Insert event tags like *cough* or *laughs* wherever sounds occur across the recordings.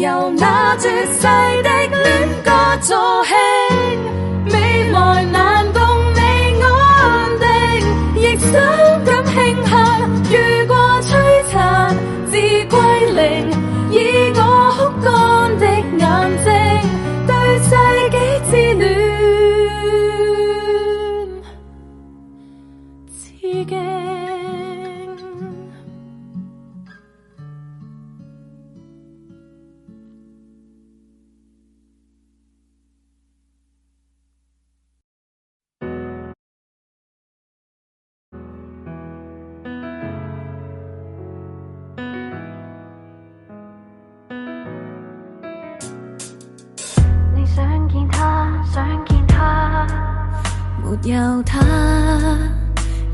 由那絕世的戀歌做起。未來。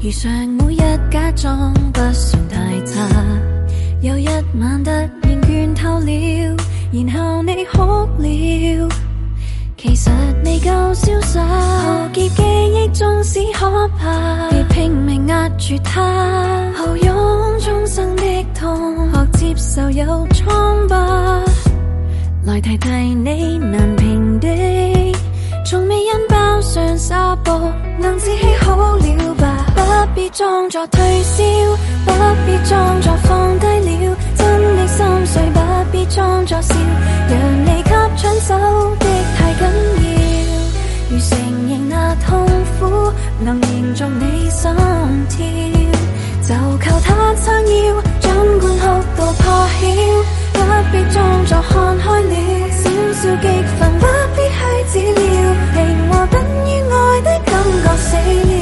如常每日假裝不算太差，有一晚突然倦透了，然後你哭了。其實未夠瀟灑，浩劫記憶縱使可怕，別拼命壓住它，抱擁終生的痛，學接受有瘡疤，來提提你難平的，從未因包上紗布，能自欺好了吧。不必裝作退燒，不必裝作放低了，真的心碎，不必裝作笑，讓你給搶走的太緊要。如承認那痛苦，能延續你心跳，就靠他撐腰，盡管哭到破曉。不必裝作看開了，小小激憤，不必去治療，情和等於愛的感覺死了。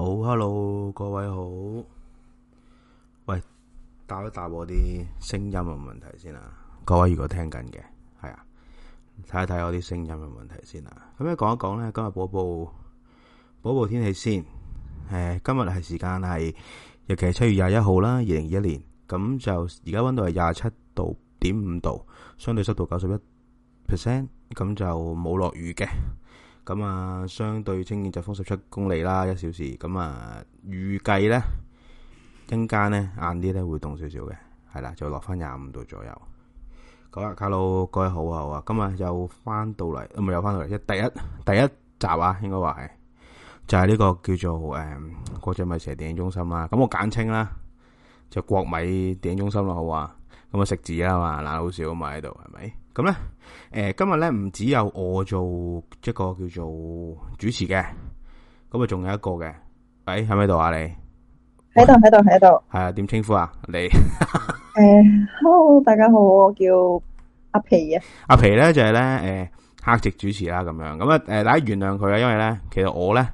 好，hello，各位好。喂，答一答我啲聲音嘅問題先啦。各位如果聽緊嘅，係啊，睇一睇我啲聲音嘅問題先啦。咁樣講一講咧，今日播報，報，播報，報天氣先。誒、呃，今日係時間係尤其係七月廿一號啦，二零二一年。咁就而家溫度係廿七度點五度，相對濕度九十一 percent，咁就冇落雨嘅。咁啊，相對清勁就封十七公里啦，一小時。咁啊，預計咧，一陣咧，晏啲咧會凍少少嘅，係啦，就落翻廿五度左右。好啊，hello，各位好啊，好啊，今日又翻到嚟，唔係又翻到嚟，一第一第一集啊，應該話係，就係、是、呢個叫做誒、嗯，國際米蛇電影中心啦。咁我簡稱啦，就國米電影中心啦，好啊。咁啊，食字啊嘛，爛好少，咪喺度係咪？咁咧，誒，今日咧唔只有我做一個叫做主持嘅，咁啊，仲有一個嘅，喂、哎，喺咪喺度啊？你喺度，喺、哎、度，喺度，係啊？點稱呼啊？你，誒、 *laughs* uh,，hello，大家好，我叫阿皮啊。阿皮咧就係咧，誒，客席主持啦，咁樣，咁啊，誒，大家原諒佢啊，因為咧，其實我咧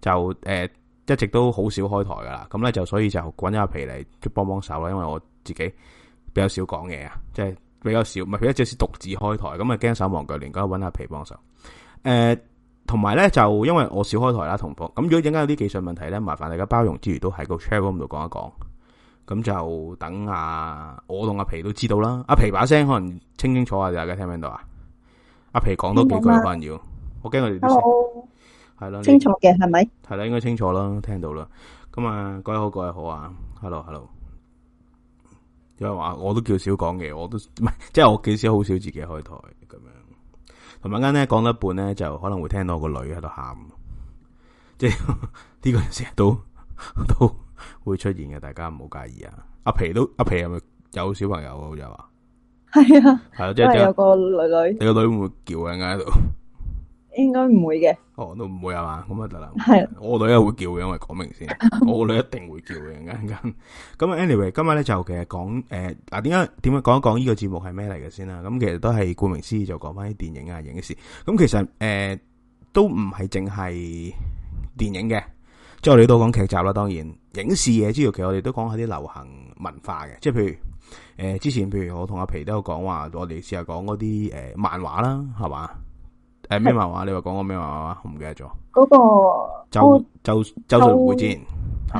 就誒一直都好少開台噶啦，咁咧就所以就滾咗阿皮嚟幫幫手啦，因為我自己比較少講嘢啊，即係。比較少，唔係，佢一隻獨自開臺，咁啊驚手忙腳亂，而家搵阿皮幫手。誒、呃，同埋咧就因為我少開臺啦，同博，咁如果陣間有啲技術問題咧，麻煩大家包容之餘，都喺個 chat room 度講一講。咁就等啊，我同阿皮都知道啦。阿皮把聲可能清清楚啊，大家聽唔聽到啊？阿皮講多，多幾句，好緊要。我驚佢哋。都 e 係清楚嘅係咪？係啦，應該清楚啦，聽到啦。咁啊，各位好，各位好啊，Hello，Hello。Hello, Hello. 因話我都叫少講嘅，我都唔係，即係我幾時好少自己開台咁樣。同埋啱咧講得一半咧，就可能會聽到個女喺度喊，即係呢個成日都都會出現嘅，大家唔好介意啊。阿皮都阿皮係咪有小朋友啊？好似話，係啊，係啊，即係有個女女。你個女會唔會叫喺度？應該唔會嘅，哦，都唔會係嘛，咁啊得啦，係，我女又會叫，因為講明先， *laughs* 我女一定會叫嘅，陣間。咁啊，anyway，今日咧就其實講，誒、呃，嗱，點解點解講一講呢個節目係咩嚟嘅先啦？咁其實都係顧名思義，就講翻啲電影啊、影視。咁、嗯、其實誒、呃，都唔係淨係電影嘅，即係我哋都講劇集啦。當然，影視嘢之餘，其實我哋都講下啲流行文化嘅，即係譬如誒、呃，之前譬如我同阿皮都有講話，我哋試下講嗰啲誒漫畫啦，係嘛。誒、呃，咩漫畫？你話講個咩漫畫？我唔記得咗。嗰、那個周周、哦、咒術迴戰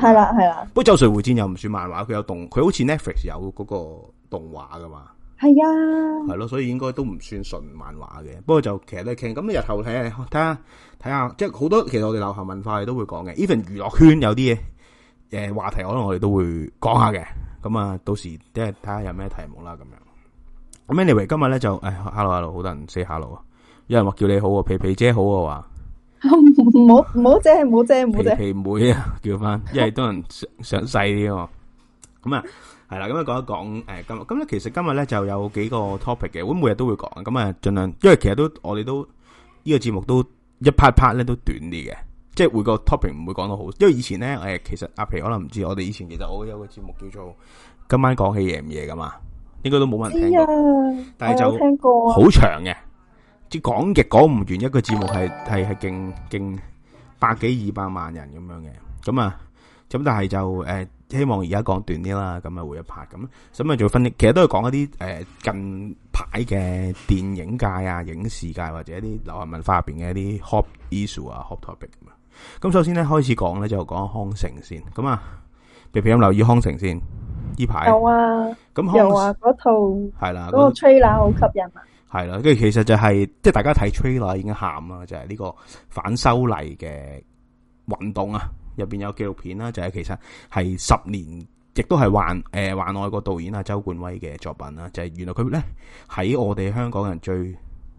係啦係啦，不過咒術迴戰又唔算漫畫，佢有動，佢好似 Netflix 有嗰個動畫㗎嘛。係啊，係咯，所以應該都唔算純漫畫嘅。不過就其實都傾咁日頭睇下，睇下睇下，即係好多其實我哋流行文化都會講嘅，even 娛樂圈有啲嘢誒話題，可能我哋都會講下嘅。咁啊，到時即係睇下有咩題目啦，咁樣。咁，anyway，今日呢就誒，hello hello，好多人 say hello 啊。有人話叫你好啊，皮皮姐好啊，話冇好，姐，冇姐，好姐，皮皮妹啊， *laughs* 叫翻，因為都人想細啲喎。咁 *laughs* 啊，係啦，咁啊講一講誒，今、呃、其實今日咧就有幾個 topic 嘅，我每日都會講，咁啊盡量，因為其實都我哋都呢、這個節目都一 part part 咧都短啲嘅，即、就、係、是、每個 topic 唔會講到好，因為以前咧誒、呃，其實阿皮可能唔知，我哋以前其實我有個節目叫做今晚講起夜唔夜噶嘛，應該都冇人知，但係就聽過好、啊、長嘅。即講極講唔完一個節目，係係係勁勁百幾二百萬人咁樣嘅，咁啊咁但係就誒、欸，希望而家講短啲啦，咁啊會一拍咁，咁啊仲，分啲，其實都係講一啲誒、欸、近排嘅電影界啊、影視界或者一啲流行文化入邊嘅一啲 hot issue 啊、hot topic 咁啊。咁首先咧開始講咧就講康城先，咁啊，特別咁留意康城先，呢排有啊，咁又話嗰套係啦，嗰、啊嗰個、嗰個、吹喇好吸引啊。係啦，跟住其實就係即係大家睇 trail 啊，已經喊啦，就係、是、呢個反修例嘅運動啊，入邊有紀錄片啦，就係、是、其實係十年，亦都係幻誒幻愛個導演啊，周冠威嘅作品啦，就係、是、原來佢咧喺我哋香港人最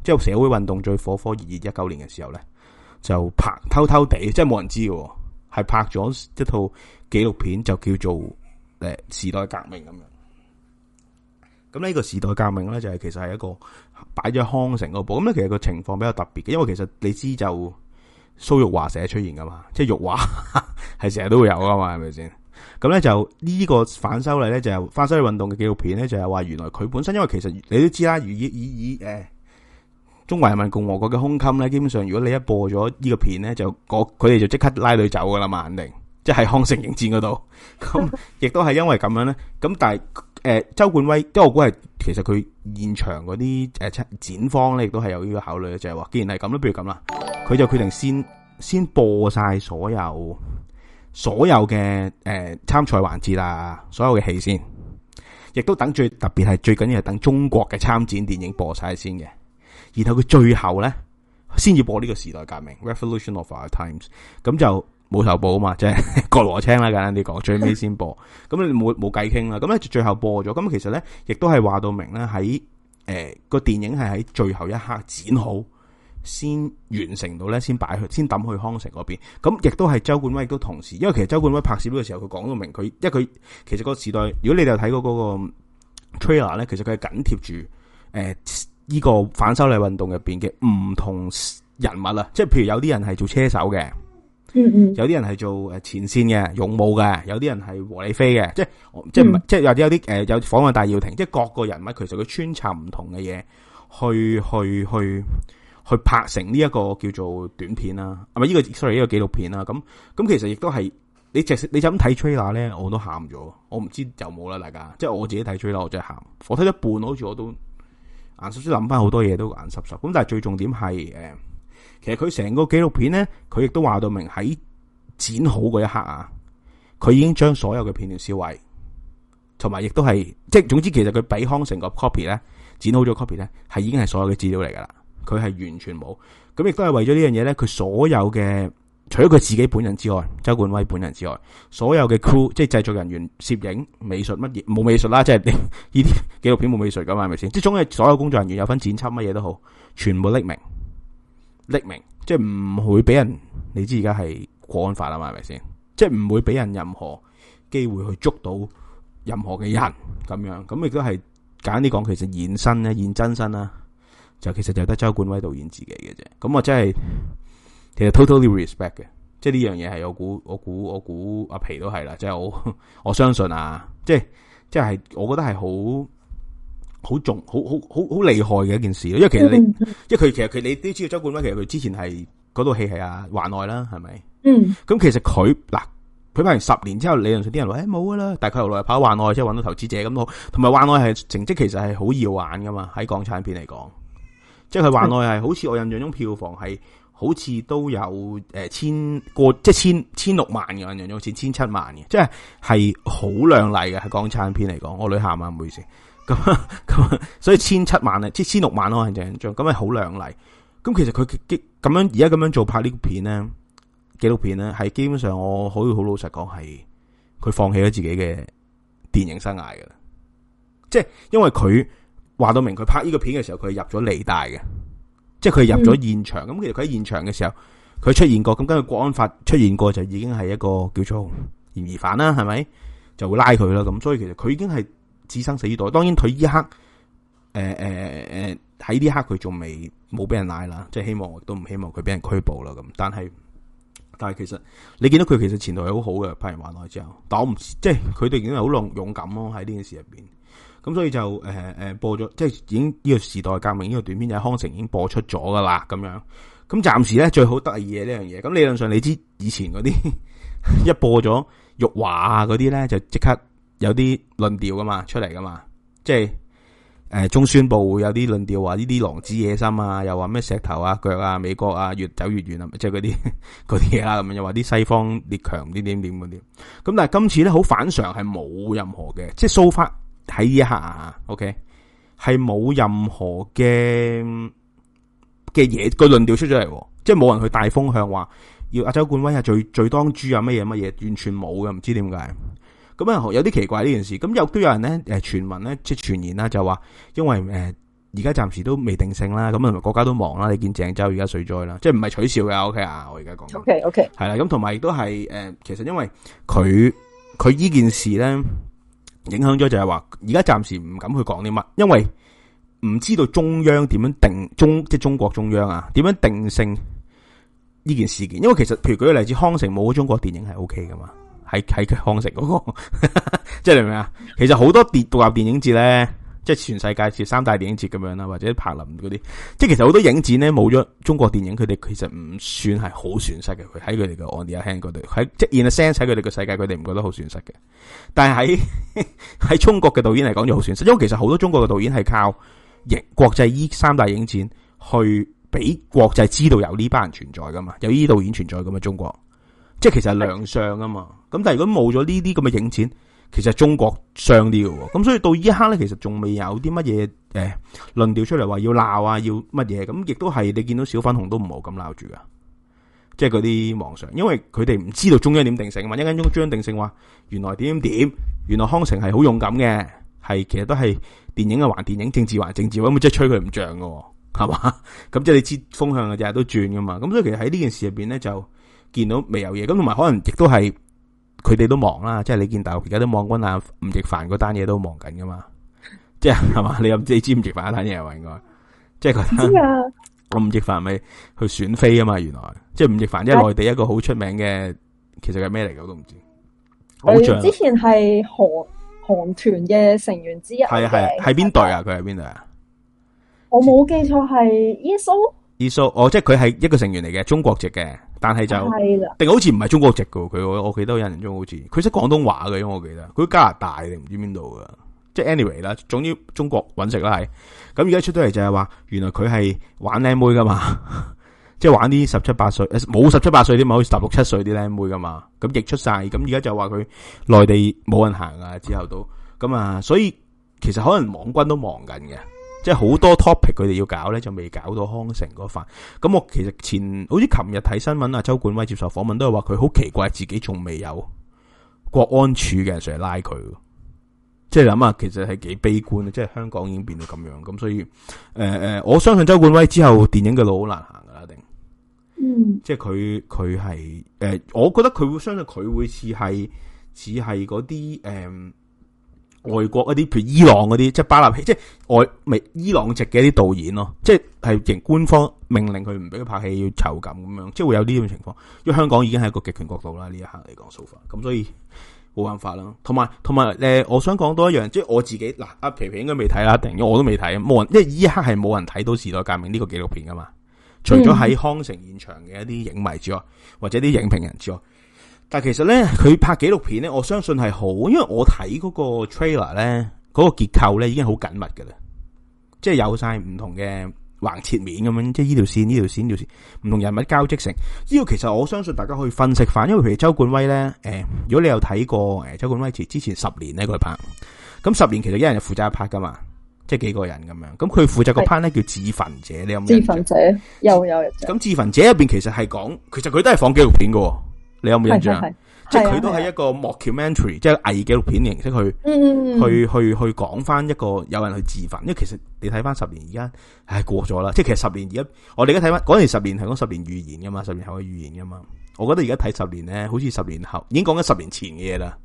即係社會運動最火火熱熱一九年嘅時候咧，就拍偷偷地，即係冇人知嘅，係拍咗一套紀錄片，就叫做誒、呃、時代革命咁樣。咁呢個時代革命咧，就係、是、其實係一個。擺咗康城嗰部。咁咧其實個情況比較特別嘅，因為其實你知就蘇玉華成日出現噶嘛，即係玉華係成日都會有㗎嘛，係咪先？咁咧就呢個反修例咧就係、是、反修例運動嘅紀錄片咧就係話原來佢本身因為其實你都知啦，以以以誒中華人民共和國嘅胸襟咧，基本上如果你一播咗呢個片咧，就佢哋就即刻拉你走噶啦嘛，肯定。即係康城影戰嗰度，咁亦都係因為咁樣咧。咁但係，誒、呃，周冠威，因為我估係其實佢現場嗰啲誒展方咧，亦都係有呢個考慮，就係話既然係咁都不如咁啦，佢就決定先先播晒所有所有嘅誒參賽環節啦，所有嘅戲先，亦都等最特別係最緊要係等中國嘅參展電影播晒先嘅，然後佢最後咧先要播呢個時代革命 （Revolution of Our Times） 咁就。冇投部啊嘛，即係各羅青啦，簡單啲講最尾先播，咁你冇冇計傾啦，咁咧就最後播咗，咁其實咧亦都係話到明啦，喺誒個電影係喺最後一刻剪好，先完成到咧，先擺去先抌去康城嗰邊，咁亦都係周冠威都同時，因為其實周冠威拍攝呢個時候，佢講到明佢，因為佢其實個時代，如果你就睇過嗰個 trailer 咧，其實佢係緊貼住誒呢個反修例運動入邊嘅唔同人物啦，即係譬如有啲人係做車手嘅。嗯嗯有，有啲人係做誒前線嘅勇武嘅，有啲人係和理非嘅，即係即係即係有啲誒有訪問戴耀廷，即係各個人物其實佢穿插唔同嘅嘢去去去去拍成呢一個叫做短片啦，唔係、呢個，呢個 sorry 呢個紀錄片啦。咁咁其實亦都係你即你就咁睇 trailer 呢，咧，我都喊咗。我唔知有冇啦，大家即係我自己睇 trailer 我真係喊。我睇咗一半好似我都眼濕濕諗翻好多嘢都眼濕濕。咁但係最重點係誒。呃其實佢成個紀錄片咧，佢亦都話到明喺剪好嗰一刻啊，佢已經將所有嘅片段銷毀，同埋亦都係即係總之，其實佢比康成個 copy 咧剪好咗 copy 咧，係已經係所有嘅資料嚟噶啦。佢係完全冇，咁亦都係為咗呢樣嘢咧，佢所有嘅除咗佢自己本人之外，周冠威本人之外，所有嘅 crew 即係製作人員、攝影、美術、乜嘢冇美術啦，即係呢啲紀錄片冇美術噶嘛，係咪先？即係所有工作人員有份剪輯乜嘢都好，全部匿名。匿名，即係唔會俾人，你知而家係國安法啦嘛，係咪先？即係唔會俾人任何機會去捉到任何嘅人咁樣，咁亦都係簡單啲講，其實現身咧，現真身啦，就其實就得周冠威導演自己嘅啫。咁我真係其實 totally respect 嘅，即係呢樣嘢係我估，我估，我估阿皮都係啦，即係我我相信啊，即係即係，我覺得係好。好重，好好好好厲害嘅一件事，因為其實你，即、嗯、因為佢其實佢你都知道周冠威，其實佢之前係嗰套戲係啊幻愛啦，係咪？嗯，咁其實佢嗱，佢拍完十年之後，理論上啲人話誒冇噶啦，但係佢後來又拍幻愛，即係揾到投資者咁好，同埋幻愛係成績其實係好耀眼噶嘛，喺港產片嚟講，嗯，即係佢幻愛係好似我印象中票房係好似都有誒千個，即係千千六萬嘅印象中好似千七萬嘅，即係係好靚麗嘅喺港產片嚟講，我女喊啊，唔好意思。咁咁，所以千七萬啊，即千六萬咯，係正緊。咁係好靚麗。咁其實佢咁樣而家咁樣做拍呢個片咧，紀錄片咧，係基本上我可以好老實講，係佢放棄咗自己嘅電影生涯噶啦。即係因為佢話到明，佢拍呢個片嘅時候，佢入咗理大嘅，即係佢入咗現場。咁、嗯、其實佢喺現場嘅時候，佢出現過。咁跟住國安法出現過，就已經係一個叫做嫌疑犯啦，係咪？就會拉佢啦。咁所以其實佢已經係。置生死於度外，當然佢依刻，誒誒誒喺呢刻佢仲未冇俾人拉啦，即係希望都唔希望佢俾人拘捕啦咁。但係但係其實你見到佢其實前途係好好嘅，拍完玩奈之後，但我唔知，即係佢哋已經係好勇勇敢咯喺呢件事入邊。咁所以就誒誒、呃呃、播咗，即係已經呢個時代革命呢個短片就喺康城已經播出咗噶啦，咁樣咁暫時咧最好得意嘅呢樣嘢。咁理論上你知以前嗰啲 *laughs* 一播咗玉華啊嗰啲咧就即刻。有啲論調噶嘛，出嚟噶嘛，即係誒，中宣部有啲論調話呢啲狼子野心啊，又話咩石頭啊、腳啊、美國啊，越走越遠啊，即係嗰啲嗰啲嘢啦，咁又話啲西方列強啲點點嗰啲，咁但係今次咧好反常，係冇任何嘅，即係 so far。睇一下，OK，係冇任何嘅嘅嘢個論調出咗嚟，即係冇人去大風向話要阿周冠威係最最當豬啊，乜嘢乜嘢，完全冇㗎，唔知點解。咁有啲奇怪呢件事。咁有都有人咧，誒，傳聞咧，即係傳言啦、啊，就話因為誒，而家暫時都未定性啦。咁、嗯、同埋國家都忙啦。你見鄭州而家水災啦，即係唔係取笑嘅。O K 啊，我而家講。O K O K 係啦。咁同埋亦都係誒，其實因為佢佢呢件事咧，影響咗就係話，而家暫時唔敢去講啲乜，因為唔知道中央點樣定中，即係中國中央啊，點樣定性呢件事件。因為其實譬如舉個例子，康城冇咗中國電影係 O K 噶嘛。喺喺康城嗰個，即係明唔明啊？其實好多電獨立電影節咧，即係全世界似三大電影節咁樣啦，或者柏林嗰啲，即係其實好多影展咧，冇咗中國電影，佢哋其實唔算係好損失嘅。喺佢哋嘅 understand 嗰度，喺即係 in a sense 喺佢哋嘅世界，佢哋唔覺得好損失嘅。但係喺喺中國嘅導演嚟講就好損失，因為其實好多中國嘅導演係靠影國際依三大影展去俾國際知道有呢班人存在噶嘛，有依啲導演存在噶嘛。中國，即係其實亮相啊嘛。咁但係如果冇咗呢啲咁嘅影展，其實中國上啲嘅，咁所以到依一刻咧，其實仲未有啲乜嘢誒論調出嚟話要鬧啊，要乜嘢？咁亦都係你見到小粉紅都唔好咁鬧住噶，即係嗰啲網上，因為佢哋唔知道中央點定性嘛，一陣間中，中央定性話原來點點點，原來康城係好勇敢嘅，係其實都係電影啊，還電影，政治還政治，咁咪即係吹佢唔脹嘅，係嘛？咁即係你知風向日日都轉噶嘛？咁所以其實喺呢件事入邊咧，就見到未有嘢，咁同埋可能亦都係。佢哋都忙啦，即係你見大陸而家都忙緊下。吳 *laughs* 亦凡嗰單嘢都忙緊噶嘛，即係係嘛，你又唔知你知唔知吳亦凡嗰單嘢咪原來，即係佢，我吳、啊、亦凡咪去選妃啊嘛？原來，即係吳亦凡，即係內地一個好出名嘅，其實係咩嚟嘅我都唔知。我之前係韓韓,韓團嘅成員之一，係啊係啊，係邊隊啊？佢係邊隊啊？我冇記錯係 EXO。哦，即係佢係一個成員嚟嘅，中國籍嘅，但係就定好似唔係中國籍嘅，佢我記記得印象中好似佢識廣東話嘅，因為我記得佢加拿大定唔知邊度噶，即係 anyway 啦，總之中國揾食啦係，咁而家出到嚟就係話，原來佢係玩靚妹噶嘛， *laughs* 即係玩啲十七八歲，冇十七八歲啲，好似，就是，十六七歲啲靚妹噶嘛，咁亦出晒，咁而家就話佢內地冇人行啊，之後都咁啊，所以其實可能網軍都忙緊嘅。即係好多 topic 佢哋要搞咧，就未搞到康城嗰塊。咁我其實前好似琴日睇新聞啊，周冠威接受訪問都係話佢好奇怪自己仲未有國安處嘅人嚟拉佢。即係諗下，其實係幾悲觀，即係香港已經變到咁樣咁，所以誒誒、呃，我相信周冠威之後電影嘅路好難行噶啦，一定嗯，即係佢佢係誒，我覺得佢會相信佢會似係似係嗰啲誒。外國嗰啲，譬如伊朗嗰啲，即係巴拿批，即係外未伊朗籍嘅一啲導演咯，即係係型官方命令佢唔俾佢拍戲要囚禁咁樣，即係會有呢種情況。因為香港已經係一個極權國度啦，呢一刻嚟講說法，咁所以冇辦法啦。同埋同埋，誒、呃，我想講多一樣，即係我自己嗱，阿、呃、皮皮應該未睇啦，定我都未睇，冇人，即係呢一刻係冇人睇到《時代革命》呢個紀錄片噶嘛，除咗喺康城現場嘅一啲影迷之外，或者啲影評人之外。但其實咧，佢拍紀錄片咧，我相信係好，因為我睇嗰個 trailer 咧，嗰個結構咧已經好緊密噶啦，即係有晒唔同嘅橫切面咁樣，即係呢條線、呢條線、呢條線，唔同人物交織成。呢個其實我相信大家可以分析返，因為譬如周冠威咧，誒、呃，如果你有睇過誒、呃，周冠威前之前十年咧佢拍，咁十年其實一人負責拍噶嘛，即係幾個人咁樣，咁佢負責個 part 咧叫《自焚者》，你有冇？《自焚者》有有。咁《自焚者》入邊其實係講，其實佢都係放紀錄片噶。你有冇印象？ *music* 即係佢都係一個 mockumentary 即係 *noise* 偽樂紀錄、就是、片形式去 *music* 去去去講翻一個有人去自焚。因為其實你睇翻十年而家，唉過咗啦。即係其實十年而家，我哋而家睇翻嗰年十年係講十年預言噶嘛，十年後嘅預言噶嘛。我覺得而家睇十年咧，好似十年後已經講緊十年前嘅嘢啦。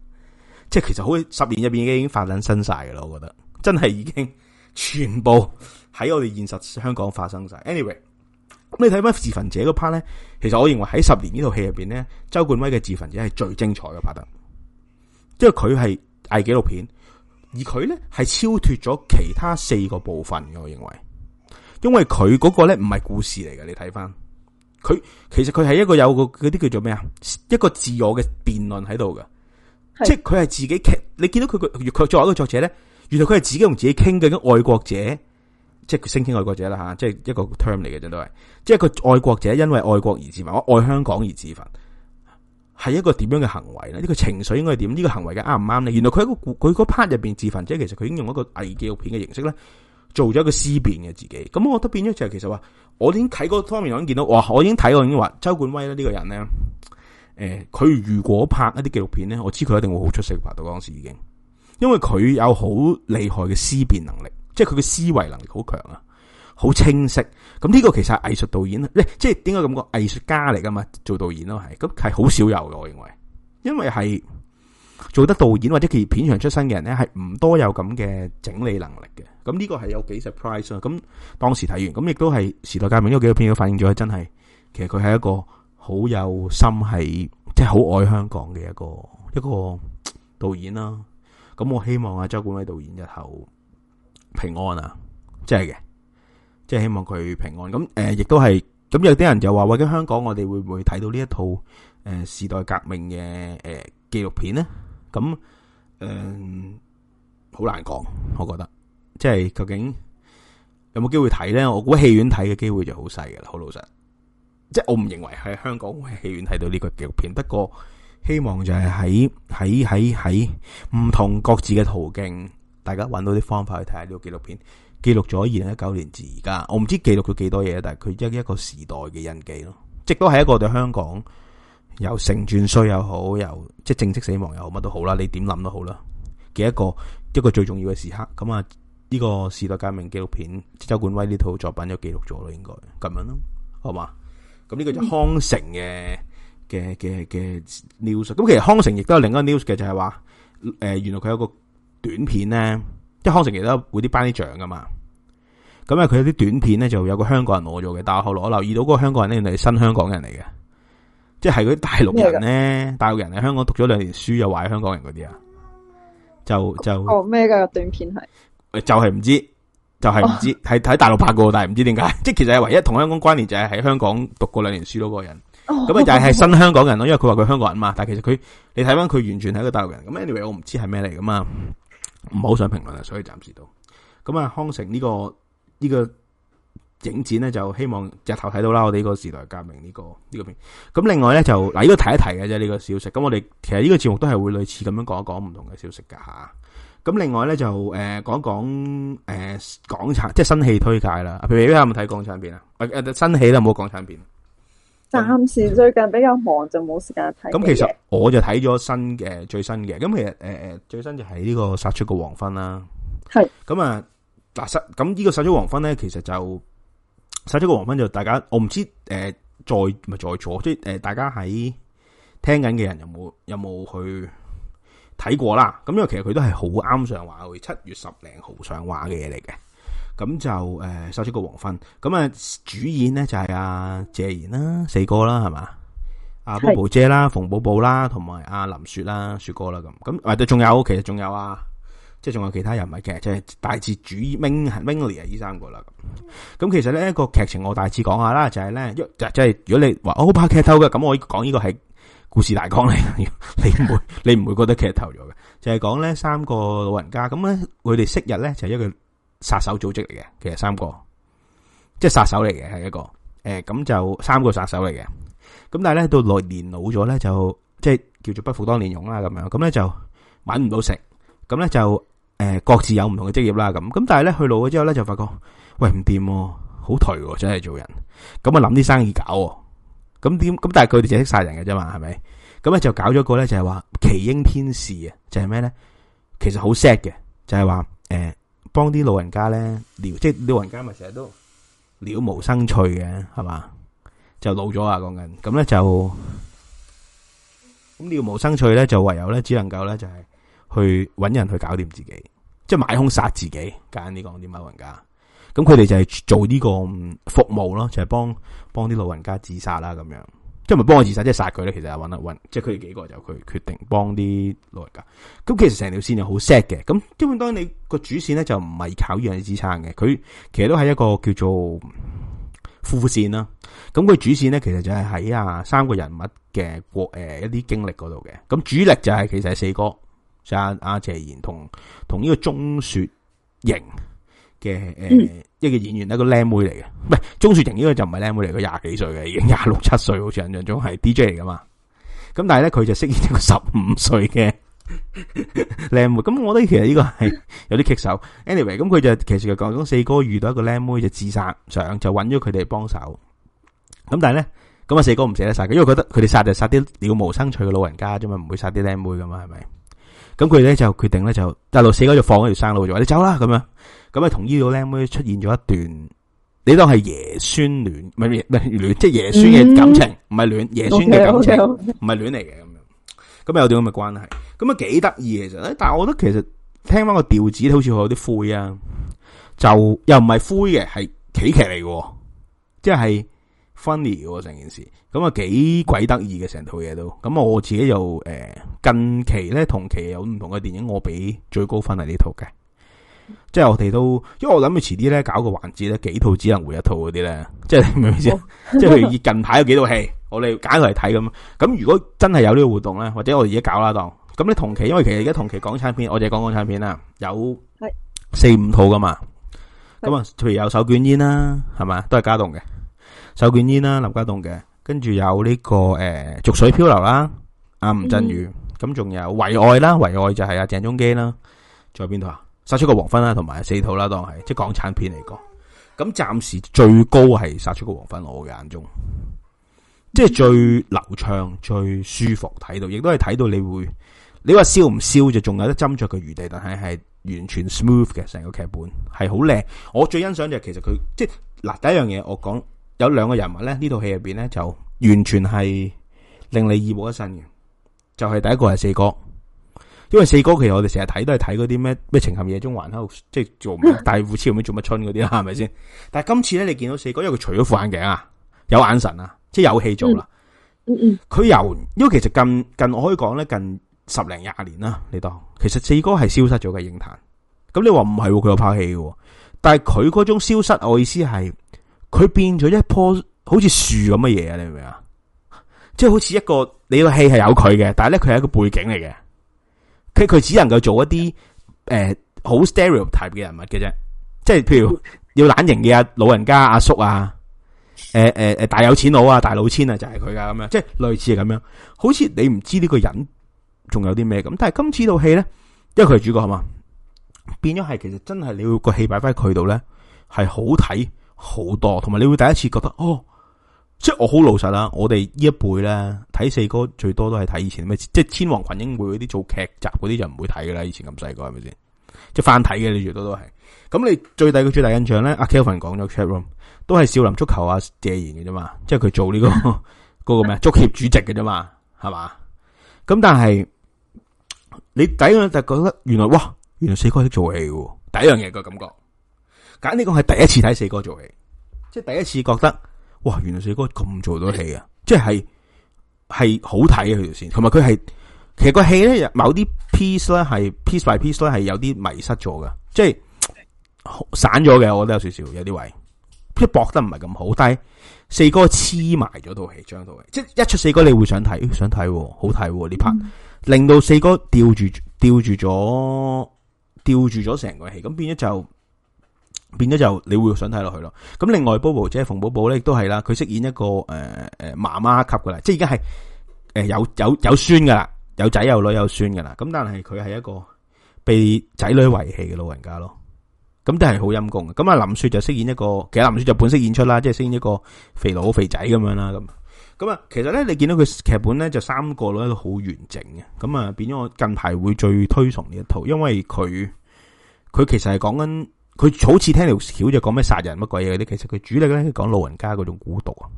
即係其實好，十年入邊已經發生新晒噶啦。我覺得真係已經全部喺我哋現實香港發生晒。Anyway。咁你睇翻《自焚者》嗰 part 咧，其實我認為喺十年呢套戲入邊咧，周冠威嘅《自焚者》係最精彩嘅 part，即係佢係偽紀錄片，而佢咧係超脱咗其他四個部分嘅。我認為，因為佢嗰個咧唔係故事嚟嘅，你睇翻佢，其實佢係一個有個嗰啲叫做咩啊，一個自我嘅辯論喺度嘅，即係佢係自己劇，你見到佢個，佢作為一個作者咧，原來佢係自己同自己傾嘅一個愛國者。即係佢升天愛國者啦吓，即係一個 term 嚟嘅，都係，即係佢愛國者，國者因為愛國而自焚，我愛香港而自焚，係一個點樣嘅行為咧？呢、這個情緒應該係點？呢、這個行為嘅啱唔啱咧？原來佢喺個佢嗰 part 入邊自焚即者，其實佢已經用一個偽紀錄片嘅形式咧，做咗一個思辨嘅自己。咁我覺得變咗就係、是，其實話我已經睇嗰方面，我已經見到哇，我已經睇我已經話周冠威呢個人咧，誒、呃，佢如果拍一啲紀錄片咧，我知佢一定會好出色拍到當時已經，因為佢有好厲害嘅思辨能力。即係佢嘅思維能力好強啊，好清晰。咁呢個其實係藝術導演咧，即係點解咁講藝術家嚟噶嘛？做導演咯，係咁係好少有嘅。我認為因為係做得導演或者佢片場出身嘅人咧，係唔多有咁嘅整理能力嘅。咁呢個係有幾 surprise 啊。咁當時睇完咁，亦都係時代革命呢幾個片都反映咗，真係其實佢係一個好有心，係即係好愛香港嘅一個一個導演啦。咁我希望啊周冠威導演日後，平安啊，真係嘅，即係希望佢平安。咁誒，亦、呃、都係咁有啲人就話，為咗香港，我哋會唔會睇到呢一套誒、呃、時代革命嘅誒紀錄片呢？咁、呃、誒，好難講，我覺得即係究竟有冇機會睇呢？我估戲院睇嘅機會就好細㗎啦，好老實。即係我唔認為喺香港戲院睇到呢個紀錄片，不過希望就係喺喺喺喺唔同各自嘅途徑。大家揾到啲方法去睇下呢個紀錄片，記錄咗二零一九年至而家，我唔知記錄佢幾多嘢，但係佢一一個時代嘅印記咯。即都係一個對香港由盛轉衰又好，由即正式死亡又好，乜都好啦，你點諗都好啦嘅一個一個最重要嘅時刻。咁啊，呢個時代革命紀錄片，周冠威呢套作品就記錄咗咯，應該咁樣咯，好嘛？咁呢個就康城嘅嘅嘅嘅 news。咁、嗯、其實康城亦都有另一個 news 嘅，就係話誒，原來佢有個。短片咧，即係康城其咧會啲頒啲獎噶嘛，咁啊佢有啲短片咧就有個香港人攞咗嘅，但係後來我留意到嗰個香港人咧原係新香港人嚟嘅，即係係啲大陸人咧，大陸人喺香港讀咗兩年書又話係香港人嗰啲啊，就就咩嘅、哦、短片係，就係、是、唔知，就係、是、唔知睇喺、oh. 大陸拍過，但係唔知點解，oh. 即係其實係唯一同香港關聯就係喺香港讀過兩年書嗰個人，咁啊但係係新香港人咯，因為佢話佢香港人嘛，但係其實佢你睇翻佢完全係一個大陸人，咁 anyway 我唔知係咩嚟噶嘛。唔好想評論啊，所以暫時都咁啊。康城呢、這個呢、這個影展咧，就希望日頭睇到啦。我哋呢個時代革命呢、這個呢、這個片。咁另外咧就嗱，呢、啊這個提一提嘅啫，呢個消息。咁我哋其實呢個節目都係會類似咁樣講一講唔同嘅消息噶吓。咁另外咧就誒講、呃、一講誒、呃、港產即係新戲推介啦。譬如你有冇睇港產片啊？誒誒新戲啦，有冇港產片？暫時最近比較忙，嗯、就冇時間睇、嗯。咁其實我就睇咗新嘅最新嘅，咁其實誒誒、呃、最新就係呢、呢個殺出個黃昏啦。係咁啊嗱殺咁呢個殺出個黃昏咧，其實就殺出個黃昏就大家我唔知誒、呃、在唔在座即係誒大家喺聽緊嘅人有冇有冇去睇過啦？咁因為其實佢都係好啱上畫，七月十零號上畫嘅嘢嚟嘅。咁就誒，殺出個黃昏。咁啊，主演咧就係阿謝賢啦，四哥啦，係嘛？阿波波姐啦，馮寶寶啦，同埋阿林雪啦，雪哥啦，咁咁誒，仲有其實仲有啊，即係仲有其他人物嘅，就係、是、大致主演 mainly 係呢三個啦。咁，咁其實咧個劇情我大致講下啦，就係、是、咧，即、就、係、是、如果你話、哦、我好怕劇透嘅，咁我講呢個係故事大綱嚟， *laughs* 你唔會你唔會覺得劇透咗嘅。就係講咧三個老人家，咁咧佢哋昔日咧就係、是、一個，殺手組織嚟嘅，其實三個即係殺手嚟嘅，係一個誒。咁就三個殺手嚟嘅。咁但係咧，到來年老咗咧，就即係叫做不負當年勇啦。咁樣咁咧就搵唔到食，咁咧就誒各自有唔同嘅職業啦。咁咁但係咧，去老咗之後咧，就發覺喂，唔掂，好頹，真係做人咁啊。諗啲生意搞咁點咁，但係佢哋就識晒人嘅啫嘛，係咪咁啊？就搞咗個咧，就係話奇英天使啊，就係咩咧？其實好 sad 嘅，就係話誒。幫啲老人家咧了，即係老人家咪成日都了無生趣嘅，係嘛？就老咗啊，講緊咁咧就咁了無生趣咧，就唯有咧只能夠咧就係去揾人去搞掂自己，即係買兇殺自己，揀呢講啲老人家，咁佢哋就係做呢個服務咯，就係幫幫啲老人家自殺啦咁樣。即係咪幫我自殺，即係殺佢咧？其實係搵得搵，即係佢哋幾個就佢決定幫啲老人家。咁其實成條線，線就好 set 嘅。咁基本當然你個主線咧就唔係靠呢樣支撐嘅。佢其實都係一個叫做副線啦。咁佢主線咧其實就係喺啊三個人物嘅國誒一啲經歷嗰度嘅。咁主力就係其實係四哥加、就係、阿謝賢同同呢個鍾雪瑩。嘅誒，一個演員咧，一個靚妹嚟嘅，唔係鍾雪瑩。呢個就唔係靚妹嚟嘅，佢廿幾歲嘅，已經廿六七歲，好似印象中係 DJ 嚟噶嘛。咁但係咧，佢就飾演呢個十五歲嘅靚妹。咁我覺得其實呢個係有啲棘手。Anyway，咁佢就其實就講緊四哥遇到一個靚妹就自殺上就揾咗佢哋幫手。咁但係咧，咁啊四哥唔捨得殺佢，因為覺得佢哋殺就殺啲了無生趣嘅老人家啫嘛，唔會殺啲靚妹噶嘛，係咪？咁佢咧就決定咧就但係，四哥就放一條生路，就話你走啦咁樣。咁啊，同呢個靚妹妹出現咗一段，你都係爺孫戀，係唔係戀，即係爺孫嘅感情，唔係戀爺孫嘅感情戀，唔係戀嚟嘅咁樣。咁有啲咁嘅關係，咁啊幾得意其實但係我覺得其實聽翻個調子，好似有啲灰啊，就又唔係灰嘅，係喜劇嚟嘅，即係 funny 嘅成件事。咁啊幾鬼得意嘅成套嘢都。咁我自己又誒近期咧同期有唔同嘅電影，我俾最高分係呢套嘅。即係我哋都，因為我諗住遲啲咧搞個環節咧，幾套只能回一套嗰啲咧，即係明唔明先？即 *laughs* 係譬如近排有幾套戲，我哋揀佢嚟睇咁。咁如果真係有呢個活動咧，或者我哋而家搞啦當咁你同期，因為其實而家同期港產片，我哋講港產片啦，有四五套噶嘛。咁啊，譬如有手捲煙啦，係嘛，都係家棟嘅手捲煙啦，林家棟嘅。跟住有呢、這個誒，濁、呃、水漂流啦，阿、啊、吳鎮宇。咁、嗯、仲有唯愛啦，唯愛就係阿、啊、鄭中基啦。仲有邊度啊？殺出個黃昏啦，同埋四套啦，當係即係港產片嚟講，咁暫時最高係殺出個黃昏，我嘅眼中，即係最流暢、最舒服睇到，亦都係睇到你會，你話笑唔笑就仲有得斟酌嘅餘地，但係係完全 smooth 嘅，成個劇本係好靚，我最欣賞就係其實佢即係嗱，第一樣嘢，我講有兩個人物咧，呢套戲入邊咧就完全係令你耳目一新嘅，就係、是、第一個係四哥。因為四哥其實我哋成日睇都係睇嗰啲咩咩情陷夜中環喺度，即係做咩大富千妹做乜春嗰啲啦，係咪先？但係 *laughs* 今次咧，你見到四哥，因為佢除咗副眼鏡啊，有眼神啊，即係有戲做啦。佢 *laughs* 由因為其實近近我可以講咧，近十零廿年啦，你當，其實四哥係消失咗嘅影壇。咁你話唔係佢有拍戲嘅，但係佢嗰種消失，我意思係佢變咗一棵好似樹咁嘅嘢啊！你明唔明啊？即係好似一個你個戲係有佢嘅，但係咧佢係一個背景嚟嘅。佢佢只能夠做一啲誒好 stereotype 嘅人物嘅啫，即係譬如要懶型嘅老人家阿叔啊，誒誒誒大有錢佬啊、大老千啊就係佢噶咁樣，即係類似係咁樣，好似你唔知呢個人仲有啲咩咁，但係今次套戲咧，因為佢係主角係嘛，變咗係其實真係你要個戲擺翻佢度咧係好睇好多，同埋你會第一次覺得哦。即係我好老實啦，我哋呢一輩咧睇四哥最多都係睇以前咩，即係千王群英會嗰啲做劇集嗰啲就唔會睇噶啦，以前咁細個係咪先？即係翻睇嘅，你最多都係。咁你最大嘅最大印象咧，阿 Kelvin 講咗 Chatroom 都係少林足球阿謝賢嘅啫嘛，即係佢做呢、這個嗰 *laughs* 個咩足協主席嘅啫嘛，係嘛？咁但係你第一樣就覺得原來哇，原來四哥識做戲喎。第一樣嘢個感覺。揀呢個係第一次睇四哥做戲，即係第一次覺得。哇！原來四哥咁做到戲啊，即係係好睇啊佢條線，同埋佢係其實個戲咧，某啲 piece 咧係 piece by piece 咧係有啲迷失咗㗎，即係散咗嘅，我覺得有，些我都有少少有啲位，即係搏得唔係咁好。但係四哥黐埋咗套戲，將套戲，即係一出四哥你會想睇、欸，想睇、啊，好睇呢 part，令到四哥吊住吊住咗吊住咗成個戲，咁變咗就。變咗就你會想睇落去咯。咁另外，Bobo 即係馮寶寶咧，亦都係啦。佢飾演一個誒誒媽媽級噶啦，即係已經係誒有有有孫噶啦，有仔有，有，有女有孫噶啦。咁但係佢係一個被仔女遺棄嘅老人家咯。咁都係好陰功嘅。咁阿林雪就飾演一個，其實林雪就本色演出啦，即係飾演一個肥佬肥仔咁樣啦。咁咁啊，其實咧你見到佢劇本咧就三個女都好完整嘅。咁啊變咗我近排會最推崇呢一套，因為佢佢其實係講緊。佢好似聽條橋就講咩殺人乜鬼嘢、嗰啲，其實佢主力咧講老人家嗰種孤獨啊，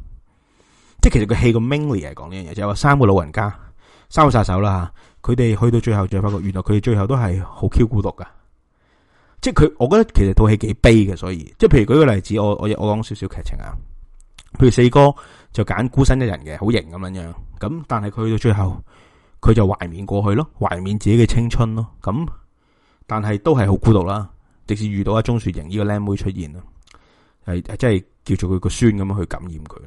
即係其實佢戲個 mainly 係講呢樣嘢，就係話三個老人家，三個殺手啦吓，佢哋去到最後就發覺，原來佢哋最後都係好 Q 孤獨噶。即係佢，我覺得其實套戲幾悲嘅，所以即係譬如舉個例子，我我我講少少劇情啊，譬如四哥就揀孤身一人嘅，好型咁樣樣，咁但係佢去到最後，佢就懷緬過去咯，懷緬自己嘅青春咯，咁但係都係好孤獨啦。即使遇到阿鐘雪瑩呢、這個僆妹出現咯，係係即係叫做佢個孫咁樣去感染佢。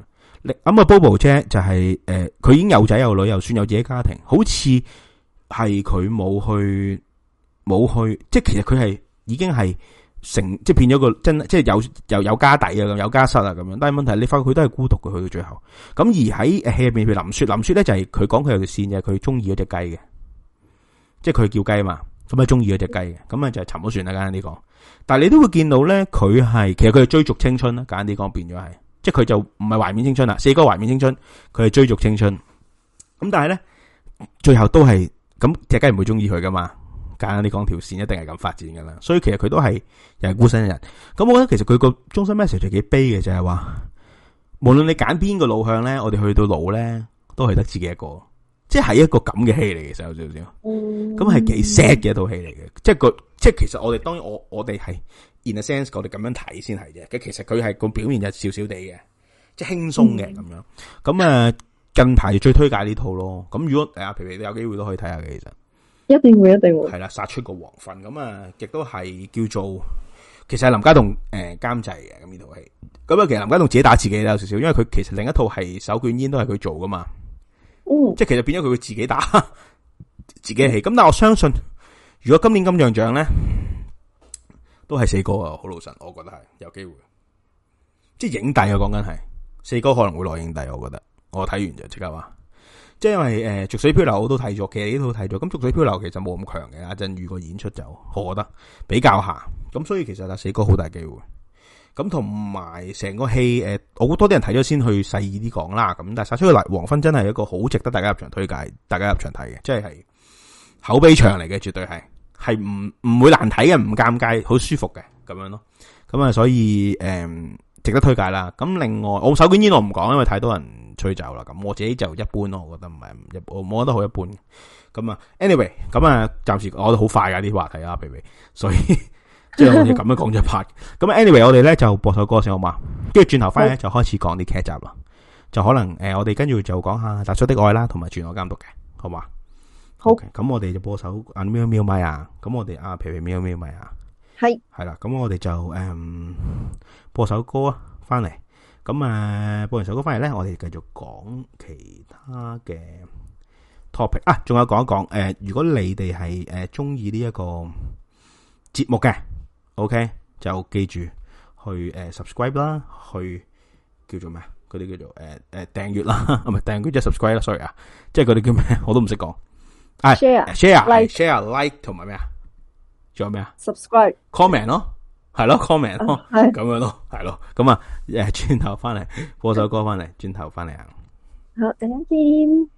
咁啊，Bobo 姐就係、是、誒，佢、呃、已經有仔有女又孫有自己家庭，好似係佢冇去冇去，即係其實佢係已經係成即係變咗個真，即係有又有，有家底啊，咁有家室啊咁樣。但係問題是你發覺佢都係孤獨嘅，去到最後。咁而喺誒入面譬如林雪，林雪咧就係佢講佢有條線嘅，佢中意嗰隻雞嘅，即係佢叫雞啊嘛。咁啊中意嗰隻雞嘅，咁啊就係沉冇船啦，啱啱你講。但係你都會見到咧，佢係其實佢係追逐青春啦。簡單啲講，變咗係即係佢就唔係懷緬青春啦。四哥懷緬青春，佢係追逐青春。咁但係咧，最後都係咁，隻雞唔會中意佢噶嘛。簡單啲講，條線一定係咁發展噶啦。所以其實佢都係又係孤身一人。咁我覺得其實佢個中心 message 就幾悲嘅，就係、是、話無論你揀邊個路向咧，我哋去到老咧，都係得自己一個。即係一個咁嘅戲嚟嘅，時候少少。嗯，咁係幾 sad 嘅一套戲嚟嘅，即係個即係其實我哋當然我我哋係 in a sense 我哋咁樣睇先係啫。佢其實佢係個表面就少少地嘅，即係輕鬆嘅咁樣。咁啊，近排最推介呢套咯。咁如果阿，皮皮都有機會都可以睇下嘅，其實一定會一定會係啦。殺出個黃昏咁啊，亦都係叫做其實係林家棟誒監製嘅咁呢套戲。咁啊，其實林家棟自己打自己都有少少，因為佢其實另一套係手捲煙都係佢做噶嘛。即係其實變咗佢會自己打自己嘅戲，咁但我相信如果今年金像獎咧，都係四哥啊，好老實，我覺得係有機會，即係影帝嘅講緊係四哥可能會攞影帝，我覺得我睇完就即刻話，即係因為誒《逐、呃、水漂流》我都睇咗，其實呢套睇咗，咁《濁水漂流》其實冇咁強嘅，阿鎮宇個演出就我覺得比較下，咁所以其實阿四哥好大機會。咁同埋成個戲誒，我好多啲人睇咗先去細意啲講啦。咁但係，殺出個黃昏真係一個好值得大家入場推介，大家入場睇嘅，即係口碑場嚟嘅，絕對係係唔唔會難睇嘅，唔尷尬，好舒服嘅咁樣咯。咁啊，所以誒、嗯、值得推介啦。咁另外，我手捲煙我唔講，因為太多人吹走啦。咁我自己就一般咯，我覺得唔係一，我冇、anyway, 覺得好一般。咁啊，anyway，咁啊，暫時我都好快㗎啲話題啊，B B，所以。即係好似咁樣講咗一拍咁。Anyway，我哋咧就播首歌先，好嘛？跟住轉頭翻咧就開始講啲劇集啦。就可能誒，我哋跟住就講下《大叔的愛》啦，同埋《全裸監督》嘅，好嘛？好咁，我哋就播首啊喵喵咪啊。咁我哋啊皮皮喵喵咪啊，係係啦。咁我哋就誒播首歌啊，翻嚟咁誒播完首歌翻嚟咧，我哋繼續講其他嘅 topic 啊。仲有講一講誒，如果你哋係誒中意呢一個節目嘅。OK 就記住去誒 subscribe 啦，去叫做咩啊？嗰啲叫做誒誒訂閱啦，唔係訂閱即係 subscribe 啦，sorry 啊，即係嗰啲叫咩？我都唔識講。係 share，share 係 share，like 同埋咩啊？仲有咩啊？Subscribe，comment 咯，係咯 comment 咯，係咁樣咯，係咯。咁啊，誒轉頭翻嚟播首歌翻嚟，轉頭翻嚟啊。好等陣先。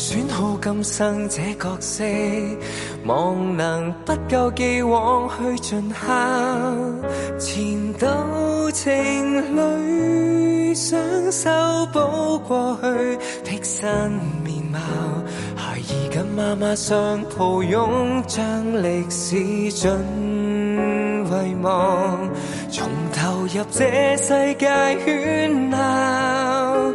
選好今生這角色，望能不咎既往去盡孝。前度情侶想修補過去的新面貌，孩兒跟媽媽相抱擁，將歷史盡遺忘，重投入這世界喧鬧。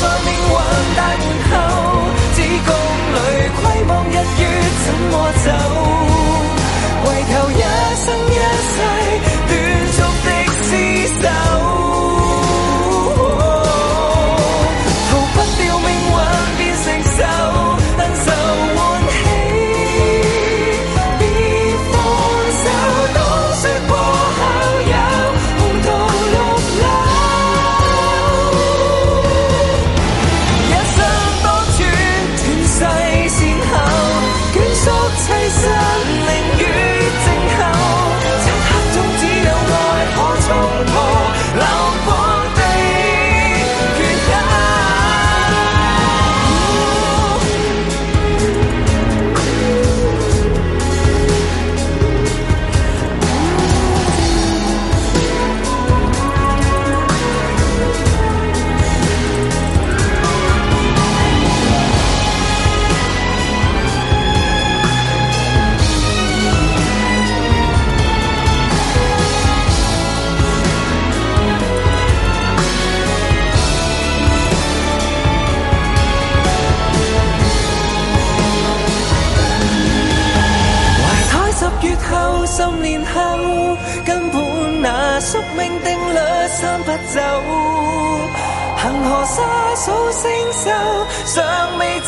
在命運大門口，子宮裏窺望日月，怎麼走？唯求一生。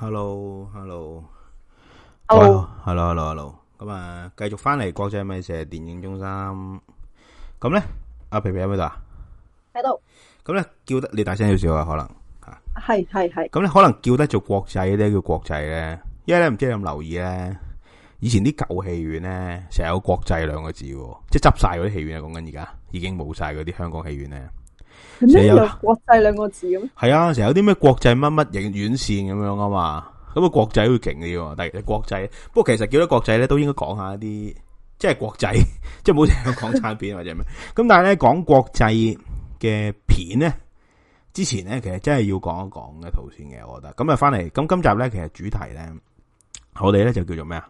Hello，Hello，好，Hello，Hello，Hello，咁啊，繼續翻嚟國際米蛇電影中心，咁咧，阿皮皮喺邊度啊？喺度。咁咧叫得你大聲少少啊，可能吓。係係係。咁咧可能叫得做國際咧叫國際咧，因為咧唔知你有冇留意咧，以前啲舊戲院咧成日有國際兩個字，即係執晒嗰啲戲院啊！講緊而家已經冇晒嗰啲香港戲院咧。啊、是是國際兩個字咁。係啊，成日有啲咩國際乜乜影院線咁樣啊嘛，咁啊國際會勁嘅要，但係國際，不過其實叫到國際咧，都應該講下一啲即係國際，即係冇成日講港產片 *laughs* 或者咩，咁但係咧講國際嘅片咧，之前咧其實真係要講一講嘅套先嘅，我覺得。咁啊翻嚟，咁今集咧其實主題咧，我哋咧就叫做咩啊？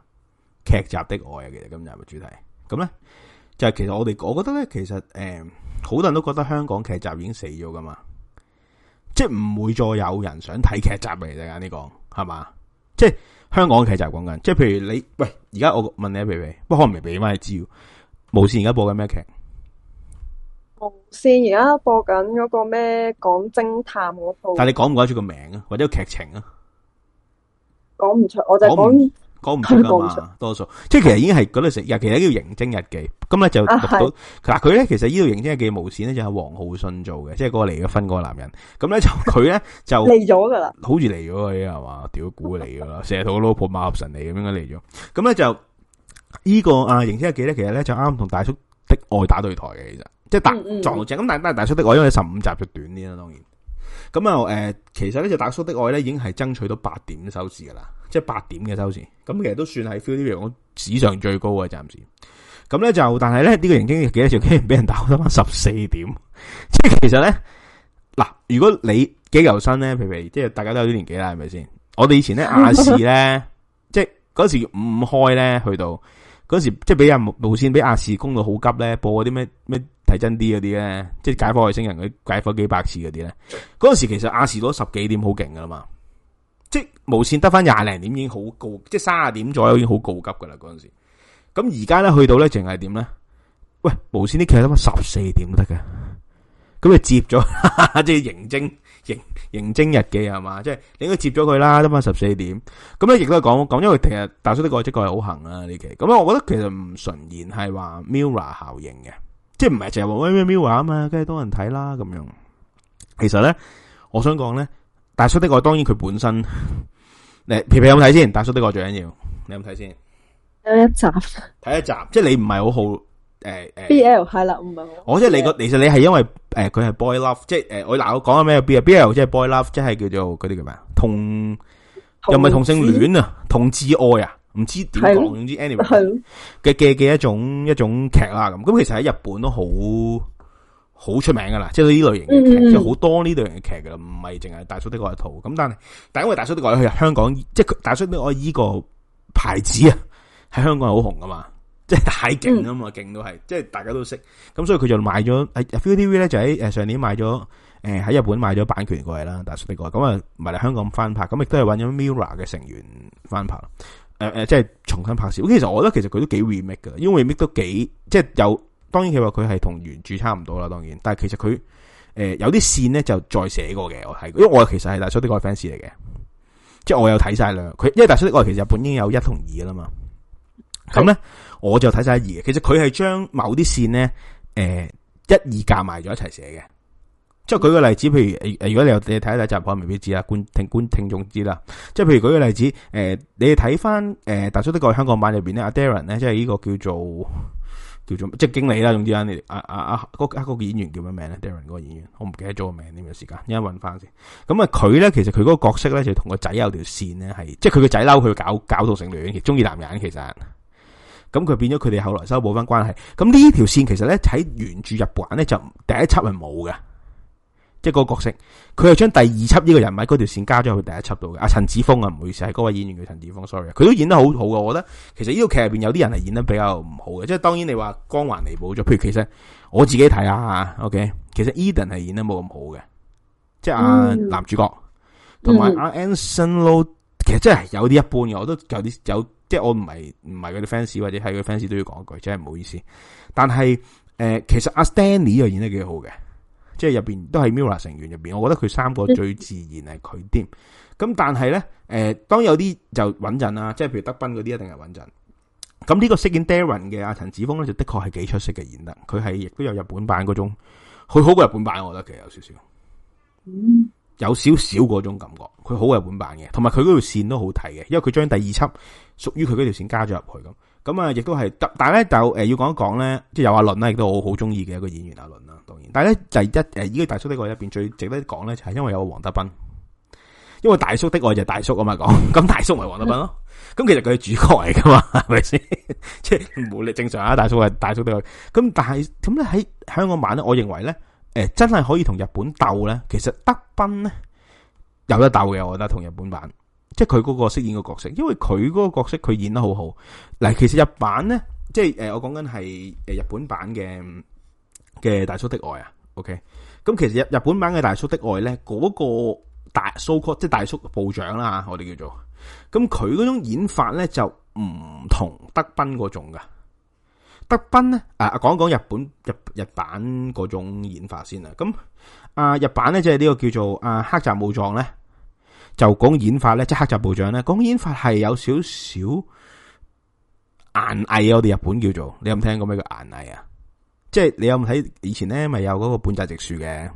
劇集的愛啊，其實今集嘅主題，咁咧。就係、是、其實我哋，我覺得咧，其實誒，好、嗯、多人都覺得香港劇集已經死咗噶嘛，即係唔會再有人想睇劇集嚟嘅。你講係嘛？即係香港嘅劇集講緊，即係譬如你，喂，而家我問你一俾俾，我可能未俾翻。你知無綫而家播緊咩劇？無綫而家播緊嗰個咩講偵探嗰套？但係你講唔講出個名啊？或者個劇情啊？講唔出，我就講。講唔少噶嘛，多數即係其實已經係嗰度成日，其實叫刑偵日記咁咧，就嗱，佢咧，其實呢度刑偵日記無線咧就係王浩信做嘅，即係個離咗婚嗰個男人咁咧就佢咧就離咗噶啦，好似離咗嘅係嘛，屌估離噶啦，成日同個老婆馬合神離咁樣離咗，咁咧就呢個啊刑偵日記咧其實咧就啱同大叔的愛打對台嘅，其實即係撞到正，咁但但係大叔的愛因為十五集就短啲啦，當然。咁啊，誒、就是，其實咧《大叔的愛》咧已經係爭取到八點收視㗎喇，即係八點嘅收視。咁其實都算係 ViuTV 我史上最高嘅暫時。咁咧就，但係咧呢個人經幾多條竟然俾人打打翻十四點，即係其實咧嗱，如果你幾舊身咧，譬如即係大家都有啲年紀啦，係咪先？我哋以前咧亞視咧， *laughs* 即係嗰時五五開咧，去到。嗰時即係俾阿無線俾阿視攻到好急咧，播嗰啲咩咩睇真啲嗰啲咧，即係《解剖外星人》佢解剖幾百次》嗰啲咧。嗰陣時其實阿視都十幾點好勁噶啦嘛，即係無線得翻廿零點已經好高，即係卅點左右已經好告急噶啦嗰陣時。咁而家咧去到咧，淨係點咧？喂，無線啲劇得返十四點都得㗎。咁啊接咗即係認征。認認征日記係嘛，即係你應該接咗佢啦，得返十四點，咁咧亦都係講咁，因為其實大叔的愛的確係好行啊呢期，咁啊我覺得其實唔純然係話 MIRROR 效應嘅，即係唔係淨係話喂 MIRROR 啊嘛，梗係多人睇啦咁樣。其實咧，我想講咧，大叔的愛當然佢本身，你皮皮有冇睇先？大叔的愛最緊要，你有冇睇先？有一集，睇一集，即係你唔係好好。誒誒，B L 係啦，唔係、哎、我即係你個，其實你係因為誒佢係 boy love，即係誒我嗱我講下咩 B B L 即係 boy love，即係叫做嗰啲叫咩啊同又唔係同性戀啊同志愛啊，唔知點講，總之 anyway 嘅嘅嘅一種一種劇啦咁，咁其實喺日本都好好出名噶啦，即係呢類型嘅劇、嗯，即係好多呢類型嘅劇噶啦，唔係淨係大叔的愛一套，咁但係但因為大叔的愛喺香港，即係大叔的愛依個牌子啊喺香港係好紅噶嘛。即係太勁啦嘛，勁到係，即係大家都識咁，所以佢就買咗誒，ViuTV 咧就喺誒上年買咗誒喺日本買咗版權過嚟啦。大叔的愛咁啊，嚟香港翻拍咁，亦都係揾咗 Mirror 嘅成員翻拍。誒、呃、誒、呃，即係重新拍攝。其實我覺得其實佢都幾 remake 嘅，因為 remake 都幾即係有。當然佢話佢係同原著差唔多啦。當然，但係其實佢誒、呃、有啲線咧就再寫過嘅。我睇過，因為我其實係大叔的愛 fans 嚟嘅，即係我有睇晒啦。佢因為大叔的愛其實日本已經有一同二啦嘛，咁咧。我就睇晒二，其實佢係將某啲線咧，誒、呃，一二夾埋咗一齊寫嘅。即係舉個例子，譬如如果你有你睇一睇就我未必知啊，觀聽觀聽眾知啦。即係譬如舉個例子，誒、呃，你睇翻誒，大、呃、叔的愛香港版入邊咧，阿、啊、Darren 咧，即係呢個叫做叫做即係經理啦，總之啦，啊阿啊，啊，啊、嗰個演員叫咩名咧？Darren 嗰個演員，我唔記得咗個名，呢個時間一陣揾翻先。咁啊，佢咧其實佢嗰個角色咧就同個仔有條線咧係，即係佢個仔嬲佢搞搞到成戀，中意男人其實。咁佢變咗，佢哋後來修補翻關係。咁呢條線其實咧喺原著入玩咧就第一輯係冇嘅，即係個角色，佢係將第二輯呢個人物嗰條線加咗去第一輯度嘅。阿陳子峰啊，唔好意思，係嗰位演員叫陳子峰，sorry，佢都演得好好嘅。我覺得其實呢套劇入邊有啲人係演得比較唔好嘅，即係當然你話光環彌補咗。譬如其實我自己睇下，OK，其實 Edan 係演得冇咁好嘅，即係阿男主角同埋阿 Anson Lo 其實真係有啲一,一般嘅，我都有啲有。即係我唔係唔係佢啲 fans 或者係佢 fans 都要講一句，真係唔好意思。但係、呃、其實阿 Stanley 又演得幾好嘅，即係入面都係 Mirror 成員入面。我覺得佢三個最自然係佢掂。咁、嗯、但係咧、呃、當有啲就穩陣啦，即係譬如德斌嗰啲一定係穩陣。咁呢個飾演 Darren 嘅阿陳子峰咧，就的確係幾出色嘅演得，佢係亦都有日本版嗰種，佢好過日本版，我覺得其實有少少。嗯有少少嗰種感覺，佢好係本版嘅，同埋佢嗰條線都好睇嘅，因為佢將第二輯屬於佢嗰條線加咗入去咁，咁啊，亦都係，但係咧就誒要講一講咧，即係有阿倫咧，亦都我好中意嘅一個演員阿倫啦，當然，但係咧就是、一誒呢個大叔的愛入邊最值得講咧，就係、是、因為有黃德斌，因為大叔的愛就係大叔我就那大叔啊 *laughs* 嘛，講咁大叔咪黃德斌咯，咁其實佢係主角嚟噶嘛，係咪先？即係冇你正常啊，大叔係大叔的愛，咁但係咁咧喺香港版咧，我認為咧。誒，真係可以同日本鬥咧？其實德斌咧有得鬥嘅，我覺得同日本版，即係佢嗰個飾演嘅角色，因為佢嗰個角色佢演得好好。嗱，其實日版咧，即係誒，我講緊係誒日本版嘅嘅大叔的愛啊。OK，咁其實日日本版嘅大叔的愛咧，嗰個大 Super 即係大叔部長啦，我哋叫做，咁佢嗰種演法咧就唔同德斌嗰種噶。德斌咧，啊講一講日本日日版嗰種演法先啦。咁啊，日版咧即係呢個叫做啊黑澤武藏咧，就講演法咧即係黑澤部長咧，講演法係有少少顏藝啊，我哋日本叫做，你有冇聽過咩叫顏藝啊？即係你有冇睇以前咧咪有嗰個半澤直樹嘅？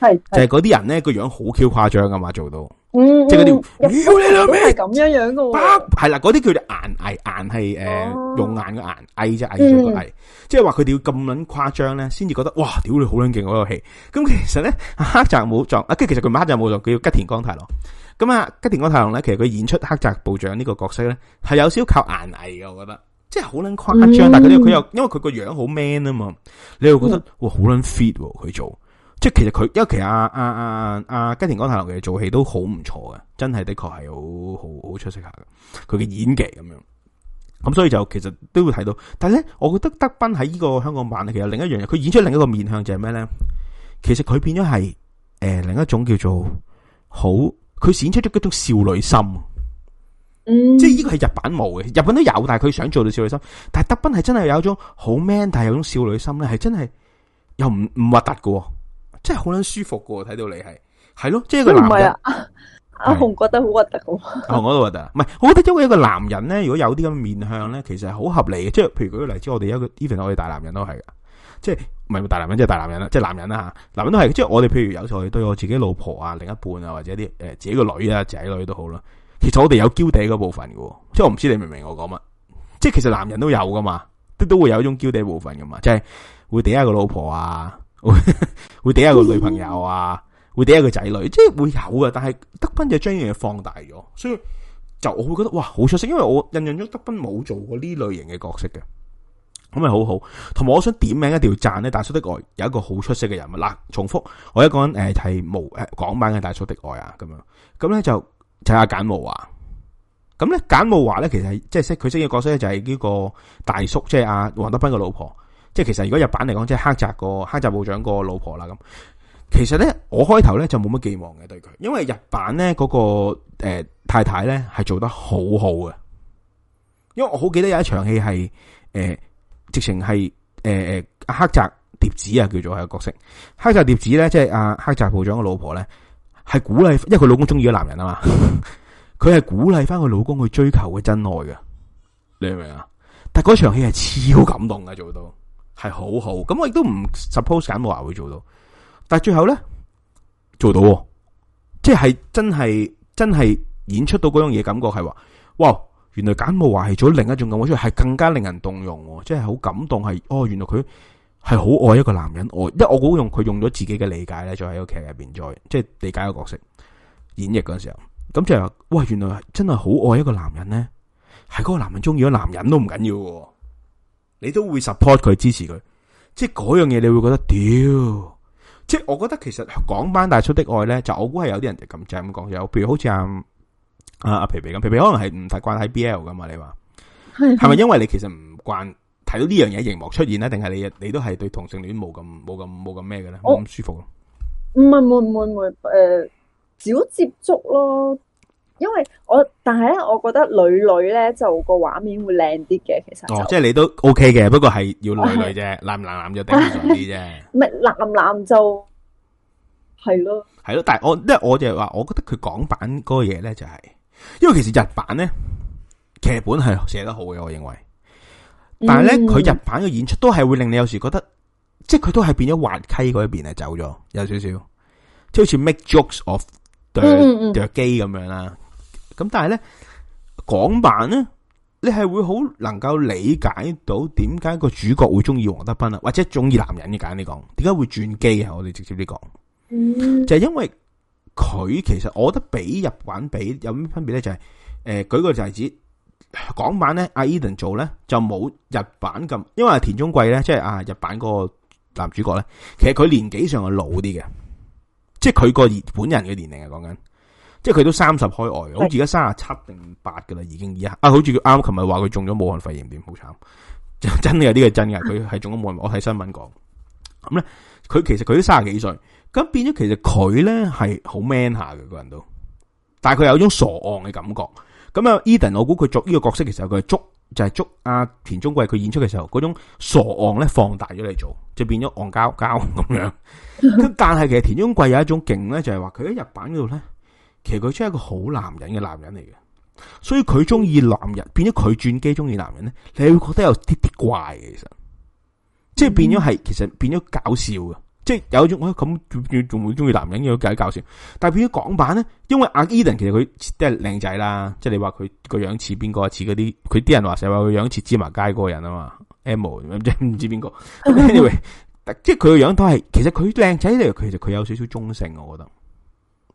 係就係嗰啲人咧個樣好 Q 誇張啊嘛做到，即係嗰啲，Q 你啦咩咁樣樣噶喎，係啦嗰啲叫做顏藝顏係誒用眼嘅顏藝啫，藝咗個藝，即係話佢哋要咁撚誇張咧，先至覺得哇，屌你好撚勁嗰個戲。咁其實咧，黑澤武藏，跟、啊、其實佢唔係黑澤武藏，佢叫吉田鋼太郎。咁啊，吉田鋼太郎咧，其實佢演出黑澤部長呢、這個角色咧，係有少靠顏藝噶，我覺得，即係好撚誇張，但係佢又因為佢個樣好 man 啊嘛，你又覺得哇好撚 fit 喎佢做。即係其實佢，因為其實阿阿阿阿吉田鋼太郎嘅做戲都好唔錯嘅，真係的確係好好好出色下嘅。佢嘅演技咁樣咁，所以就其實都會睇到。但係咧，我覺得德斌喺呢個香港版其實另一樣嘢，佢演出另一個面向就係咩咧？其實佢變咗係誒另一種叫做好，佢演出咗嗰種少女心。嗯，即係呢個係日版冇嘅，日本都有，但係佢想做到少女心。但係德斌係真係有一種好 man，但係有一種少女心咧，係真係又唔唔核突嘅。不真係好捻舒服噶，睇到你係係咯，即係個男。唔係啊，阿紅覺得好核突阿哦，我都核突，唔係，我覺得因為、啊、 *laughs* 一個男人咧，如果有啲咁面向咧，其實係好合理嘅。即係譬如舉個例子，我哋一個 even 我哋大男人都係噶，即係唔係大男人即係大男人啦，即係男人啦、啊、吓，男人都係。即係我哋譬如有時對我自己老婆啊、另一半啊，或者啲誒、呃、自己個女啊、仔女都好啦、啊。其實我哋有嬌嗲嗰部分噶、啊，即係我唔知你明唔明我講乜？即係其實男人都有噶嘛，都都會有一種嬌嗲部分噶、啊、嘛，即係會嗲下個老婆啊。 *laughs* 會會嗲一個女朋友啊，會嗲一個仔女，即係會有啊。但係德斌就將呢樣嘢放大咗，所以就我會覺得哇好出色，因為我印象中德斌冇做過呢類型嘅角色嘅，咁係好好。同埋我想點名一定要贊咧，大叔的愛有一個好出色嘅人物。嗱，重複我一講誒，係無誒港版嘅大叔的愛啊，咁樣咁咧就就阿、是啊、簡慕華，咁咧簡慕華咧其實係、就是、即係識佢識嘅角色咧就係呢個大叔、啊，即係阿黃德斌嘅老婆。即係其實如果日版嚟講，即係黑澤個黑澤部長個老婆啦咁。其實咧，我開頭咧就冇乜寄望嘅對佢，因為日版咧嗰個誒太太咧係做得好好嘅。因為我好記得有一場戲係誒，直情係誒誒黑澤蝶子啊叫做係個角色，黑澤蝶子咧即係阿黑澤部長個老婆咧係鼓勵，因為佢老公中意個男人啊嘛，佢 *laughs* 係鼓勵翻佢老公去追求個真愛嘅。你明唔明啊？但係嗰場戲係超感動嘅，做到。係好好，咁我亦都唔 suppose 簡慕華會做到，但係最後咧做到，即係真係真係演出到嗰樣嘢，感覺係話，哇，原來簡慕華係做另一種感覺出嚟，係更加令人動容，即係好感動，係哦，原來佢係好愛一個男人，愛，因為我好用佢用咗自己嘅理解咧，再喺個劇入邊再即係理解個角色演繹嗰陣時候，咁就係話，哇，原來真係好愛一個男人咧，係嗰個男人中意咗男人都唔緊要。你都會 support 佢支持佢，即係嗰樣嘢你會覺得屌，即係我覺得其實講翻大叔的愛咧，就我估係有啲人就咁就咁講，有譬如好似阿阿阿皮皮咁，皮皮可能係唔習慣睇 BL 噶嘛，你話係咪因為你其實唔慣睇到呢樣嘢熒幕出現啦，定係你你都係對同性戀冇咁冇咁冇咁咩嘅咧？冇咁舒服咯？唔係，冇冇冇，誒，少接觸咯。因為我但係咧，我覺得女女咧就個畫面會靚啲嘅。其實哦，即係你都 OK 嘅，不過係要女女啫，男男男就定啲啫。唔係男男就係咯，係咯。 *laughs* 但係我即係我就話，我覺得佢港版嗰個嘢咧就係、是，因為其實日版咧劇本係寫得好嘅，我認為。但係咧，佢日版嘅演出都係會令你有時覺得，即係佢都係變咗滑稽嗰一邊嚟走咗，有少少，即係好似 Make jokes of the gay、嗯、咁、嗯、樣啦。咁但係咧，港版咧，你係會好能夠理解到點解個主角會中意黃德斌啊，或者中意男人嘅？咁你講，點解會轉機啊？我哋直接啲講，就係、是、因為佢其實我覺得比日版比有咩分別咧，就係、是、誒、呃，舉個例子，港版咧，阿 Edan 做咧就冇日版咁，因為田中圭咧，即係啊日版個男主角咧，其實佢年紀上係老啲嘅，即係佢個本人嘅年齡係講緊。即係佢都三十開外，好似而家卅七定八噶啦，已經而家啊，好似佢啱琴日話佢中咗武漢肺炎點好慘，慘 *laughs* 真係有啲個真嘅，佢係中咗武漢肺炎。我睇新聞講，咁咧佢其實佢都卅幾歲，咁變咗其實佢咧係好 man 下嘅個人都，但係佢有一種傻戇嘅感覺。咁啊，Edan 我估佢作呢個角色嘅、就是、時候，佢係捉就係捉阿田中圭佢演出嘅時候嗰種傻昂咧放大咗嚟做，就變咗戇膠膠咁樣。 *laughs* 但係其實田中圭有一種勁咧，就係話佢喺日版嗰度咧。其實佢真係一個好男人嘅男人嚟嘅，所以佢中意男人，變咗佢轉機中意男人咧，你會覺得有啲啲怪嘅，其實即係變咗係，其實變咗搞笑嘅，即係有一種咁仲仲會中意男人嘅解搞笑。但係變咗港版咧，因為阿 Eden 其實佢都係靚仔啦，即係你話佢個樣似邊個？似嗰啲佢啲人話成日話佢樣似芝麻街嗰個人啊嘛，Emo 唔知唔知邊個。Anyway，即係佢個樣都係，其實佢靚仔嚟，其實佢有少少中性，我覺得。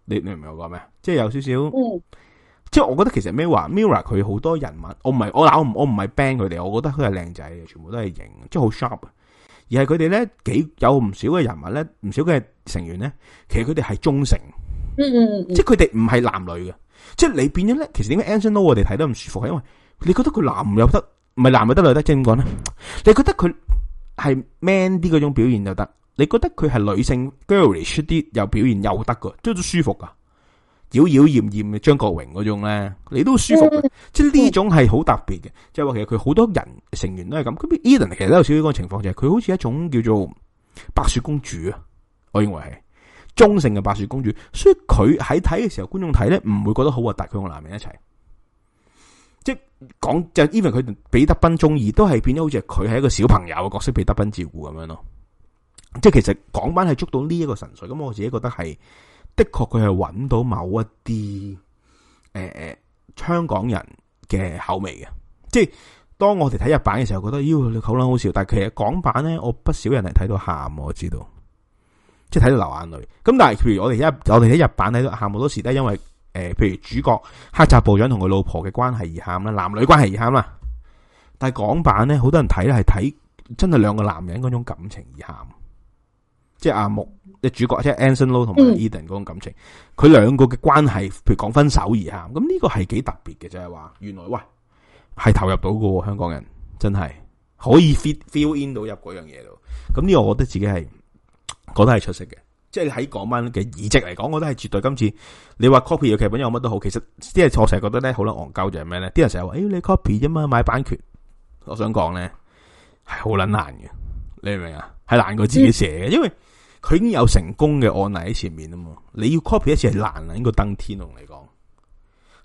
你你明唔明我講咩？即係有少少、嗯，即係我覺得其實咩話，Mirror 佢好多人物，我唔係我唔我唔係 ban 佢哋，我覺得佢係靚仔，全部都係型，即係好 sharp。而係佢哋咧幾有唔少嘅人物咧，唔少嘅成員咧，其實佢哋係忠誠，嗯，嗯嗯，即係佢哋唔係男女嘅，即係你變咗咧，其實點解 Anson Lo 我哋睇得唔舒服？係因為你覺得佢男又得，唔係男又得女得，即係點講咧？你覺得佢係 man 啲嗰種表現就得？你覺得佢係女性 girlish 啲又表現又得嘅，都都舒服噶，妖妖艷艷嘅張國榮嗰種咧，你都舒服。即係呢種係好特別嘅，即係話其實佢好多人成員都係咁。咁 Edan 其實都有少少嗰個情況，就係佢好似一種叫做白雪公主啊，我認為係中性嘅白雪公主。所以佢喺睇嘅時候，觀眾睇咧唔會覺得好核突，佢同男人一齊。即係講就因為佢俾德斌中意，都係變咗好似佢係一個小朋友嘅角色，俾德斌照顧咁樣咯。即係其實港版係捉到呢一個神髓，咁我自己覺得係的確佢係揾到某一啲誒誒香港人嘅口味嘅。即係當我哋睇日版嘅時候，覺得喲好捻好笑，但係其實港版咧，我不少人係睇到喊，我知道，即係睇到流眼淚。咁但係譬如我哋一我哋喺日版睇到喊，好多時都係因為誒、呃，譬如主角黑澤部長同佢老婆嘅關係而喊啦，男女關係而喊啦。但係港版咧，好多人睇咧係睇真係兩個男人嗰種感情而喊。即係阿木嘅主角，即係 Anson Lo 同埋 Eden 嗰種感情，佢、嗯、兩個嘅關係，譬如講分手而下，咁呢個係幾特別嘅，就係、是、話原來喂，係投入到嘅，香港人真係可以 f feel in 到入嗰樣嘢度，咁、嗯、呢個我覺得自己係覺得係出色嘅，即係喺港版嘅移植嚟講，我覺得係絕對今次你話 copy 嘅劇本有乜都好，其實即係我成日覺得咧好撚戇鳩，就係咩咧？啲人成日話誒你 copy 啫嘛買版權，我想講咧係好撚難嘅，你明唔明啊？係難過自己寫嘅、嗯，因為。佢已經有成功嘅案例喺前面啊嘛，你要 copy 一次係難啊，應該登天咯嚟講，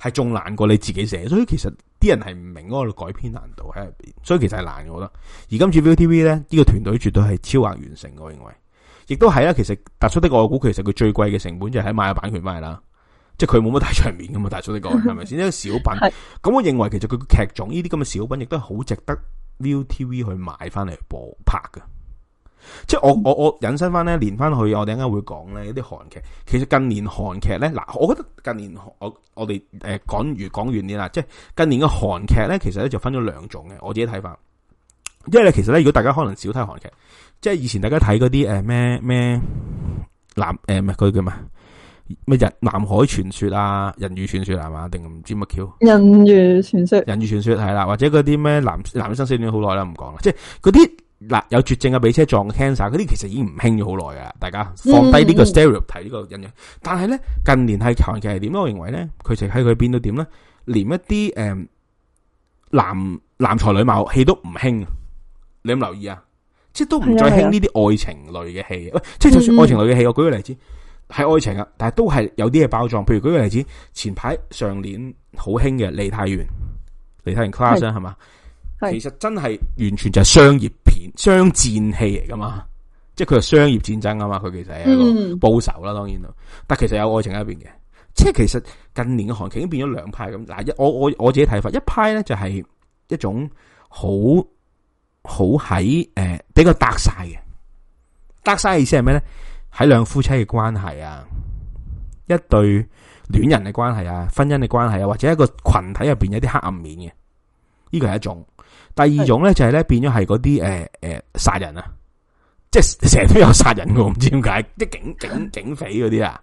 係仲難過你自己寫。所以其實啲人係唔明嗰個改編難度喺入邊，所以其實係難嘅。我覺得而今次 Viu TV 咧，呢個團隊絕對係超額完成。我認為亦都係啊。其實大叔的愛我估，其實佢最貴嘅成本就係買個版權翻嚟啦。即係佢冇乜大場面噶嘛，大叔的愛講係咪先？一個小品咁， *laughs* 我認為其實佢劇種呢啲咁嘅小品亦都係好值得 Viu TV 去買翻嚟播拍嘅。即係我我我引申翻咧，連翻去我哋一陣間會講咧，一啲韓劇。其實近年韓劇咧，嗱，我覺得近年我我哋誒講完講完啲啦。即係近年嘅韓劇咧，其實咧就分咗兩種嘅。我自己睇法，因為咧其實咧，如果大家可能少睇韓劇，即係以前大家睇嗰啲誒咩咩南誒唔係佢叫咩咩人南海傳說啊，人魚傳說係嘛？定唔知乜橋？人魚傳說，人魚傳說係啦，或者嗰啲咩南南生死戀好耐啦，唔講啦，即係嗰啲。嗱，有絕症嘅俾車撞，cancer 嗰啲其實已經唔興咗好耐噶啦。大家放低呢個 stereotype 呢個印象，嗯、但係咧近年係長期係點咧？我認為咧，佢就喺佢變到點咧，連一啲誒、嗯、男男才女貌戲都唔興，你有冇留意啊？即係都唔再興呢啲愛情類嘅戲。喂、嗯，即係就算愛情類嘅戲，我舉個例子係、嗯、愛情啊，但係都係有啲嘢，包裝。譬如舉個例子，前排上年好興嘅《梨泰院，梨泰院 class 啊，係嘛？其實真係完全就係商業片、商戰戲嚟噶嘛，即係佢係商業戰爭啊嘛，佢其實係一個報仇啦，當然啦。但其實有愛情喺入邊嘅，即係其實近年嘅韓劇已經變咗兩派咁。嗱，我我我自己睇法，一派咧就係一種好好喺誒比較得晒嘅，得晒嘅意思係咩咧？喺兩夫妻嘅關係啊，一對戀人嘅關係啊，婚姻嘅關係啊，或者一個群體入邊有啲黑暗面嘅，呢、這個係一種。第二種咧就係、是、咧變咗係嗰啲誒誒殺人啊，即係成日都有殺人嘅，唔知點解，即係警警警匪嗰啲啊，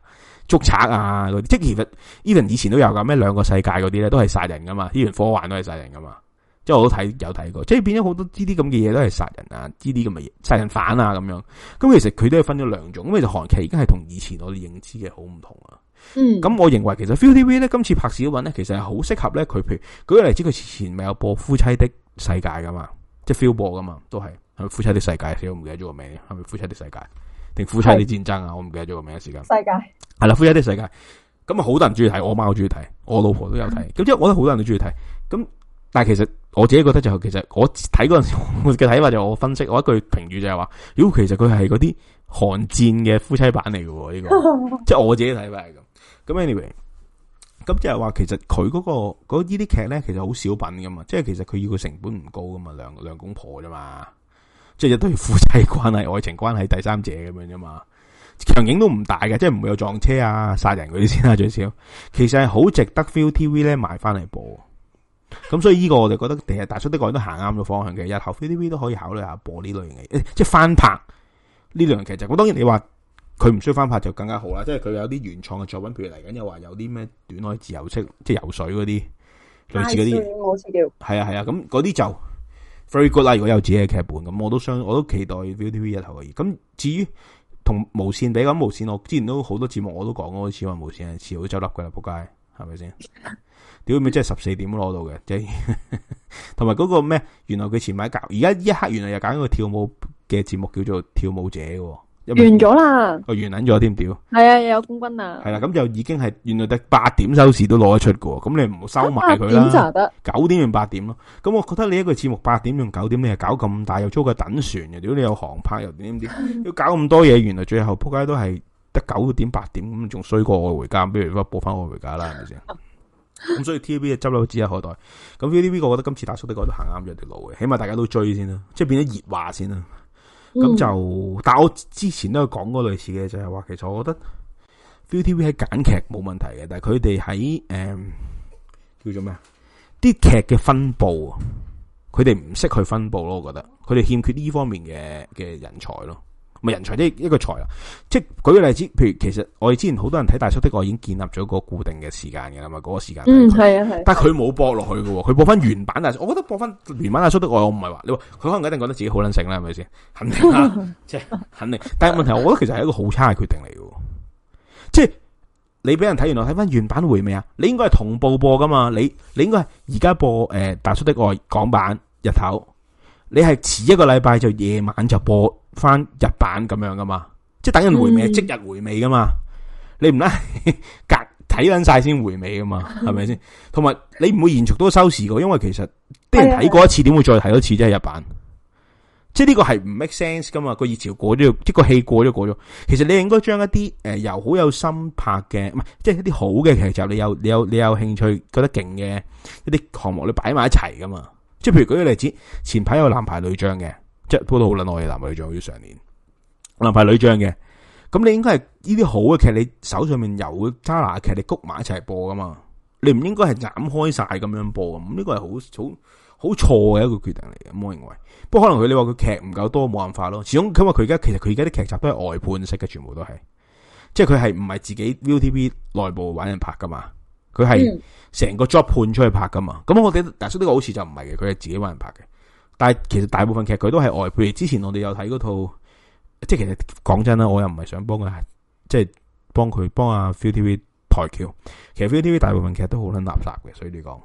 捉賊啊嗰啲，即係其實 Evan 以前都有噶，咩兩個世界嗰啲咧都係殺人噶嘛，依段科幻都係殺人噶嘛，即係我都睇有睇過，即係變咗好多呢啲咁嘅嘢都係殺人啊，呢啲咁嘅殺人犯啊咁樣，咁其實佢都係分咗兩種，咁其實韓劇已經係同以前我哋認知嘅好唔同啊，嗯，咁我認為其實 ViuTV 咧今次拍小品咧其實係好適合咧佢，譬如舉個例子佢之前咪有播夫妻的世界噶嘛，即係 feel 播噶嘛，都係係夫妻的世界？死，我唔記得咗個名，係咪夫妻的世界定夫妻啲戰爭啊？我唔記得咗個名，時間世界係啦，夫妻的世界，咁啊好多人中意睇，我媽好中意睇，我老婆都有睇，咁、哦、即係我覺得好多人都中意睇，咁但係其實我自己覺得就係、其實我睇嗰陣時嘅睇法就我分析，我一句評語就係、係、話，如果其實佢係嗰啲寒戰嘅夫妻版嚟嘅，呢、這個 *laughs* 即係我自己睇法係咁。咁 Anyway。咁即係話，其實佢嗰個嗰呢啲劇咧，其實好小品噶嘛，即係其實佢要個成本唔高噶嘛，兩兩公婆啫嘛，即係都係夫妻關係、愛情關係、第三者咁樣啫嘛，場景都唔大嘅，即係唔會有撞車啊、殺人嗰啲先啦、啊，最少，其實係好值得 ViuTV 咧買翻嚟播。咁所以呢個我哋覺得第日大叔的愛都行啱個方向嘅，日後 ViuTV 都可以考慮下播呢類型嘅，即係翻拍呢類型劇就當當然你話。佢唔需要翻拍就更加好啦，即係佢有啲原創嘅作品，譬如嚟緊又話有啲咩短愛自由式，即係游水嗰啲，類似嗰啲。係啊係啊，咁嗰啲就 very good 啦。如果有自己嘅劇本，咁我都相，我都期待 Viu TV 日頭嘅。以。咁至於同無線比較，無線我之前都好多節目我都講過，好似話無線係遲早走笠噶啦，仆街係咪先？屌你，真係十四點都攞到嘅，即係。同埋嗰個咩？原來佢前排搞，而家一刻原來又搞一個跳舞嘅節目，叫做跳舞者嘅。完咗啦！啊，完捻咗添屌！係啊，又有冠軍啊！係啦，咁就已經係原來得八點收視都攞得出噶，咁你唔好收埋佢啦。八查得九點用八點咯？咁我覺得你一個節目八點用九點你，你係搞咁大又租個等船嘅？如果你有航拍又點點點？ *laughs* 要搞咁多嘢，原來最後扑街都係得九點八點咁，仲衰過《愛回家》。不如不如播翻《愛回家》啦，係咪先？咁所以 TVB 就執笠指日可待。咁 ViuTV，我覺得今次大叔呢個都行啱咗條路嘅，起碼大家都追先啦，即係變咗熱話先啦。咁就，但係我之前都有講過類似嘅，就係話，其實我覺得 ViuTV 喺揀劇冇問題嘅，但係佢哋喺誒叫做咩啊？啲劇嘅分布啊，佢哋唔識去分布咯，我覺得，佢哋欠缺呢方面嘅嘅人才咯。咪人才啲一個才啊！即、就、係、是、舉個例子，譬如其實我哋之前好多人睇《大叔的愛》，已經建立咗個固定嘅時間嘅，係咪嗰個時間？嗯，係啊，係。但係佢冇播落去嘅，佢播翻原版《大叔》，我覺得播翻原版《大叔的愛》我不是說，我唔係話你話佢可能一定覺得自己好撚醒啦，係咪先？肯定啦、啊，即 *laughs* 係肯定。但係問題，我覺得其實係一個好差嘅決定嚟嘅，即 *laughs* 係、就是、你俾人睇完，我睇翻原版回味啊！你應該係同步播噶嘛？你你應該係而家播誒、呃《大叔的愛》港版日頭。你係遲一個禮拜就夜晚就播翻日版咁樣噶嘛？即係等人回味、嗯、即日回味噶嘛？你唔咧 *laughs* 隔睇緊晒先回味噶嘛？係咪先？同埋你唔會延續到收視噶，因為其實啲人睇過一次，點會再睇多次即係日版？即係呢個係唔 make sense 噶嘛？個熱潮過咗，即個戲過咗過咗。其實你應該將一啲誒、呃、由好有心拍嘅唔係，即係一啲好嘅劇集，你有你有你有興趣覺得勁嘅一啲項目，你擺埋一齊噶嘛？即係譬如舉個例子，前排有男排女將嘅，即係播到好卵耐嘅男排女將，好似上年。男排女將嘅，咁你應該係呢啲好嘅劇，你手上面有嘅揸拿劇，你谷埋一齊播噶嘛？你唔應該係斬開晒咁樣播，咁呢個係好好好錯嘅一個決定嚟。咁我認為，不過可能佢你話佢劇唔夠多，冇辦法咯。始終咁話佢而家，其實佢而家啲劇集都係外判式嘅，全部都係，即係佢係唔係自己 ViuTV 內部玩人拍噶嘛？佢係成個 job 判出去拍，噶嘛，咁我哋，大叔呢個好似就唔係嘅，佢係自己揾人拍嘅。但係其實大部分劇佢都係外配。之前我哋有睇嗰套，即係其實講真啦，我又唔係想幫佢，即係幫佢幫阿 ViuTV 台橋。其實 ViuTV 大部分劇都好捻垃圾嘅，所以你講，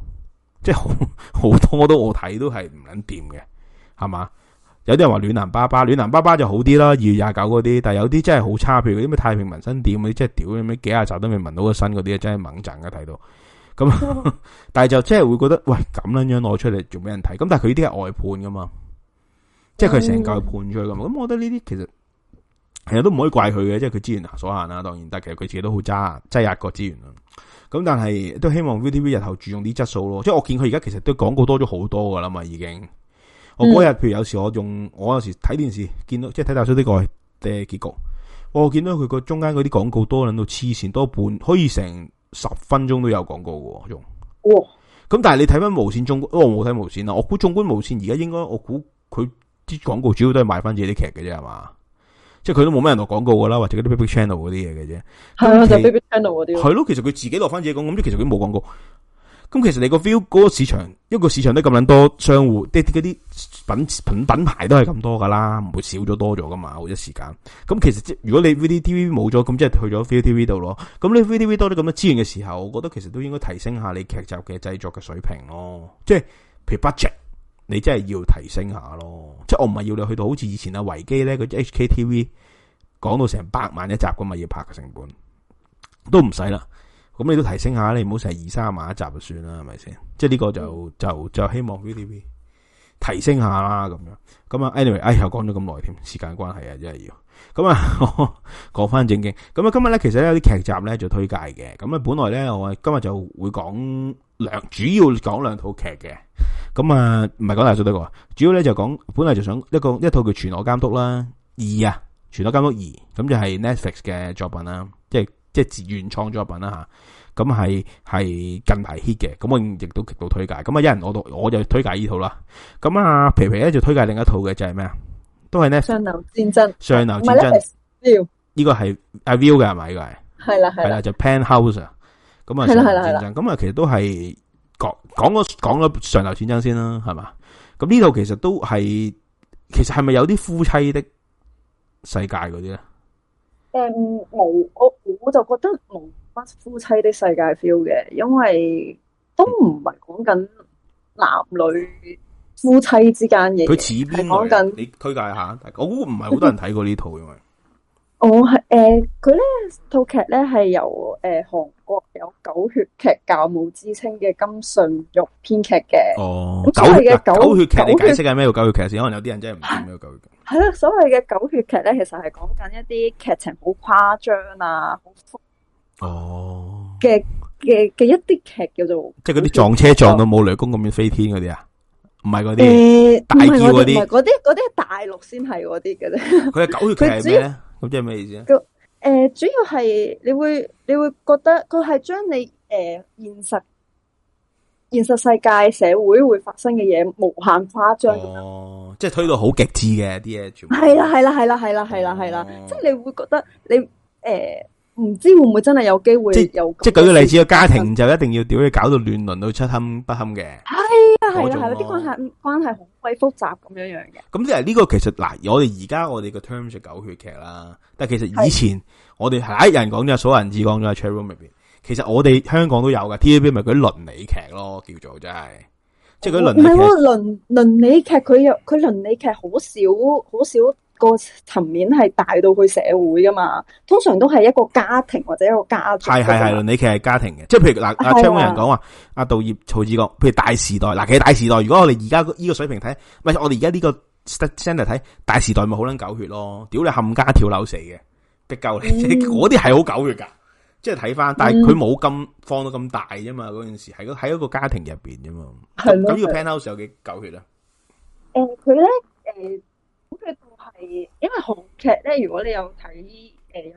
即係好好多我都我睇都係唔捻掂嘅，係嘛？有啲人話暖男巴巴，暖男巴巴就好啲啦，二月廿九嗰啲，但係有啲真係好差，譬如嗰啲咩太平紋身店嗰啲，真係屌，咩幾廿集都未聞到個新嗰啲，真係猛震噶睇到。咁，但係就真係會覺得，喂咁樣樣攞出嚟做俾人睇。咁但係佢呢啲係外判噶嘛、嗯，即係佢成個判出去噶嘛。咁我覺得呢啲其實其實都唔可以怪佢嘅，即係佢資源所限啦、啊。當然。但其實佢自己都好渣，擠壓個資源啊。咁但係都希望 VTV 日後注重啲質素咯。即係我見佢而家其實都廣告多咗好多噶啦嘛，已經。我嗰日，譬如有時我用，我有時睇電視，見到即係睇大叔呢個嘅結局。我見到佢個中間嗰啲廣告多撚到黐線，多半可以成十分鐘都有廣告喎。用。咁但係你睇翻無線中，我冇睇無線啦。我估縱觀無線而家應該，我估佢啲廣告主要都係賣翻自己啲劇嘅啫，係嘛？即係佢都冇咩人落廣告㗎啦，或者啲 Big Big Channel 嗰啲嘢嘅啫。係啊，就 Big、是、Big Channel 嗰啲。係咯，其實佢自己落翻自己廣告，咁即其實佢冇廣告。咁其實你個 v i e w 嗰個市場，一個市場都咁捻多商戶，即係嗰啲品品品牌都係咁多噶啦，唔會少咗多咗噶嘛，好多時間。咁其實即如果你 V D T V 冇咗，咁即係去咗 V D T V 度咯。咁你 V D T V 多啲咁嘅資源嘅時候，我覺得其實都應該提升下你劇集嘅製作嘅水平咯。即係譬如 budget，你真係要提升下咯。即係我唔係要你去到好似以前阿維基咧嗰啲 H K T V 講到成百萬一集咁咪要拍嘅成本都唔使啦。咁你都提升下，你唔好成二三萬一集就算啦，係咪先？嗯、即係呢個就就就希望 VTV 提升下啦，咁樣。咁啊，anyway，哎又講咗咁耐添，時間關係啊，真係要。咁啊，講翻正經。咁啊，今日咧其實咧有啲劇集咧就推介嘅。咁啊，本來咧我今日就會講兩，主要講兩套劇嘅。咁啊，唔係講大多數得個，主要咧就講本來就想一個一套叫《全裸監督》啦二啊，《全裸監督二》咁就係 Netflix 嘅作品啦。即係自願創作品啦吓，咁係係近排 hit 嘅，咁我亦都極度推介。咁啊，一人我都我就推介呢套啦。咁啊，皮皮咧就推介另一套嘅，就係咩啊？都係呢，上流戰爭。上流戰爭。呢個係 Viu 嘅係咪？呢個係係啦係啦，就 Penthouse 啊。咁啊，上流戰爭。咁啊，是是其實都係講講咗講咗上流戰爭先啦，係嘛？咁呢套其實都係其實係咪有啲夫妻的世界嗰啲咧？誒、嗯，無我我就覺得無乜夫妻的世界 feel 嘅，因為都唔係講緊男女夫妻之間嘅。佢似邊？講、啊、緊你推介下，我估唔係好多人睇過這套，哦呃、呢這套因為。我係誒，佢咧套劇咧係由誒韓國有狗血劇教母之稱嘅金順玉編劇嘅。哦，咁嘅狗血劇你解釋係咩叫狗血劇？血血先可能有啲人真係唔知咩叫狗血劇。係啦，所謂嘅狗血劇咧，其實係講緊一啲劇情好誇張啊，好複哦嘅嘅嘅一啲劇叫做，即係嗰啲撞車撞到冇雷公咁樣飛天嗰啲啊，唔係嗰啲大叫嗰啲，嗰啲嗰啲係大陸先係嗰啲嘅啫。佢係狗血劇咩？咁即係咩意思啊？誒，主要係你會你會覺得佢係將你誒現實現實世界社會會發生嘅嘢無限誇張，哦，即係推到好極致嘅啲嘢，全部係啦係啦係啦係啦係啦係啦，即係你會覺得你誒唔知會唔會真係有機會又即係舉個例子，個家庭就一定要屌你搞到亂倫到七堪不堪嘅，係啊係啊，有啲關係關係好鬼複雜咁樣樣嘅。咁即係呢個其實嗱，我哋而家我哋個 terms 係狗血劇啦，但係其實以前我哋係一人講咗，所有人只講咗，Cherry Room 裏邊。其實我哋香港都有嘅，TVB 咪嗰啲倫理劇咯，叫做真係，即係嗰倫唔係倫倫理劇佢又佢倫理劇好少好少個層面係大到去社會噶嘛，通常都係一個家庭或者一個家族。係係係倫理劇係家庭嘅，即係譬如嗱，阿張文人講話，阿道葉曹志國，譬如大時代嗱，其實大時代，如果我哋而家呢個水平睇，唔係我哋而家呢個 standpoint 睇大時代咪好撚狗血咯，屌你冚家跳樓死嘅，的鳩你嗰啲係好狗血噶。即係睇翻，但係佢冇咁放到咁大啫嘛。嗰陣時喺喺一個家庭入邊啫嘛。咁呢個 Penthouse 有幾狗血啊？誒，佢咧誒，咁佢都係因為韓劇咧，如果你有睇誒，有睇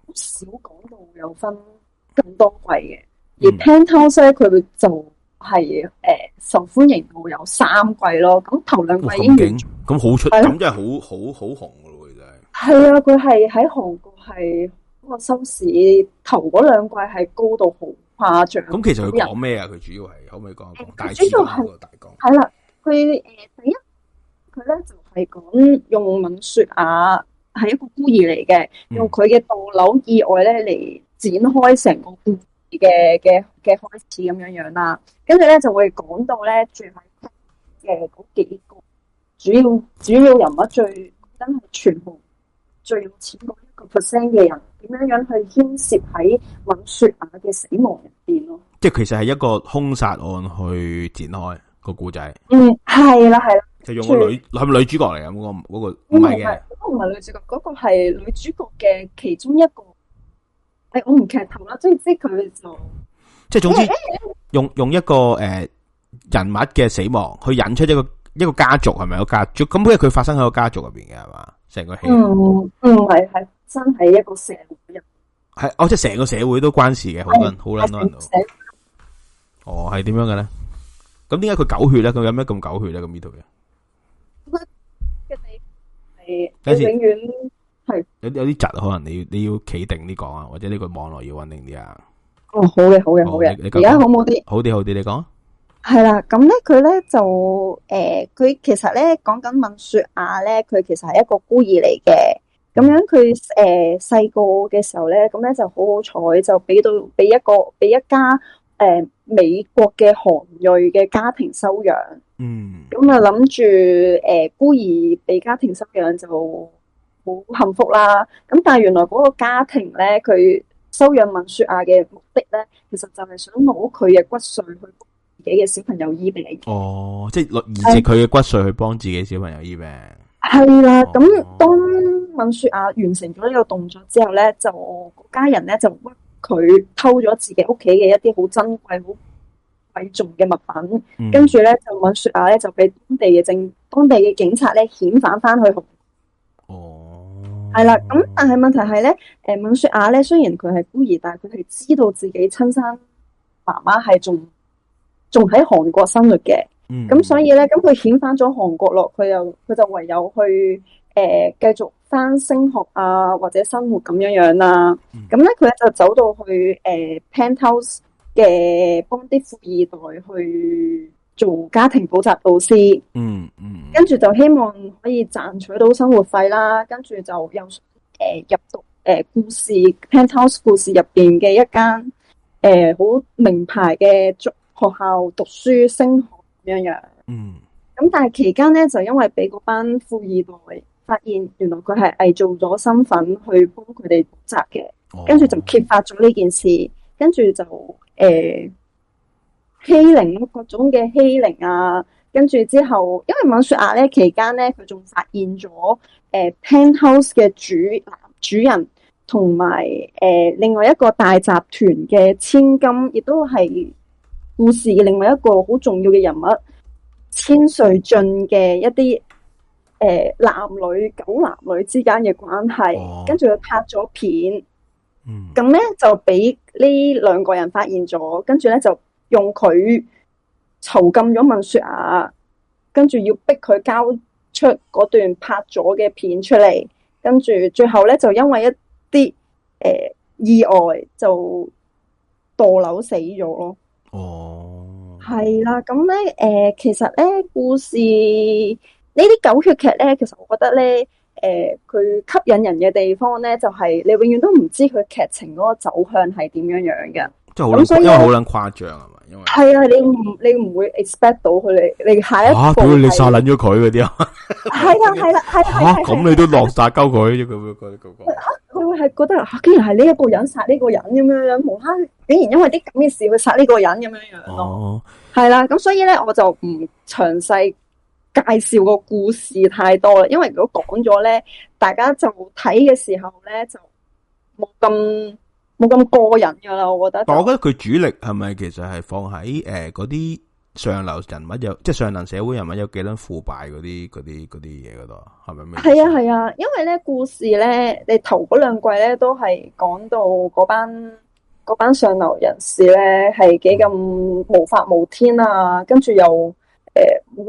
好少講到有分咁多季嘅。而 Penthouse 咧，佢就係誒受歡迎到有三季咯。咁頭兩季已經完咁好出，咁真係好好好紅噶咯，真係。係啊，佢係喺韓國係。個收視頭嗰兩季係高度好誇張。咁其實佢講咩啊？佢主要係可唔可以講？佢主要係個大綱係啦。佢、呃、第一，佢咧就係、是、講用文說啊，係一個孤兒嚟嘅、嗯，用佢嘅倒樓意外咧嚟展開成個故事嘅嘅嘅開始咁樣樣啦。跟住咧就會講到咧住喺嘅嗰幾個主要主要人物最真係、就是、全部。最有錢嗰一個 percent 嘅人，點樣樣去牽涉喺尹雪雅嘅死亡入邊咯？即係其實係一個兇殺案去展開個故仔，嗯。嗯，係啦，係啦。就用個女係咪女主角嚟噶？嗰個個唔係嘅，唔係女主角，嗰、那個係女主角嘅其中一個。哎，我唔劇透啦，即係即係佢就即係總之用用一個誒、呃、人物嘅死亡去引出一個一個家族，係咪有家族？咁因佢發生喺個家族入邊嘅係嘛？成個戲，嗯嗯，係係真係一個社會人係哦，即係成個社會都關事嘅，好多人好啦，好多人都是社會。哦，係點樣嘅咧？咁點解佢狗血咧？佢有咩咁狗血咧？咁呢度嘅？佢嘅地係永遠係有有啲窒，可能你要你要企定啲講啊，或者呢個網絡要穩定啲啊。哦，好嘅，好嘅，好嘅。而家好冇啲好啲好啲，你講。你係啦，咁咧佢咧就誒，佢、呃、其實咧講緊閔雪雅咧，佢其實係一個孤兒嚟嘅。咁樣佢誒細個嘅時候咧，咁咧就好好彩，就俾到俾一個俾一家誒、呃、美國嘅韓裔嘅家庭收養。嗯，咁啊諗住誒孤兒俾家庭收養就好幸福啦。咁但係原來嗰個家庭咧，佢收養閔雪雅嘅目的咧，其實就係想攞佢嘅骨髓去。自己嘅小朋友醫病哦，即係用而借佢嘅骨髓去幫自己的小朋友醫病。係啦，咁、哦、當敏雪雅完成咗呢個動作之後咧，就家人咧就屈佢偷咗自己屋企嘅一啲好珍貴、好貴重嘅物品，嗯、跟住咧就敏雪雅咧就俾當地嘅政、當地嘅警察咧遣返翻去好。哦，係啦，咁但係問題係咧，誒敏雪雅咧雖然佢係孤兒，但係佢係知道自己親生媽媽係仲。仲喺韓國生活嘅，咁、嗯、所以咧，咁佢遣返咗韓國落，佢又佢就唯有去誒、呃、繼續返升學啊，或者生活咁樣樣、啊、啦。咁、嗯、咧，佢、嗯、咧就走到去誒 penthouse 嘅幫啲富二代去做家庭補習導師。嗯嗯，跟住就希望可以賺取到生活費啦。跟住就又、呃、入讀誒、呃、故事 penthouse 故事入面嘅一間誒好名牌嘅學校讀書升學咁樣樣，嗯咁，但係期間咧就因為俾嗰班富二代發現，原來佢係偽造咗身份去幫佢哋擇嘅，跟住就揭發咗呢件事，跟住就誒、呃、欺凌各種嘅欺凌啊。跟住之後，因為馬雪亞咧期間咧，佢仲發現咗誒 Penthouse、呃呃呃、嘅主主人同埋誒另外一個大集團嘅千金，亦都係。故事嘅另外一個好重要嘅人物千瑞俊嘅一啲誒、呃、男女狗男女之間嘅關係，跟住佢拍咗片，咁、嗯、咧就俾呢兩個人發現咗，跟住咧就用佢囚禁咗文雪雅，跟住要逼佢交出嗰段拍咗嘅片出嚟，跟住最後咧就因為一啲誒、呃、意外就墮樓死咗咯。係啦、啊，咁咧，誒、呃，其實咧，故事呢啲狗血劇咧，其實我覺得咧，誒、呃，佢吸引人嘅地方咧，就係、是、你永遠都唔知佢劇情嗰個走向係點樣樣嘅。即係好，因為好撚誇張啊嘛，因為係啊，你唔你唔會 expect 到佢你你下一吓，屌你殺捻咗佢嗰啲啊！係啦係啦係啦，咁、 *laughs* 啊啊啊啊啊啊、你都落晒鳩佢，佢會覺得嗰個。 *laughs* 佢會係覺得，啊、竟然係呢一個人殺呢個人咁樣樣，無啦，竟然因為啲咁嘅事去殺呢個人咁樣樣哦，係啦，咁所以咧，我就唔詳細介紹個故事太多啦，因為如果講咗咧，大家就睇嘅時候咧就冇咁冇咁過癮噶啦。我覺得、就是，我覺得佢主力係咪其實係放喺誒嗰啲？呃上流人物有即係上流社會人物有幾多腐敗嗰啲啲啲嘢嗰度啊，係咪咩？係啊係啊，因為咧故事咧，你頭嗰兩季咧都係講到嗰班嗰班上流人士咧係幾咁無法無天啊，嗯、跟住又誒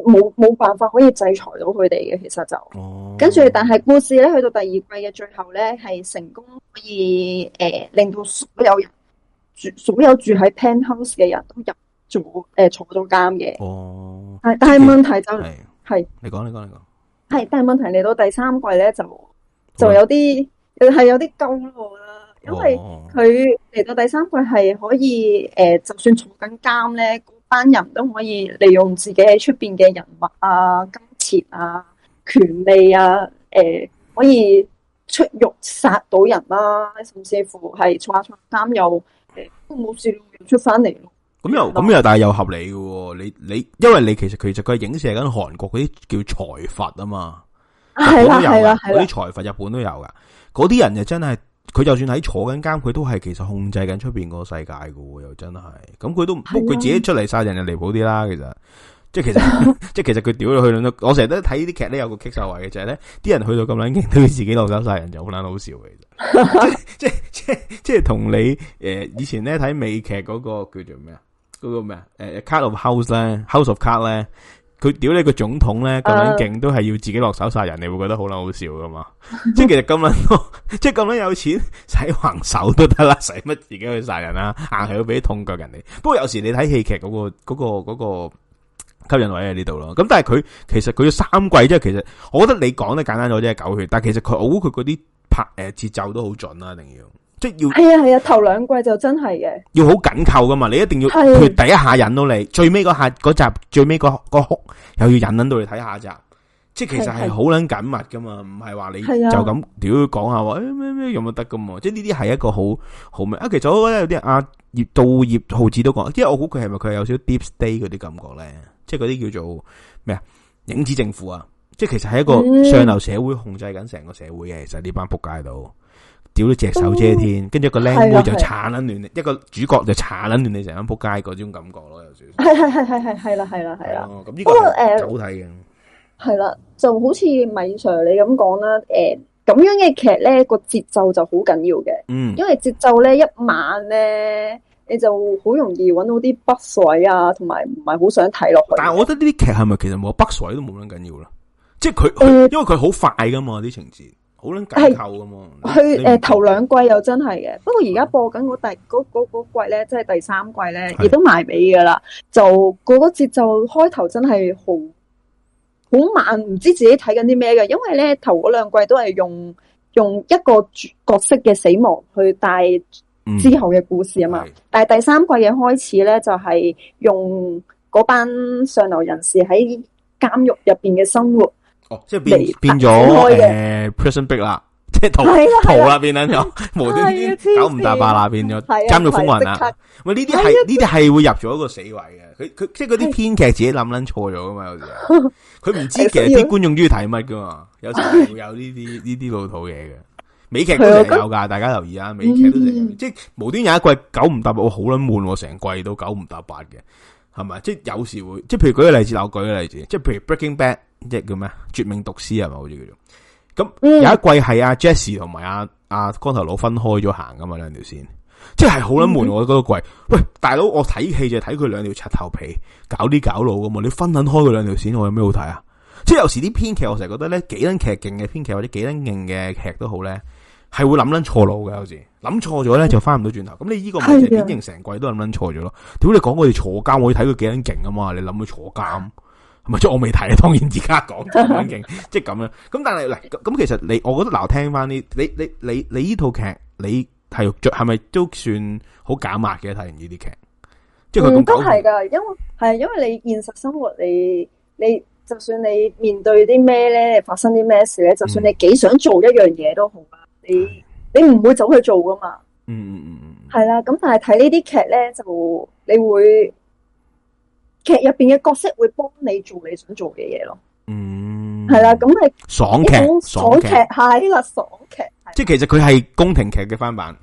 冇冇辦法可以制裁到佢哋嘅，其實就，哦、跟住但係故事咧去到第二季嘅最後咧係成功可以誒、呃、令到所有人住所有住喺 Penthouse 嘅人都入。仲冇坐咗監嘅，係、呃哦，但係問題就係、是，你講你講你講，係，但係問題嚟到第三季咧，就、嗯、就有啲係有啲高咯，因為佢嚟到第三季係可以誒、呃，就算坐緊監咧，嗰班人都可以利用自己喺出邊嘅人物啊、金錢啊、權利啊，誒、呃，可以出獄殺到人啦、啊，甚至乎係坐下坐監又誒、呃、都冇事，出翻嚟。咁又咁又，但係又合理嘅。你你，因為你其實其實佢係影射緊韓國嗰啲叫財閥啊嘛，係啦係啦係啦，嗰啲財閥日本都有噶，嗰啲人就真係，佢就算喺坐緊監，佢都係其實控制緊出邊個世界嘅，又真係。咁佢都，佢自己出嚟殺人就離譜啲啦。其實，即係其實即係 *laughs* 其實佢屌你去，我成日都睇呢啲劇咧，有個棘手位嘅就係咧，啲人去到咁撚勁都自己落手殺人，就好撚好笑嘅。 *laughs* 即係即係即係同你誒，以前咧睇美劇嗰個叫做咩啊？嗰個咩啊？誒，card of house 咧，house of card 咧，佢屌你個總統咧咁樣勁，都係要自己落手殺人，你會覺得好卵好笑噶嘛？即係其實咁卵，即係咁卵有錢，使橫手都得啦，使乜自己去殺人啊？硬係要俾啲痛腳人哋。不過有時你睇戲劇嗰個嗰個嗰個吸引位喺呢度咯。咁但係佢其實佢要三季即係其實，我覺得你講得簡單咗即係狗血。但係其實佢，我估佢嗰啲拍誒節奏都好準啦，一定要。即係要係啊係啊，頭兩季就真係嘅，要好緊扣噶嘛，你一定要佢第一下引到你，最尾嗰下嗰集，最尾嗰、嗰個，哭、嗰個、又要引引到你睇下集，即係其實係好捻緊密噶嘛，唔係話你就咁屌講下話咩咩用冇得噶嘛，即係呢啲係一個好好咩啊？其實我覺得有啲阿葉道葉浩子都講，即係我估佢係咪佢有少 deep stay 嗰啲感覺咧？即係嗰啲叫做咩啊？影子政府啊？即係其實係一個上流社會控制緊成個社會嘅，其實呢班仆街度。屌到隻手遮天，跟、嗯、住個靚妹,妹就炒捻亂，一個主角就炒捻亂，你成日仆街嗰種感覺咯，有少少。係係係係係係啦係啦係啦。不過誒，好睇嘅係啦，就好似米 Sir 你咁講啦，誒咁樣嘅劇咧個節奏就好緊要嘅，因為節奏咧一慢咧，你就好容易搵到啲北水啊，同埋唔係好想睇落去。但係我覺得呢啲劇係咪其實冇北水都冇咁緊要啦？即係佢，因為佢好快噶嘛啲情節。係扣咁，去誒、呃、頭兩季又真係嘅，不過而家播緊嗰第嗰季咧，即係、那個那個那個那個、第三季咧，亦都埋尾噶啦。就、那、嗰個節奏開頭真係好好慢，唔知自己睇緊啲咩嘅。因為咧頭嗰兩季都係用用一個角色嘅死亡去帶之後嘅故事啊嘛。嗯、但係第三季嘅開始咧，就係、是、用嗰班上流人士喺監獄入邊嘅生活。哦、oh, 啊，呃呃，即係變變咗誒，Prison Break 啦，即係逃逃啦，變咗無端端九唔搭八啦，變咗監獄風雲啦，咪呢啲係呢啲係會入咗一個死位嘅。佢佢即係嗰啲編劇自己諗捻錯咗噶嘛有時佢唔知其實啲觀眾中意睇乜噶嘛有時會有呢啲呢啲老土嘢嘅。美劇都成有噶大家留意啊，美劇都成，即係無端有一季九唔搭八，好捻悶，成季都九唔搭八嘅。係咪？即係有時會，即係譬如舉個例子，我舉個例子，即係譬如《Breaking Bad》，即係叫咩？《絕命毒師》係咪？好似叫做咁。有一季係阿 Jesse 同埋阿阿光頭佬分開咗行噶嘛，兩條線，即係好捻悶。Mm -hmm. 我覺得嗰季，喂大佬，我睇戲就睇佢兩條柒頭皮搞啲搞腦噶嘛，你分捻開佢兩條線，我有咩好睇啊？即係有時啲編劇，我成日覺得咧，幾捻劇勁嘅編劇或者幾捻勁嘅劇都好咧。係會諗捻錯路嘅，有時諗錯咗咧就翻唔到轉頭。咁你呢個咪就典型成季都諗捻錯咗咯？屌你講我哋坐監，我會睇佢幾捻勁吖嘛，你諗佢坐監係咪？即 *laughs* 我未睇，當然而家講幾撚勁，即係咁啦。咁 *laughs* 但係咁，其實你我覺得嗱，聽翻呢，你、你、你、你呢套劇，你係着係咪都算好減壓嘅？睇完呢啲劇，即係佢咁都係噶，因為係因為你現實生活，你你就算你面對啲咩咧，發生啲咩事咧，就算你幾想做一樣嘢都好。嗯你你唔會走去做噶嘛？嗯嗯嗯嗯，係啦。咁但係睇呢啲劇咧，就你會劇入邊嘅角色會幫你做你想做嘅嘢咯。嗯，係啦。咁係爽劇，爽劇係呢個，爽劇。即係其實佢係宮廷劇嘅翻版。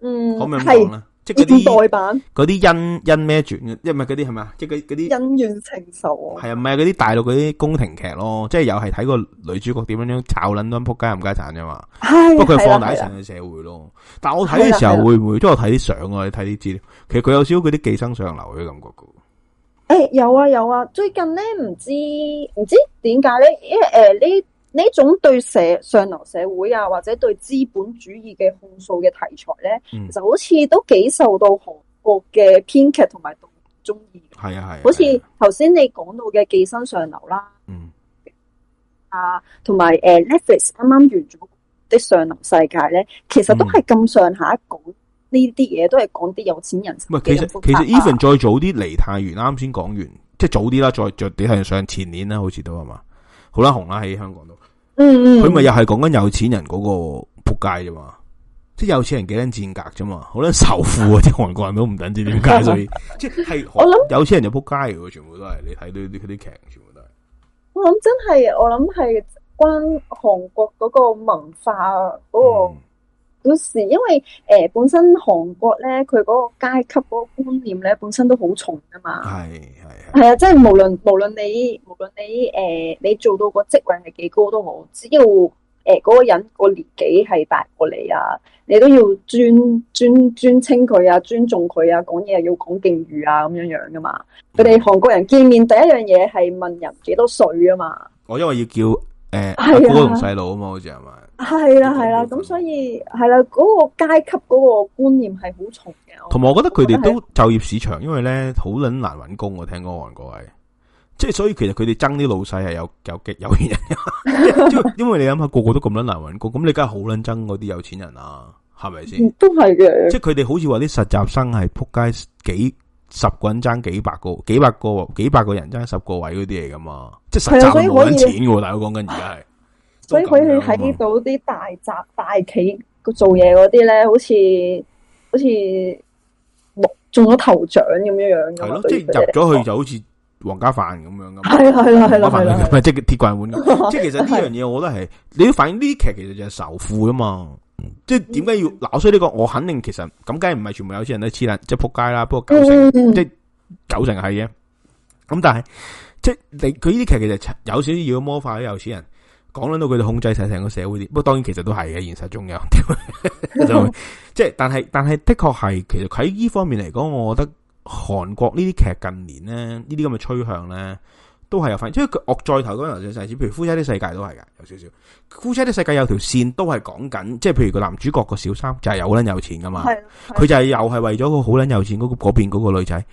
嗯，可唔可以咁講咧？啲代版嗰啲因因咩轉因為嗰啲係嘛，即係嗰啲恩怨情仇啊，係啊，唔係嗰啲大陸嗰啲宮廷劇咯，即係又係睇個女主角點樣樣炒卵卵仆街冚家鏟啫嘛。不過佢放大成個社會咯。但係我睇嘅時候會唔會都有睇啲相啊？你睇啲資料，其實佢有少少嗰啲寄生上流嘅感覺噶。誒、欸，有啊有啊，最近咧唔知唔知點解咧，因為誒呢。呃呢種對社上流社會啊，或者對資本主義嘅控訴嘅題材咧、嗯，就好似都幾受到韓國嘅編劇同埋讀者中意。係啊係、啊啊，好似頭先你講到嘅《寄生上流》啦，嗯，啊，同埋誒 Netflix 啱啱完咗的《上流世界》咧，其實都係咁上下講呢啲嘢，都係講啲有錢人生其實、啊、其實 Even 再早啲嚟，太遠啱先講完，即係早啲啦，再着啲，睇上前年啦，好似都係嘛。好啦，紅啦喺香港度，嗯嗯，佢咪又係講緊有錢人嗰個扑街啫嘛，即係有錢人幾捻賤格啫嘛，好捻仇富啊，啲 *laughs* 韓國人都唔等知點解，所以 *laughs* 即係我諗有錢人就扑街喎，全部都係你睇到啲啲劇全部都係。我諗真係，我諗係關韓國嗰個文化嗰、嗰個。嗯有時因為誒、呃，本身韓國咧，佢嗰個階級嗰個觀念咧，本身都好重噶嘛。係係係啊，即係無論無論你無論你誒、呃，你做到個職位係幾高都好，只要誒嗰、呃那個人個年紀係大過你啊，你都要尊尊尊稱佢啊，尊重佢啊，講嘢又要講敬語啊，咁樣樣噶嘛。佢哋韓國人見面第一樣嘢係問人幾多歲啊嘛。我因為要叫誒阿哥同細佬啊嘛，好似係咪？係啦，係啦，咁所以係啦，嗰個階級嗰個觀念係好重嘅。同埋，我覺得佢哋都就業市場，因為咧好撚難搵工啊。我聽講韓國係，即係所以其實佢哋憎啲老細係有有嘅有錢人。 *laughs* *laughs* 因為你諗下個個都咁撚難搵工，咁你梗係好撚憎嗰啲有錢人啊，係咪先？都係嘅。即係佢哋好似話啲實習生係撲街幾，幾十個人爭幾百個，幾百個，幾百個人爭十個位嗰啲嚟噶嘛即係賺唔到錢嘅。大佬講緊而家係。所以佢喺呢度啲大宅大企做嘢嗰啲咧，好似好似中咗頭獎咁樣樣。係咯，即係入咗去就好似皇家飯咁樣咁。係係啦係啦係啦，即係鐵棍碗。即係其實呢樣嘢，我覺得係你都反映呢劇其實就係仇富啊嘛、嗯。即係點解要鬧？衰、嗯、呢、啊、個我肯定其實咁，梗係唔係全部有錢人都黐線，即、就、係、是、仆街啦。不過九成即係、嗯就是、九成係嘅。咁但係即係你佢呢啲劇其實有少少要魔化啲有錢人。講捻到佢哋控制晒成個社會啲，不過當然其實都係嘅，現實中有，即 *laughs* 係、就是、但係但係的確係，其實喺呢方面嚟講，我覺得韓國呢啲劇近年咧，這這呢啲咁嘅趨向咧，都係有反應，即係佢惡在頭嗰頭先細少，譬如《夫妻的世界》都係噶有少少《夫妻的》世界有條線都係講緊，即係譬如個男主角個小三就係、是、有捻有錢噶嘛，佢就係又係為咗個好捻有錢嗰邊嗰個女仔，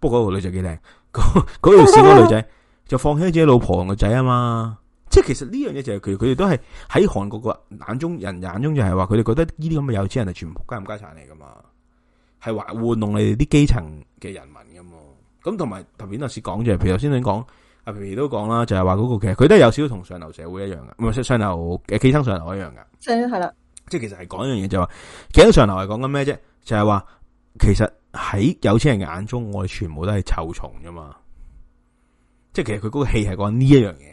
不過嗰個女仔幾靚，嗰嗰條線個女仔就放棄自己老婆同個仔啊嘛。即係其實呢樣嘢，就係佢、佢哋都係喺韓國個眼中人眼中，就係話佢哋覺得呢啲咁嘅有錢人係全部家唔家產嚟噶嘛，係玩玩弄你哋啲基層嘅人民噶嘛，咁同埋頭先阿士講住，譬、啊、如頭先你講阿皮皮都講啦，就係話嗰個其實佢都有少少同上流社會一樣嘅，唔係上流誒，寄生上流一樣噶，即係啦，即係其實係講一樣嘢，就係話寄生上流係講緊咩啫？就係、是、話其實喺有錢人嘅眼中，我哋全部都係臭蟲啫嘛，即係其實佢嗰個戲係講呢一樣嘢。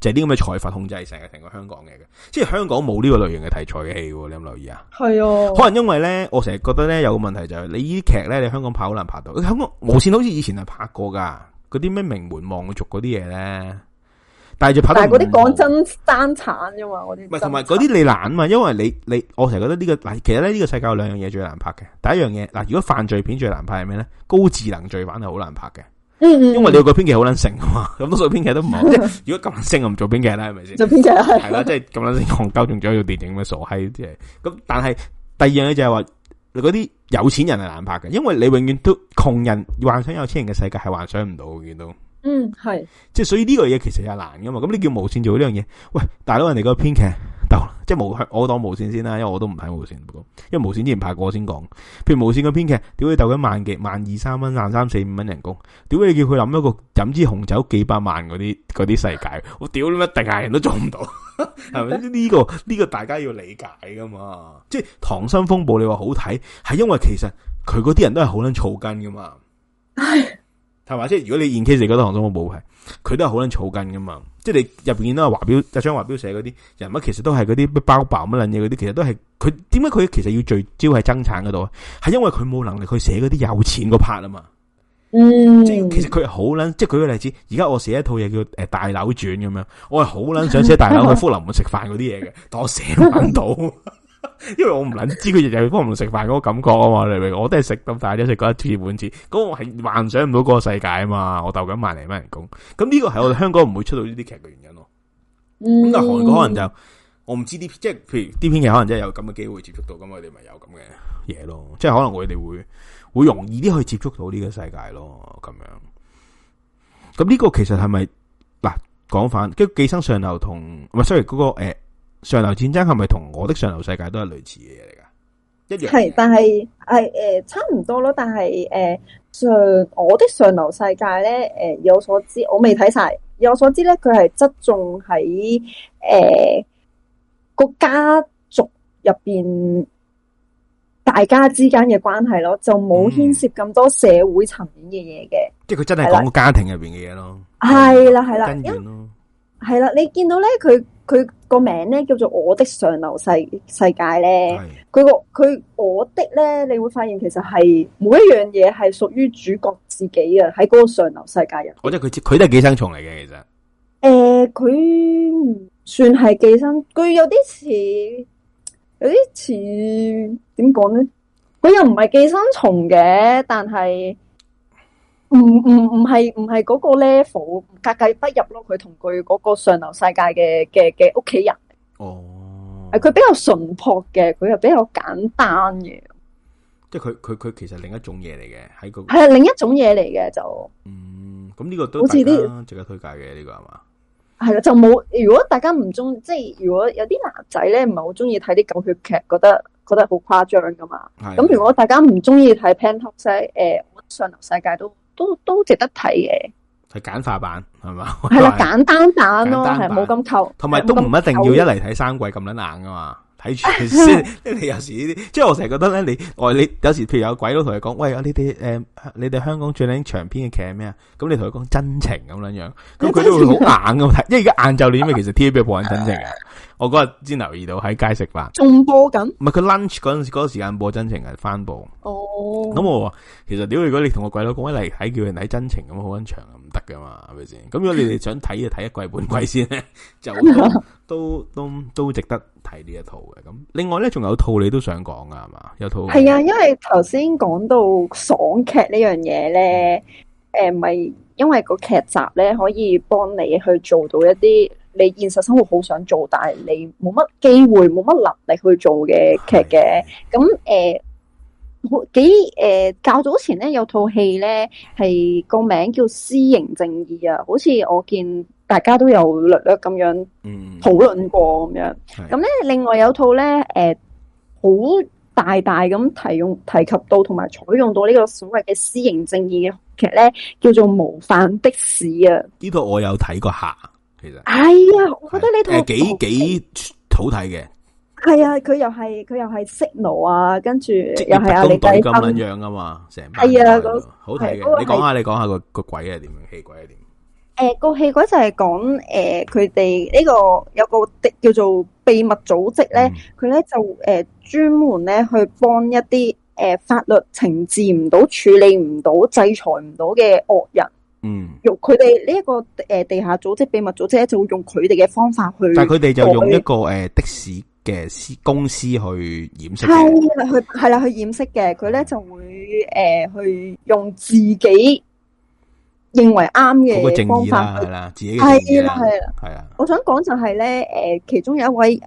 就係啲咁嘅財閥控制成日成個香港嘅，即係香港冇呢個類型嘅題材嘅戲，你有冇留意啊？係哦，可能因為咧，我成日覺得咧有個問題就係、是，你這些劇呢啲劇咧，你香港拍好難拍到。香港無綫好似以前係拍過噶，嗰啲咩名門望族嗰啲嘢咧，但係就拍。但係嗰啲講真單，單產啫嘛，嗰啲。唔係，同埋嗰啲你懶啊嘛，因為你你我成日覺得呢、這個嗱，其實咧呢、這個世界有兩樣嘢最難拍嘅，第一樣嘢嗱，如果犯罪片最難拍係咩咧？高智能罪犯係好難拍嘅。嗯，嗯，因為你個編劇好撚性嘛，咁多數編劇都唔好，即係如果咁撚性我唔做編劇啦，係咪先？做編劇係，係啦， *laughs* 即係咁撚性。我交仲要電影嘅傻閪，即係。咁但係第二樣嘢，就係話，你嗰啲有錢人係難拍嘅，因為你永遠都窮人幻想有錢人嘅世界係幻想唔到嘅都。嗯，係。即係所以呢個嘢其實係難噶嘛，咁你叫無綫做呢樣嘢。喂，大佬，人哋個編劇。即係無我當無線先啦，因為我都唔睇無線，不過因為無線之前拍過先講。譬如無線嘅編劇，屌你鬥緊萬幾萬二三蚊，萬三,三四五蚊人工，屌你叫佢諗一個飲支紅酒幾百萬嗰啲嗰啲世界，我屌你乜大亞人都做唔到，係咪呢個呢，呢個大家要理解噶嘛？ *laughs* 即係溏心風暴，你話好睇，係因為其實佢嗰啲人都係好撚草根噶嘛。 *laughs* 係嘛？即係如果你現 case 你覺得唐宋我冇，係，佢都係好捻草根噶嘛？即係你入邊都係華表，就張華表寫嗰啲人物其包包，其實都係嗰啲乜包爆乜捻嘢嗰啲，其實都係佢點解佢其實要聚焦喺爭產嗰度？係因為佢冇能力去寫嗰啲有錢嗰 part 啊嘛。嗯，即係其實佢係好捻。即係舉個例子，而家我寫一套嘢叫《誒大樓傳》咁樣，我係好捻想寫大樓去福臨門去食飯嗰啲嘢嘅，但我寫唔到。嗯 *laughs* *laughs* 因為我唔捻，知佢日日去幫人食飯嗰個感覺啊嘛，你明？我都係食咁大只食過一次碗紙，咁我係幻想唔到嗰個世界啊嘛。我斗緊萬零蚊人工，咁呢個係我哋香港唔會出到呢啲劇嘅原因咯。咁、嗯、但係韓國可能就我唔知啲即係譬如啲編劇可能真係有咁嘅機會接觸到咁，我哋咪有咁嘅嘢咯。即係可能我哋會會容易啲去接觸到呢個世界咯，咁樣。咁呢個其實係咪嗱講返？講返跟寄生上流同唔係 sorry 嗰個，誒。欸上流戰爭係咪同我的上流世界都係類似嘅嘢嚟噶？一樣係，但係係誒差唔多咯。但係誒、呃嗯、上我的上流世界咧，誒、呃，以我所知，我未睇晒。以我所知咧，佢係側重喺誒個家族入邊大家之間嘅關係咯，就冇牽涉咁多社會層面嘅嘢嘅。嗯、即係佢真係講家庭入邊嘅嘢咯。係啦，係啦，根源咯。係啦，你見到咧佢。佢個名咧叫做我的上流世世界咧。佢個佢我的咧，你會發現其實係每一樣嘢係屬於主角自己呀。喺嗰個上流世界入，或者佢佢都係寄生蟲嚟嘅。其實誒，佢唔算係寄生，佢有啲似有啲似點講咧？佢又唔係寄生蟲嘅，但係。唔唔唔係唔係嗰個 level 格格不入咯。佢同佢嗰個上流世界嘅嘅嘅屋企人哦，係、oh。佢比較純樸嘅，佢又比較簡單嘅，即係佢佢佢其實另一種嘢嚟嘅喺個係啊，另一種嘢嚟嘅就嗯咁呢個都好似啲值得推介嘅呢、這個係咪係啦，就冇。如果大家唔中即係如果有啲男仔咧，唔係好中意睇啲狗血劇，覺得覺得好誇張噶嘛。咁如果大家唔中意睇 Penthouse 咧、呃，誒，我上流世界都。都都值得睇嘅，係簡化版係嘛？係啦，簡單版咯，係冇咁臭。同埋都唔一定要一嚟睇三季咁撚硬噶嘛，睇住先。即係你有時呢啲，即係我成日覺得咧，你我你有時譬如有鬼佬同你講，喂，呢啲誒，你哋香港最靚長篇嘅劇係咩啊？咁你同佢講真情咁樣樣，咁佢都會好硬咁睇。 *laughs* 因為而家晏晝你因其實 T V B 播緊真情啊。 *laughs* 我嗰日先留意到喺街食飯，仲播緊。唔係佢 lunch 嗰陣嗰個時間播真情啊，翻、oh. 播。哦。咁我話其實屌，如果你同個鬼佬講嚟睇，叫人睇真情咁好溫場啊，唔得噶嘛，係咪先？咁如果你哋想睇 *laughs* 就睇一季半季先咧，就都 *laughs* 都都，都，都值得睇呢一套嘅。咁另外咧，仲有套你都想講㗎，係嘛？有套係啊，因為頭先講到爽劇呢樣嘢咧，誒、嗯，咪因為個劇集咧可以幫你去做到一啲。你現實生活好想做，但係你冇乜機會、冇乜能力去做嘅劇嘅，咁誒、呃、幾誒、呃、較早前咧有一套戲咧係個名叫《私刑正義》啊，好似我見大家都有略略咁樣討論過咁樣。咁、嗯、咧、嗯嗯、另外有一套咧誒好大大咁提用提及到同埋採用到呢個所謂嘅私刑正義嘅劇咧，叫做《模範的士》啊。呢套我有睇過下。其實係啊，我覺得呢套誒幾幾好睇嘅。係啊，佢又係佢又係 signal 啊，跟住又係啊，是你帶金蚊樣啊嘛，成係啊，那個、好睇嘅，啊那個，你講下、啊那個，你講下個個鬼係點樣？氣鬼係點？誒、啊，那個氣鬼就係講誒，佢哋呢個有個叫做秘密組織咧，佢、嗯、咧就誒專、呃、門咧去幫一啲誒、呃、法律懲治唔到、處理唔到、制裁唔到嘅惡人。嗯，用佢哋呢一個誒地下組織、秘密組織咧，就會用佢哋嘅方法去。但係佢哋就用一個誒、呃、的士嘅司公司去掩飾。係啦，去係啦，去掩飾嘅，佢咧就會誒去、呃、用自己認為啱嘅方法。係、那個、啦，自己係啦，係啦。我想講就係、是、咧，誒、呃，其中有一位誒、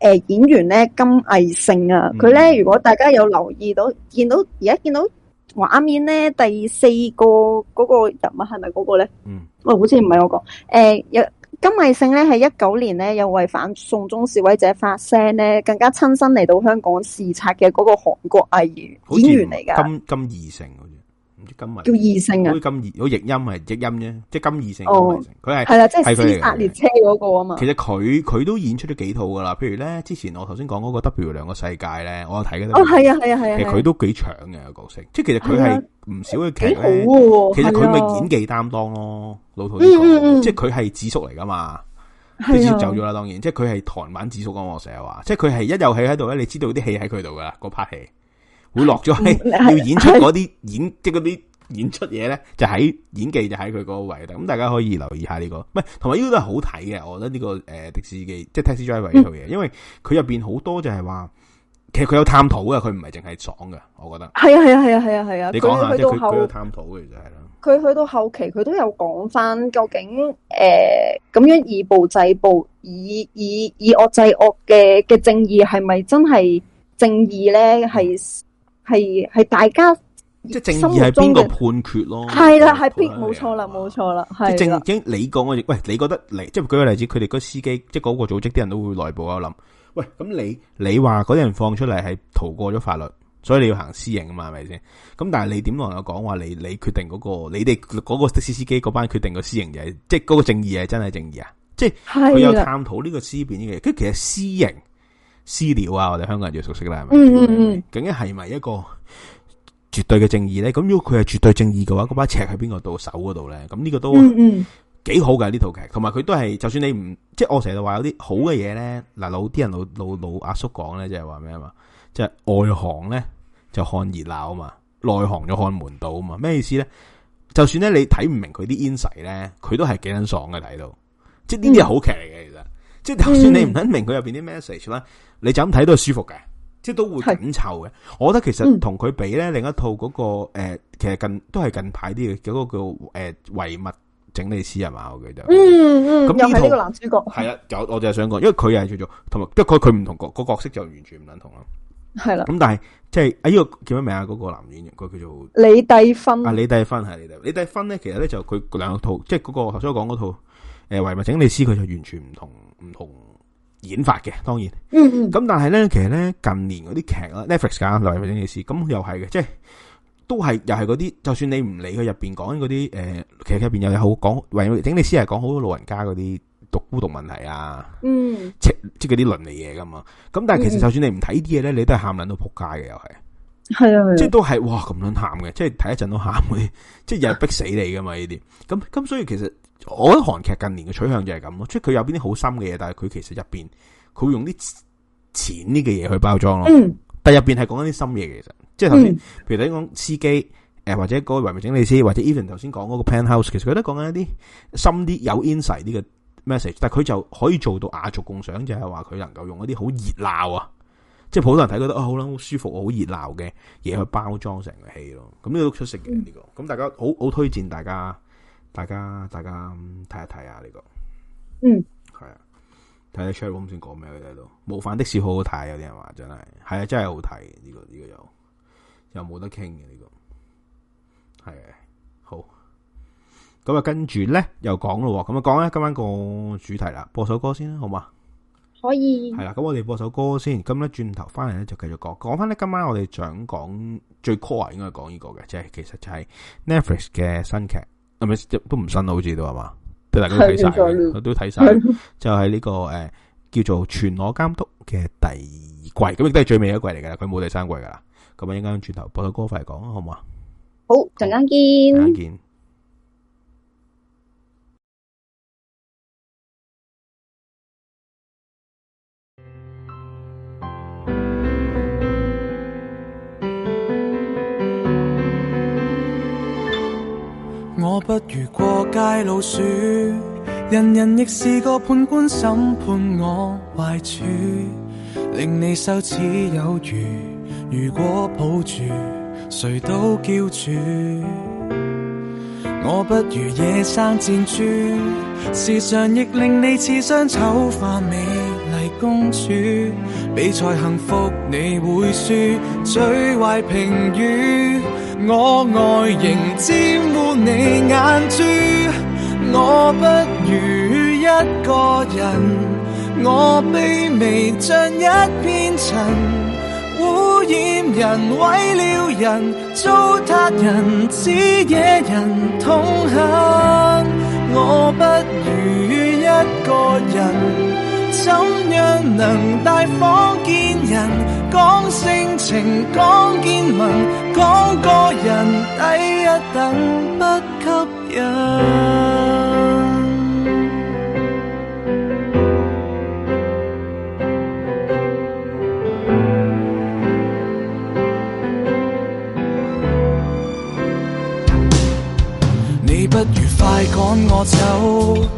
呃、演員咧，金藝盛啊，佢咧、嗯、如果大家有留意到見到而家見到。現在見到畫面咧，第四個嗰、那個人物係咪嗰個咧？嗯，哦，好似唔係我講，誒、欸，金藝性咧係一九年咧，又為反送中示威者發聲咧，更加親身嚟到香港視察嘅嗰個韓國藝員演員嚟噶，金金藝性。金叫異性啊！啲金易，有譯音係譯音啫，即係金異性佢係係啦，即係私殺列車嗰個啊嘛。其實佢佢都演出咗幾套噶啦，譬如咧之前我頭先講嗰個 W 兩個世界咧，我有睇嘅哦係啊係啊係啊，其實佢都幾長嘅角色，即係、哦啊啊啊、其實佢係唔少嘅戲其實佢咪、啊啊、演技擔當咯，是啊、老土啲、這個啊、即係佢係指蘇嚟噶嘛，直接、啊、走咗啦。當然，即係佢係台版指蘇啊！我成日話，即係佢係一有戲喺度咧，你知道啲戲喺佢度噶啦，嗰 part 戲。會落咗喺要演出嗰啲演，即係啲演出嘢咧，就喺演技就喺佢個位度。咁大家可以留意下呢、這個，唔係同埋呢個都係好睇嘅。我覺得呢、這個誒、呃，迪士尼即係 Taxi Driver 呢套嘢，因為佢入邊好多就係話，其實佢有探討噶，佢唔係淨係爽噶。我覺得係啊，係啊，係啊，係啊，係啊。佢去到、就是、有探討嘅就係、是、啦，佢去到後期佢都有講翻究竟誒，咁、呃、樣以暴制暴，以以以惡制惡嘅嘅正義係咪真係正義咧？係。係係大家，即係正義係邊個判決咯？係啦，係邊？冇錯啦，冇錯啦。係正經，你講我喂，你覺得你即係舉個例子，佢哋嗰司機，即係嗰個組織啲人都會內部諗，喂，咁你你話嗰啲人放出嚟係逃過咗法律，所以你要行私刑啊嘛？係咪先？咁但係你點能夠講話？你你決定嗰、那個，你哋嗰個的士司機嗰班決定個私刑就係即係嗰個正義係真係正義啊？即係佢有探討呢個思辨呢嘢，跟其實私刑。私了啊！我哋香港人最熟悉啦，係咪？嗯嗯嗯，究竟係咪一個絕對嘅正義咧？咁如果佢係絕對正義嘅話，嗰把尺喺邊個到手嗰度咧？咁呢個都幾好嘅，呢套劇，同埋佢都係，就算你唔即係，我成日話有啲好嘅嘢咧。嗱，老啲人老老老阿叔講咧，就係話咩啊嘛？即係外行咧就看熱鬧啊嘛，內行就看門道啊嘛。咩意思咧？就算咧你睇唔明佢啲煙屎咧，佢都係幾撚爽嘅睇到，即係呢啲係好劇嚟嘅即係就算你唔肯明佢入邊啲 message 啦，你就咁睇都係舒服嘅，即係都會緊湊嘅。我覺得其實同佢比咧、嗯，另一套嗰、個誒、呃，其實近都係近排啲嘅，叫、個誒遺、呃、物整理師係嘛？我記得，嗯得嗯，咁又係呢個男主角。係啊，就我就係想講，因為佢係叫做同埋，不過佢佢唔同角、個角色就完全唔同咯。係啦，咁但係即係啊？呢、就是這個叫咩名啊？嗰、個男演員佢叫做李帝芬。啊，李帝芬係李帝李帝芬咧，其實咧就佢兩套，即係嗰個頭先講嗰套誒遺、呃、物整理師，佢就完全唔同。唔同演法嘅，當然，咁、嗯、但係咧，其實咧近年嗰啲劇啦，Netflix 噶，例如《整理師》，咁又係嘅，即係都係又係嗰啲，就算你唔理佢入邊講嗰啲，誒、呃，其實入邊又有好講，整理師係講好多老人家嗰啲獨孤獨問題啊，嗯、即即嗰啲倫理嘢噶嘛，咁但係其實就算你唔睇啲嘢咧，你都係喊撚到仆街嘅，又係，係啊，即係都係哇咁撚喊嘅，即係睇一陣都喊，即係又係逼死你噶嘛呢啲，咁咁所以其實。我覺得韓劇近年嘅取向就係咁咯，即係佢有邊啲好深嘅嘢，但係佢其實入邊佢會用啲淺啲嘅嘢去包裝咯、嗯。但入邊係講緊啲深嘢嘅，其實即係頭先，譬如你講司機，誒、呃、或者嗰位維美整理師，或者 even 頭先講嗰個 Penthouse，其實佢都講緊一啲深啲、有 insight 啲嘅 message，但係佢就可以做到雅俗共賞，就係話佢能夠用一啲好熱鬧啊，即係普通人睇覺得啊好啦，好、哦、舒服，好熱鬧嘅嘢去包裝成個戲咯。咁都出色嘅呢個，咁、嗯、大家好好推薦大家。大家大家睇一睇啊！呢、這個嗯、係睇得出我唔算講咩嘅，喺到模範的士好好睇，有啲人話真係係啊，真係好睇呢、這個呢、這個又又冇得傾嘅呢個係啊。好咁啊，就跟住咧又講咯。咁啊，講咧今晚個主題啦，播首歌先啦，好嘛？可以係啦。咁、啊、我哋播首歌先，咁咧轉頭翻嚟，咧就繼續講講翻咧。今晚我哋想講最 core 應該講呢個嘅，即係其實就係 Netflix 嘅新劇。係咪都唔新啦？好似都係嘛？對，大家都睇晒，都睇晒，就係、是、呢、這個誒、呃、叫做全裸監督嘅第二季，咁亦都係最尾一季嚟噶啦。佢冇第三季噶啦。咁啊，一陣轉頭播首歌返嚟講啊，好唔好啊？好，陣間見，陣間見。我不如過街老鼠，人人亦是個判官審判我壞處，令你羞恥有餘。如果抱住，誰都叫住我不如野生箭豬，時常亦令你刺傷，醜化美麗公主，比賽幸福你會輸最壞評語。我外形沾污你眼珠，我不如一個人，我卑微，微像一片塵，污染人毀了人糟蹋人，只惹人痛恨，我不如一個人。怎樣能大方見人？講性情，講見聞，講個人，低一等不吸引。你不如快趕我走。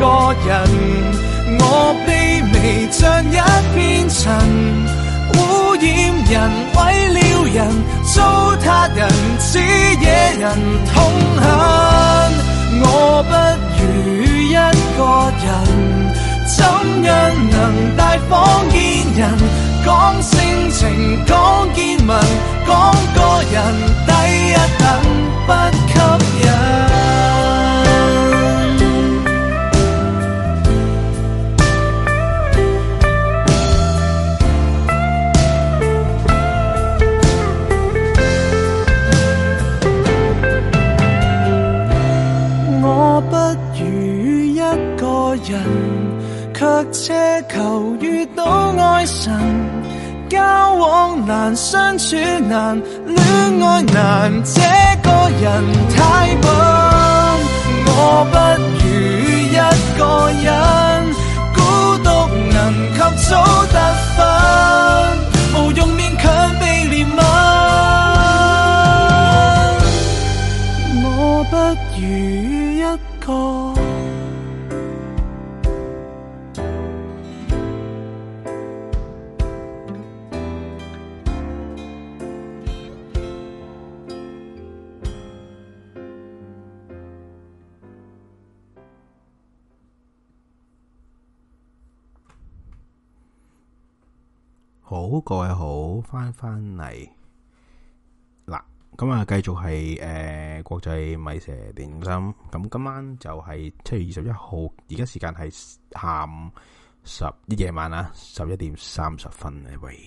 一個人，我卑微像一片塵，污染人，毀了人，糟蹋人，只惹人痛恨。我不如一個人，怎樣能大方見人？講性情，講見聞，講個人，低一等不吸引。卻奢求遇到愛神，交往難，相處難，戀愛難，這個人太笨。我不如一個人，孤獨能及早得分。各位好，翻翻嚟嗱，咁啊，繼續係誒國際米蛇電影中心，咁今晚就係七月二十一號，而家時間係下午十一夜晚啊，十一點三十分誒，喂，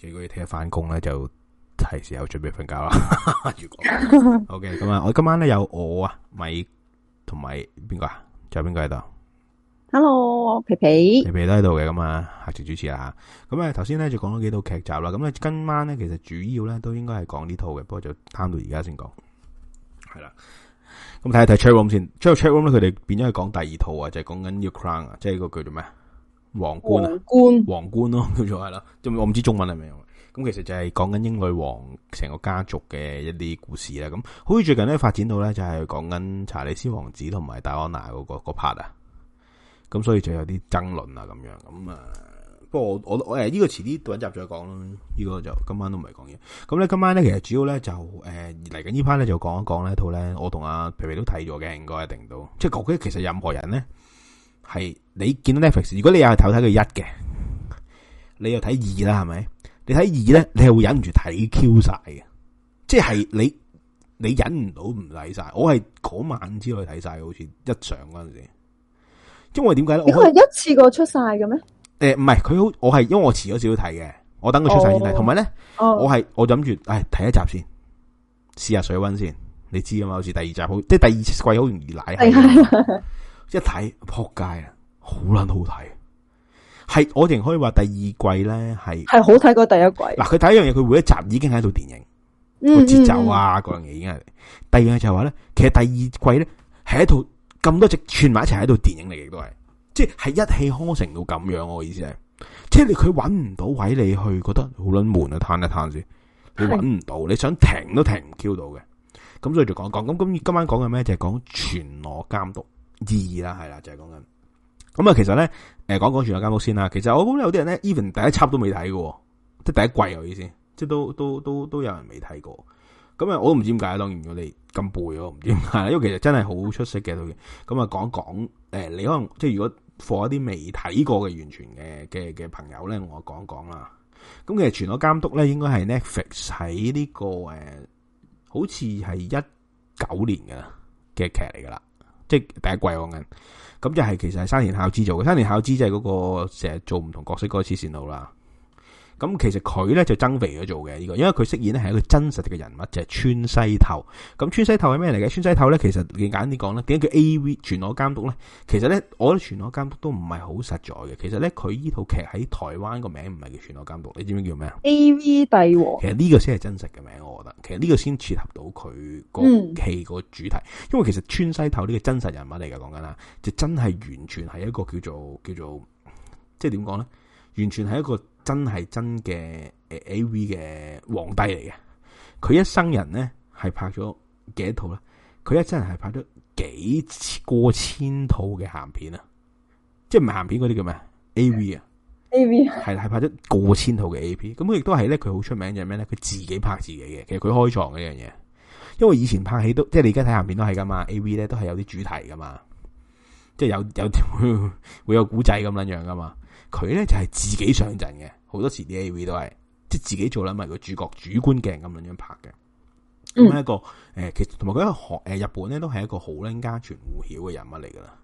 如果你聽日翻工咧，就提時候準備瞓覺啦。OK，咁啊，我今晚咧有我啊，米同埋邊個啊？仲有邊個喺度？Hello，皮皮，皮皮都喺度嘅咁啊。客席主持啊。咁啊，頭先咧就講咗幾套劇集啦。咁咧，今晚咧其實主要咧都應該係講呢套嘅，不過就貪到而家先講係啦。咁睇一睇 chatroom 先 chatroom 咧，佢哋變咗係講第二套啊，就係講緊 The Crown 啊，即係個叫做咩皇冠，冠，冠啊，皇冠皇冠咯，叫做係啦。我唔知中文係咪咁？其實就係講緊英女王成個家族嘅一啲故事啦。咁好似最近咧發展到咧就係講緊查理斯王子同埋戴安娜嗰、嗰個嗰 part 啊。咁所以就有啲爭論啊，咁樣咁啊。不過我我誒呢、呃，這個遲啲到一集再講咯。呢、這個就今晚都唔係講嘢。咁咧今晚咧其實主要咧就誒嚟緊呢 part 咧就講一講咧套咧我同阿皮皮都睇咗嘅，應該一定都。即係究竟其實任何人咧係你見到 Netflix，如果你又係頭睇佢一嘅，你又睇二啦，係咪？你睇二咧，你係會忍唔住睇 Q 晒嘅，即、就、係、是、你你忍唔到唔睇晒。我係嗰晚先去睇晒，好似一上嗰陣時。因為點解咧？我係一次過出晒嘅咩？誒、欸，唔係，佢好，我係，因為我遲咗少少睇嘅，我等佢出晒先睇。同埋咧，我係，我諗住，誒，睇一集先，試下水温先。你知噶嘛？好似第二集好，即係第二季好容易瀨氣。 *laughs* 一睇撲街啊，很很好撚好睇。係我仍可以話第二季咧係係好睇過第一季。嗱，佢第一樣嘢，佢每一集已經係一套電影，個、嗯、節、嗯、奏啊，嗰樣嘢已經係。第二樣就係話咧，其實第二季咧係一套。咁多隻串埋一齊喺度，電影嚟嘅，都係，即係一氣呵成到咁樣。我嘅意思係，即係你佢揾唔到位你、啊躺一躺一躺，你去覺得好撚悶啊，嘆一嘆先。你揾唔到， *laughs* 你想停都停唔 q 到嘅。咁所以就講講，咁咁今晚講嘅咩就係講《全裸監督二》啦，係啦，就係講緊。咁啊，其實咧，誒，講講《全裸監督》先啦。其實我覺得有啲人咧，even 第一輯都未睇喎，即係第一季嘅意思，即係都都都都有人未睇過。咁、嗯、啊，我都唔知點解然我哋咁背我唔知點解。因為其實真係好出色嘅套嘅。咁啊，講講講，你可能即係如果放一啲未睇過嘅完全嘅嘅嘅朋友咧，我講講啦。咁、嗯、其實《全裸監督》咧，應該係 Netflix 喺呢、這個、呃、好似係一九年嘅嘅劇嚟噶啦，即係第一季我陣。咁就係其實係山田孝之做嘅，山田孝之就係嗰、那個成日做唔同角色嗰次黐線啦。咁其實佢咧就增肥咗做嘅呢個，因為佢飾演咧係一個真實嘅人物，就係、是、川西透。咁川西透係咩嚟嘅？川西透咧，其實你簡單啲講咧，點解叫 A.V. 全裸監督咧？其實咧，我覺得全裸監督都唔係好實在嘅。其實咧，佢依套劇喺台灣個名唔係叫全裸監督，你知唔知叫咩啊？A.V. 帝王其實呢個先係真實嘅名，我覺得其實呢個先切合到佢個戲個主題，嗯、因為其實川西透呢個真實人物嚟嘅。講緊啦，就真係完全係一個叫做叫做即係點講咧，完全係一個。真係真嘅 A V 嘅皇帝嚟嘅，佢一生人咧係拍咗幾套咧，佢一生人係拍咗幾千過千套嘅鹹片啊！即係唔係鹹片嗰啲叫咩 A V 啊？A V 係啦，係拍咗過千套嘅 A V，咁亦都係咧，佢好出名就係咩咧？佢自己拍自己嘅，其實佢開創嘅一樣嘢，因為以前拍戲都即係你而家睇鹹片都係噶嘛，A V 咧都係有啲主題噶嘛，即係有有會有古仔咁樣樣噶嘛，佢咧就係、是、自己上陣嘅。好多時啲 AV 都係即自己做啦，埋個主角主觀鏡咁樣樣拍嘅。咁一個誒，嗯、其實同埋嗰個好誒，日本咧都係一個好捻家傳戶曉嘅人物嚟噶啦。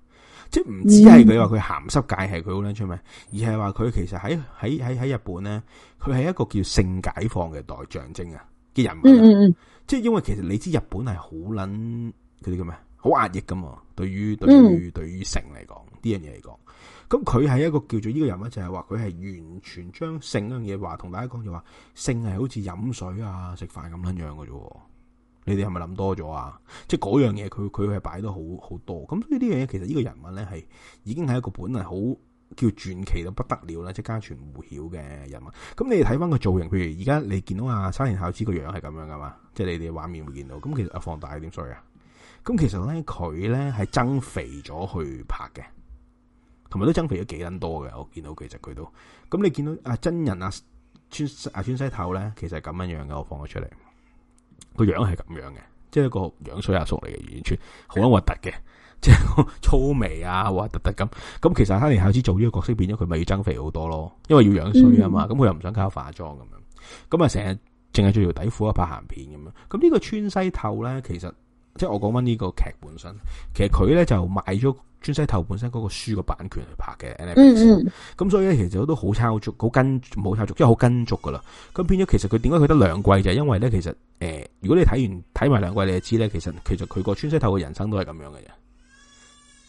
即唔止係佢話佢鹹濕界，係佢好捻出名，而係話佢其實喺喺喺喺日本咧，佢係一個叫性解放嘅代象徵啊嘅人物。嗯嗯即、嗯、因為其實你知日本係好捻嗰啲叫咩？好壓抑噶嘛？對於對於對於，對於性嚟講，呢樣嘢嚟講，咁佢係一個叫做呢個人物就，就係話佢係完全將性呢樣嘢話同大家講，就話性係好似飲水啊、食飯咁樣樣嘅啫。你哋係咪諗多咗啊、嗯？即係嗰樣嘢，佢佢係擺得好好多。咁呢啲嘢其實呢個人物咧係已經係一個本能好叫傳奇到不得了啦，即係家傳戶曉嘅人物。咁你哋睇翻個造型，譬如而家你見到啊山田孝之個樣係咁樣噶嘛？即係你哋畫面會見到。咁其實啊放大點衰啊？咁其實咧，佢咧係增肥咗去拍嘅，同埋都增肥咗幾撚多嘅。我見到其實佢都，咁你見到阿真人阿村阿村西透咧，其實咁樣樣嘅，我放咗出嚟，個樣係咁樣嘅，即係個樣衰阿叔嚟嘅，完全好撚核突嘅，即係 *laughs* 粗眉啊，核突突咁。咁其實哈尼考斯做呢個角色，變咗佢咪要增肥好多咯，因為要樣衰啊嘛。咁、嗯、佢又唔想靠化妝咁樣，咁啊成日淨係着條底褲啊拍鹹片咁樣。咁呢個村西透咧，其實。即係我講翻呢個劇本身，其實佢咧就買咗《村西透》本身嗰個書個版權去拍嘅。咁、嗯、所以咧，其實都好抄足，好跟，冇抄足，即係好跟足噶啦。咁變咗，其實佢點解佢得兩季就係因為咧，其實誒，如果你睇完睇埋兩季，你就知咧，其實其實佢個《村西透》嘅人生都係咁樣嘅啫。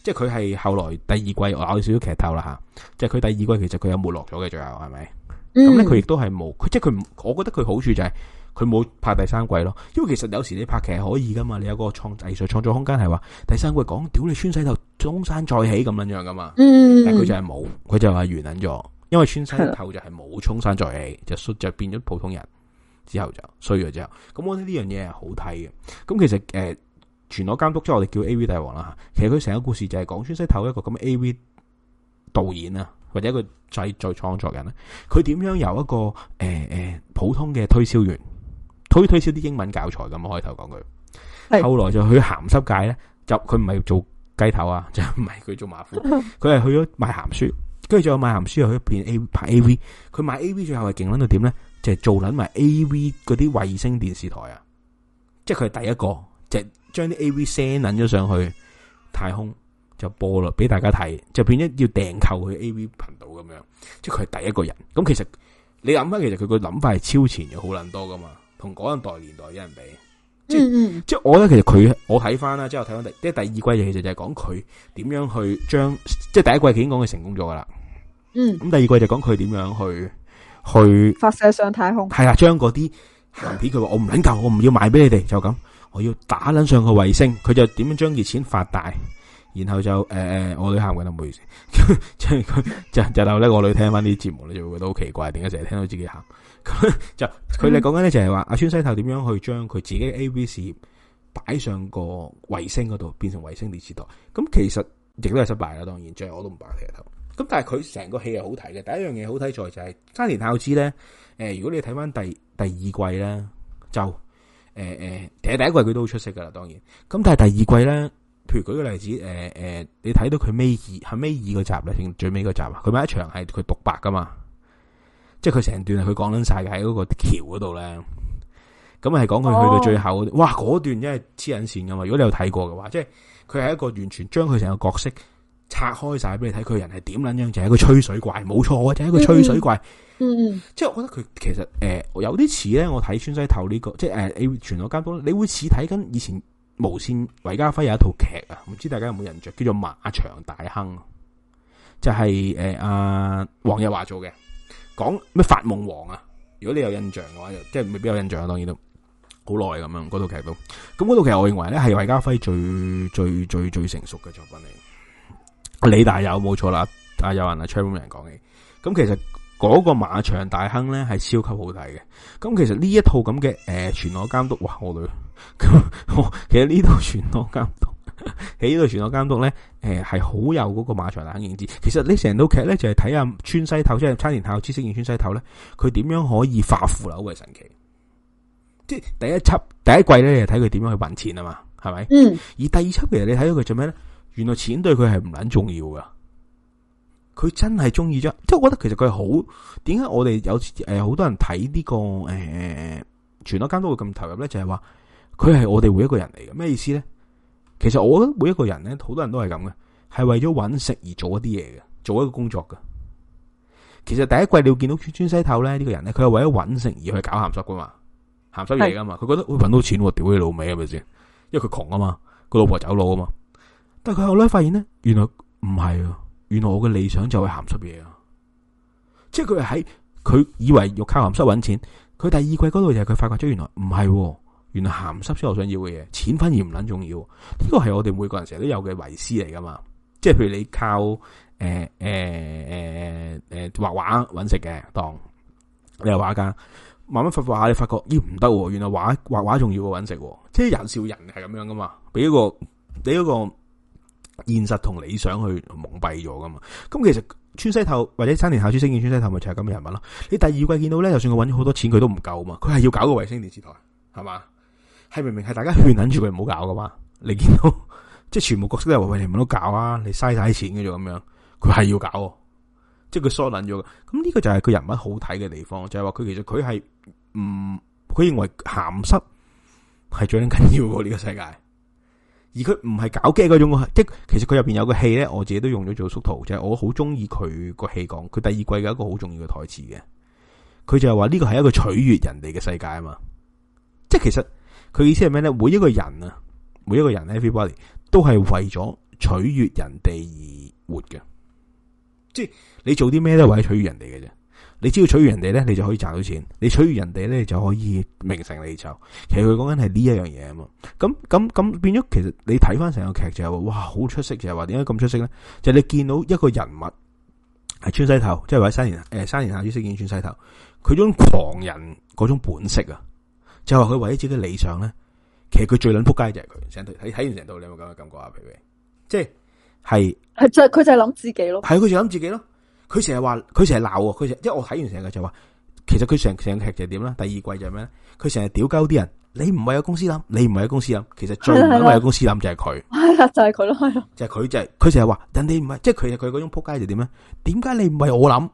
即係佢係後來第二季有少少劇透啦吓，即係佢第二季其實佢有冇落咗嘅，最後係咪？咁咧佢亦都係冇，佢、嗯、即係佢，我覺得佢好處就係、是。佢冇拍第三季咯，因為其實有時你拍劇係可以噶嘛，你有個藝術創作空間係話第三季講，屌你村西透，東山再起咁樣樣噶嘛。嗯，佢就係冇，佢就話完撚咗，因為村西透就係冇東山再起，就變就變咗普通人之後就衰咗之後。咁我覺得呢樣嘢係好睇嘅。咁其實誒、呃，全裸監督即係、就是、我哋叫 A V 大王啦，其實佢成個故事就係講村西透一個咁 A V 導演啊，或者一個再再創作人啦，佢點樣由一個誒誒、呃呃、普通嘅推銷員。佢推銷啲英文教材咁開頭講佢，後來就去咸濕界咧。就佢唔係做雞頭啊，就唔係佢做馬夫，佢 *laughs* 係去咗賣咸書。跟住再賣咸書，又去一片 A 拍 A V。佢賣 A V 最後係勁捻到點咧？就係、是、做捻埋 A V 嗰啲衛星電視台啊，即係佢係第一個，就將啲 A V 聲捻咗上去太空就播落俾大家睇就變咗要訂購佢 A V 頻道咁樣。即係佢係第一個人咁。其實你諗翻，其實佢個諗法係超前嘅，好捻多噶嘛。同嗰一代年代啲人比，即係、嗯嗯、即係我其實佢，我睇翻啦，即係我睇翻第即係第二季嘢，其實就係講佢點樣去將，即係第一季已經講佢成功咗噶啦。嗯，咁第二季就講佢點樣去去發射上太空。係啊，將嗰啲片佢話我唔領夠，我唔要賣俾你哋就咁，我要打捻上個衛星。佢就點樣將件錢發大，然後就誒誒、呃，我女喊緊，啦，唔好意思，即 *laughs* 係就就留咧。我女聽翻啲節目你就會覺得好奇怪，點解成日聽到自己喊？就佢哋講緊咧，就係話阿川西頭點樣去將佢自己 AV 事業擺上個衛星嗰度，變成衛星電視台。咁其實亦都係失敗啦，當然，最後我都唔擺阿西頭。咁但係佢成個戲係好睇嘅。第一樣嘢好睇在就係山田孝之咧。誒，如果你睇翻第第二季咧，就誒誒，其、呃、實第一季佢都好出色噶啦，當然。咁但係第二季咧，譬如舉個例子，誒、呃、誒、呃，你睇到佢尾二係尾二個集咧，最尾個集啊，佢咪一場係佢獨白噶嘛。即係佢成段係佢講捻晒嘅喺嗰個橋嗰度咧，咁係講佢去到最後，oh. 哇嗰段真係黐緊線噶嘛。如果你有睇過嘅話，即係佢係一個完全將佢成個角色拆開晒俾你睇，佢人係點捻樣就係、是、一個吹水怪，冇錯、啊，就係、是、一個吹水怪。嗯嗯，即係我覺得佢其實誒、呃、有啲似咧。我睇《川西頭、這個》呢個即係誒、呃，你全裸監督，你會似睇緊以前無線韋家輝有一套劇啊？唔知大家有冇印象，叫做馬《馬、啊、場大亨》就是，就係誒阿黃日華做嘅。講咩？發夢王啊！如果你有印象嘅話，即係未必有印象。當然都好耐咁樣，嗰套劇都咁嗰套劇，劇劇我認為咧係韋家輝最最最最成熟嘅作品嚟。李大有冇錯啦，啊有人啊 t r a 人講嘅咁。其實嗰個馬場大亨咧係超級好睇嘅。咁其實呢一套咁嘅，誒，全裸監督哇，我女咁，其實呢套全裸監督。喺 *laughs* 呢度全裸監督咧，誒係好有嗰個馬場冷認知。其實你成套劇咧，就係睇下《村西透》、《即係七年太知識型村西透》呢。咧，佢點樣可以化腐朽為神奇？即係第一輯第一季咧，就睇佢點樣去揾錢啊嘛，係咪？嗯。而第二輯其實你睇到佢做咩咧？原來錢對佢係唔卵重要噶，佢真係中意咗。即係我覺得其實佢係好點解我哋有誒好、呃、多人睇呢、這個誒全裸監督會咁投入咧？就係話佢係我哋每一個人嚟嘅，咩意思咧？其實我覺得每一個人咧，好多人都係咁嘅，係為咗搵食而做一啲嘢嘅，做一個工作嘅。其實第一季你見到村西透咧呢、這個人咧，佢係為咗搵食而去搞鹹濕噶嘛，鹹濕嘢噶嘛，佢覺得會搵到錢、啊，我屌你老味係咪先？因為佢窮啊嘛，個老婆走佬啊嘛。但係佢後來發現呢，原來唔係、啊，原來我嘅理想就係鹹濕嘢啊。即係佢係佢以為要靠鹹濕搵錢，佢第二季嗰度就係佢發覺咗，原來唔係、啊。原來鹹濕先我想要嘅嘢，錢反而唔捻重要。呢個係我哋每個人成日都有嘅遺失嚟噶嘛。即係譬如你靠誒誒誒誒畫畫搵食嘅當，你係畫家，慢慢發發下，你發覺咦唔得，原來畫畫畫仲要嘅搵食。即係人少人係咁樣噶嘛，俾一個俾一個現實同理想去蒙蔽咗噶嘛。咁其實川西透或者三年考川星見西頭咪就係咁嘅人物咯。你第二季見到咧，就算佢搵咗好多錢，佢都唔夠嘛。佢係要搞個衛星電視台，係嘛？係明明係大家勸捻住佢唔好搞噶嘛。你見到即係全部角色都係話佢哋唔好搞啊，你嘥晒錢嘅啫咁樣。佢係要搞，即係佢疏捻咗。咁呢個就係佢人物好睇嘅地方，就係話佢其實佢係唔佢認為鹹濕係最緊要個呢個世界。而佢唔係搞嘅嗰種，即其實佢入邊有個戲咧，我自己都用咗做縮圖，就係、是、我好中意佢個戲講佢第二季嘅一個好重要嘅台詞嘅。佢就係話呢個係一個取悅人哋嘅世界啊，嘛，即係其實。佢意思係咩咧？每一個人啊，每一個人 everybody 都係為咗取悦人哋而活嘅，即係你做啲咩都係為咗取悦人哋嘅啫。你只要取悦人哋咧，你就可以賺到錢；你取悦人哋咧，你就可以名成利就。其實佢講緊係呢一樣嘢啊嘛。咁咁咁變咗，其實你睇返成個劇就係話，哇，好出色！就係話點解咁出色咧？就係你見到一個人物係川西頭，即係話三年誒，山形下衣色見川西頭，佢種狂人嗰種本色啊！就話佢為咗自己理想咧，其實佢最撚撲街就係佢成睇完成度，你有冇咁嘅感覺啊？皮皮，即係係就係佢就係諗自己咯。係佢就諗自己咯。佢成日話，佢成日鬧喎。佢成即係我睇完成日就話，其實佢成成劇就係點咧？第二季就係咩咧？佢成日屌鳩啲人。你唔係有公司諗，你唔係有公司諗，其實最唔係有公司諗就係佢。係啦，就係佢咯，係就係、係、佢就係、係，佢成日話人哋唔係，即係佢佢嗰種撲街就點咧？點解你唔係我諗？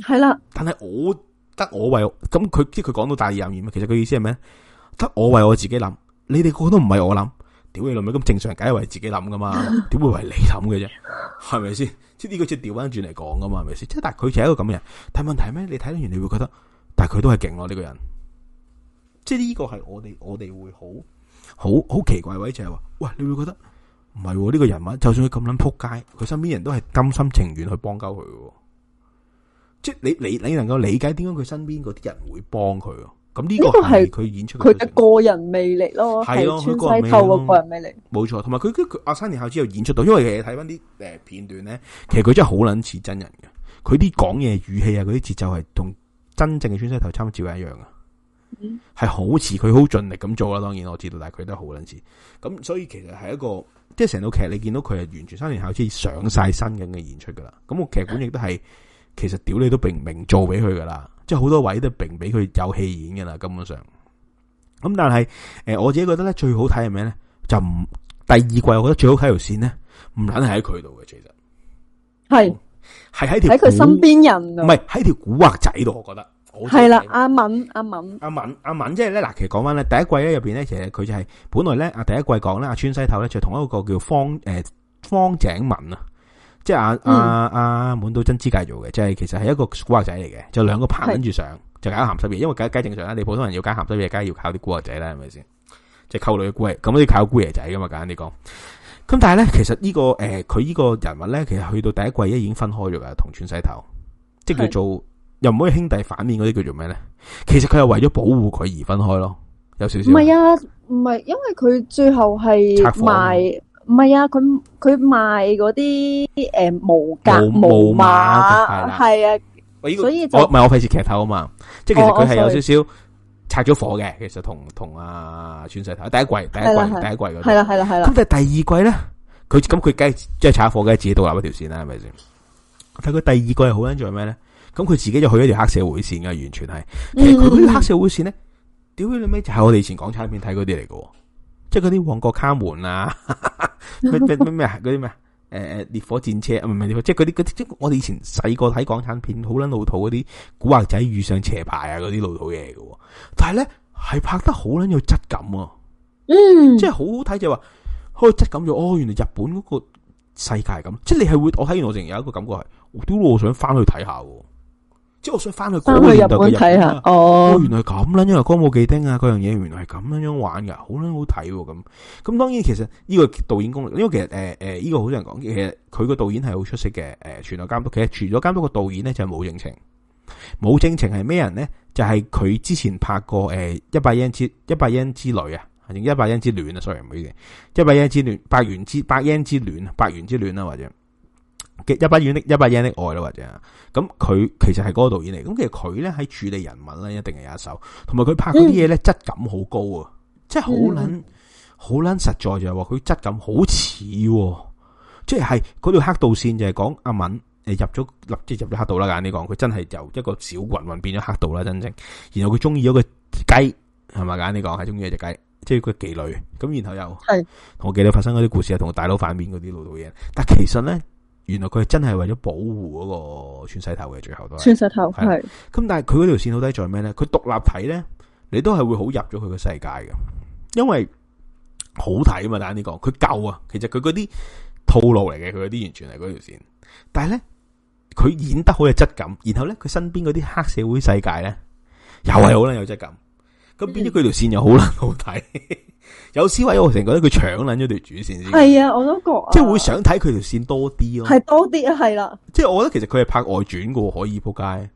係啦。但係我。得我為咁佢，即係佢講到大義凜然，其實佢意思係咩？得我為我自己諗，你哋個都唔係我諗，屌你老味咁正常人，梗係為自己諗噶嘛？點會為你諗嘅啫？係咪先？即係呢個即係調翻轉嚟講噶嘛？係咪先？即係但係佢就係一個咁嘅人，睇問題咩？你睇完你會覺得，但係佢都係勁咯呢個人，即係呢個係我哋我哋會好好好奇怪位就係、是、話，喂你會覺得唔係呢個人物，就算佢咁撚扑街，佢身邊人都係甘心情願去幫鳩佢即係你，你你能夠理解點解佢身邊嗰啲人會幫佢咯，咁呢個係佢演出佢嘅個人魅力咯，係村西透嘅個人魅力。冇錯，同埋佢佢啊三年後之後演出到，因為其實睇翻啲誒片段咧，其實佢真係好撚似真人嘅。佢啲講嘢語氣啊，嗰啲節奏係同真正嘅村西透參照係一樣嘅，係好似佢好盡力咁做啦。當然我知道，但係佢都係好撚似咁，所以其實係一個即係成套劇，你見到佢係完全三年後之後上晒身咁嘅演出噶啦。咁個劇本亦都係。嗯其實屌你都並唔明做俾佢噶啦，即係好多位都並俾佢有戲演噶啦，根本上。咁但係誒，我自己覺得咧最好睇係咩咧？就唔第二季，我覺得最好睇條線咧，唔撚係喺佢度嘅，其實係係喺條喺佢身邊人，唔係喺條古惑仔度。我覺得係啦，阿敏阿敏阿敏阿敏，即係咧嗱，其實講翻咧第一季咧入邊咧，其實佢就係本來咧阿第一季講咧阿川西頭咧就同一個叫方誒方井敏啊。即係阿阿阿滿都真資介做嘅，即係其實係一個古惑仔嚟嘅，兩就兩個拍跟住上就搞咸濕嘢，因為梗係正常啦。你普通人要搞咸濕嘢，梗係要靠啲古惑仔啦，係咪先？即係媾女嘅龜，咁都要靠姑爺仔噶嘛？簡單啲講。咁但係咧，其實呢、這個誒，佢、呃、呢個人物咧，其實去到第一季咧已經分開咗嘅，同串洗頭，即係叫做又唔可以兄弟反面嗰啲叫做咩咧？其實佢係為咗保護佢而分開咯，有少少。唔係啊，唔係、啊、因為佢最後係唔係啊，佢佢賣嗰啲誒無格、無、哎、碼，係啊，所以就唔係我費事劇透啊嘛。哦、即係其實佢係有少少拆咗火嘅。其實同同阿全世頭第一季、第一季、第一季嗰個係啦係啦係啦。咁但係第二季咧，佢咁佢梗係即係拆咗火，梗係自己獨立一條線啦，係咪先？睇佢第二季係好癮在咩咧？咁佢自己就去咗一條黑社會線嘅，完全係其實佢啲黑社會線咧，屌你最就係我哋以前的港產片睇嗰啲嚟嘅。即係嗰啲旺角卡門啊，咩咩咩啊，嗰啲咩啊，誒誒、呃、烈火戰車唔係烈火，即係嗰啲啲，即，即我哋以前細個睇港產片好捻老土嗰啲古惑仔遇上斜派啊嗰啲老土嘢嘅，但係咧係拍得好捻有質感啊，嗯，即係好好睇就係話，開質感就哦，原來日本嗰個世界係咁，即係你係會我睇完我淨有一個感覺係，屌，我想翻去睇下、啊。即係我想翻去古時睇下，看看哦，哦，原來咁啦，因為《歌舞伎町》啊，嗰樣嘢原來係咁樣樣玩噶，好撚，好睇喎咁。咁當然其實呢個導演功力，因為其實誒誒呢個好多人講，其實佢個導演係好出色嘅。誒、呃，全裸監督其實除咗監督個導演咧，就係武正晴，武正晴係咩人咧？就係佢之前拍過誒《一百英之一百英之女》啊，定《一百英之戀》啊，sorry 唔好意思，《一百英之戀》《百元之百英之戀》《百元之戀》之啊或者。一百元的一百啦，或者咁佢其實係嗰個導演嚟。咁其實佢咧喺處理人物咧，一定係有一手。同埋佢拍嗰啲嘢咧質感好高啊、嗯，即係好捻好捻實在就係話佢質感好似、哦，即係嗰條黑道線就係講阿敏了，誒入咗立即入咗黑道啦。簡單啲講，佢真係由一個小混混變咗黑道啦，真正。然後佢中意咗個雞係咪？簡單啲講係中意一隻雞，即係個妓女。咁然後又係我記得發生嗰啲故事係同我大佬反面嗰啲老道嘢，但其實咧。原來佢係真係為咗保護嗰個村西透嘅，最後都係村西透係。咁但係佢嗰條線到底在咩咧？佢獨立睇咧，你都係會好入咗佢個世界嘅，因為好睇啊嘛！大家呢個，佢夠啊，其實佢嗰啲套路嚟嘅，佢嗰啲完全係嗰條線。但係咧，佢演得好有質感，然後咧佢身邊嗰啲黑社會世界咧又係好靚有質感。咁變咗佢條線又好靚好睇。嗯 *laughs* 有思維我成覺得佢搶捻咗條主線先，係啊，我都覺啊，即係會想睇佢條線多啲咯，係多啲啊，係啦，即係我覺得其實佢係拍外傳嘅，可以仆街，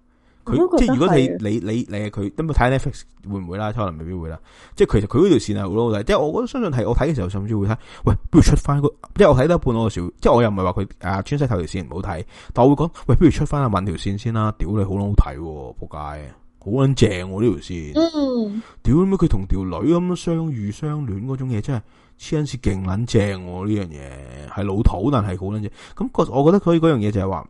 佢即係如果你你你你佢咁啊睇 Netflix 會唔會啦？可能未必會啦，即係其實佢嗰條線係好好睇，即係我覺得相信係我睇嘅時候甚至會睇，喂，不如出翻，嗰個，即係我睇得一半我少，即係我又唔係話佢誒村西透條線唔好睇，但我會講，喂，不如出翻啊問條線先啦，屌你好好好靚好睇喎仆街。好撚正喎呢條線，屌乜佢同條女咁相遇相戀嗰種嘢真係黐撚線，勁撚正喎呢樣嘢，係老土但係好撚正。咁我我覺得所以嗰樣嘢就係話，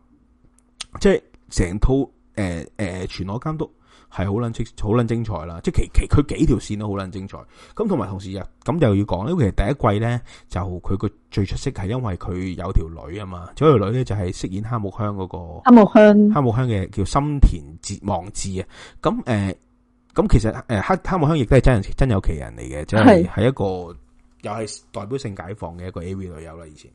即係成套誒誒、呃呃，全裸監督都。係好捻精好捻精彩啦，即係其其佢幾條線都好捻精彩，咁同埋同時又咁又要講，因為其實第一季咧就佢個最出色係因為佢有條女啊嘛，嗰條女咧就係、是、飾演黑木香嗰、那個黑木香黑木香嘅叫森田哲望智啊，咁誒咁其實誒黑黑木香亦都係真真有其人嚟嘅，即係係一個又係代表性解放嘅一個 A V 女友啦，以前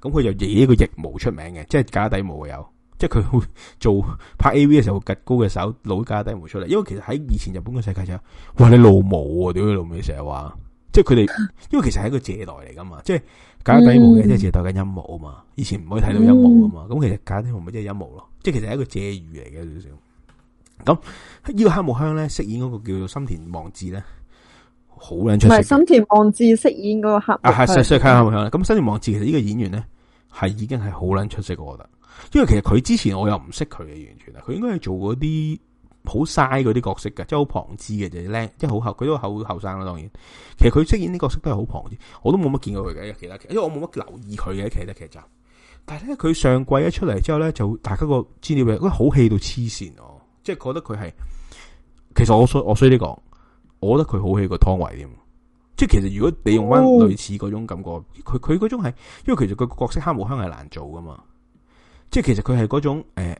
咁佢就以佢腋毛出名嘅，即係假底毛嘅有。即係佢會做拍 A V 嘅時候會，會吉高嘅手露假底毛出嚟。因為其實喺以前日本嘅世界就，哇你老毛啊屌，老你老味成日話，即係佢哋。因為其實係一個借代嚟噶嘛，即係假底毛嘅即係借代緊陰毛啊嘛。以前唔可以睇到陰毛啊嘛，咁、嗯、其實假底毛咪即係陰毛咯。即係其實係一個借喻嚟嘅少少。咁呢個黑木香咧，飾演嗰個叫做森田望智咧，好撚出色。唔係森田望智飾演嗰個黑啊，黑木香。咁森田望智其實呢個演員咧，係已經係好撚出色，我覺得。因為其實佢之前我又唔識佢嘅，完全啊。佢應該係做嗰啲好嘥嗰啲角色嘅，即係好旁支嘅，就靚即係好後。佢都好後生啦，當然。其實佢飾演啲角色都係好旁支，我都冇乜見過佢嘅其他，因為我冇乜留意佢嘅其他劇集。但係咧，佢上季一出嚟之後咧，就大家個資料喂好戲到黐線哦，即係覺得佢係，其實我衰我衰啲講，我覺得佢好戲過湯唯添。即係其實如果你用翻類似嗰種感覺，佢佢嗰種係，因為其實佢個角色黑無香係難做噶嘛。即係其實佢係嗰種誒，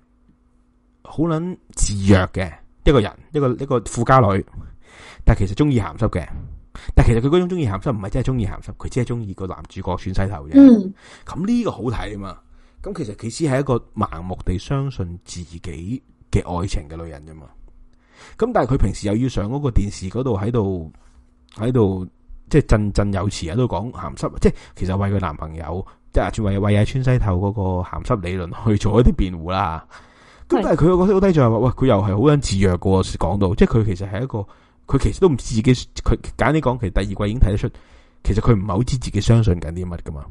好、欸、捻自虐嘅一個人，一個一個富家女。但係其實中意咸濕嘅，但係其實佢嗰種中意咸濕唔係真係中意咸濕，佢只係中意個男主角村西透啫。咁、嗯、呢個好睇啊嘛。咁其實佢只係一個盲目地相信自己嘅愛情嘅女人啫嘛。咁但係佢平時又要上嗰個電視嗰度喺度喺度。即係振振有詞啊，都講鹹濕，即係其實為佢男朋友，即係為為阿川西頭嗰個鹹濕理論去做一啲辯護啦。咁但係佢個角色好低就係話，喂佢又係好想自虐嘅，講到即係佢其實係一個，佢其實都唔知自己，佢簡啲講，其實第二季已經睇得出，其實佢唔係好知自己相信緊啲乜噶嘛。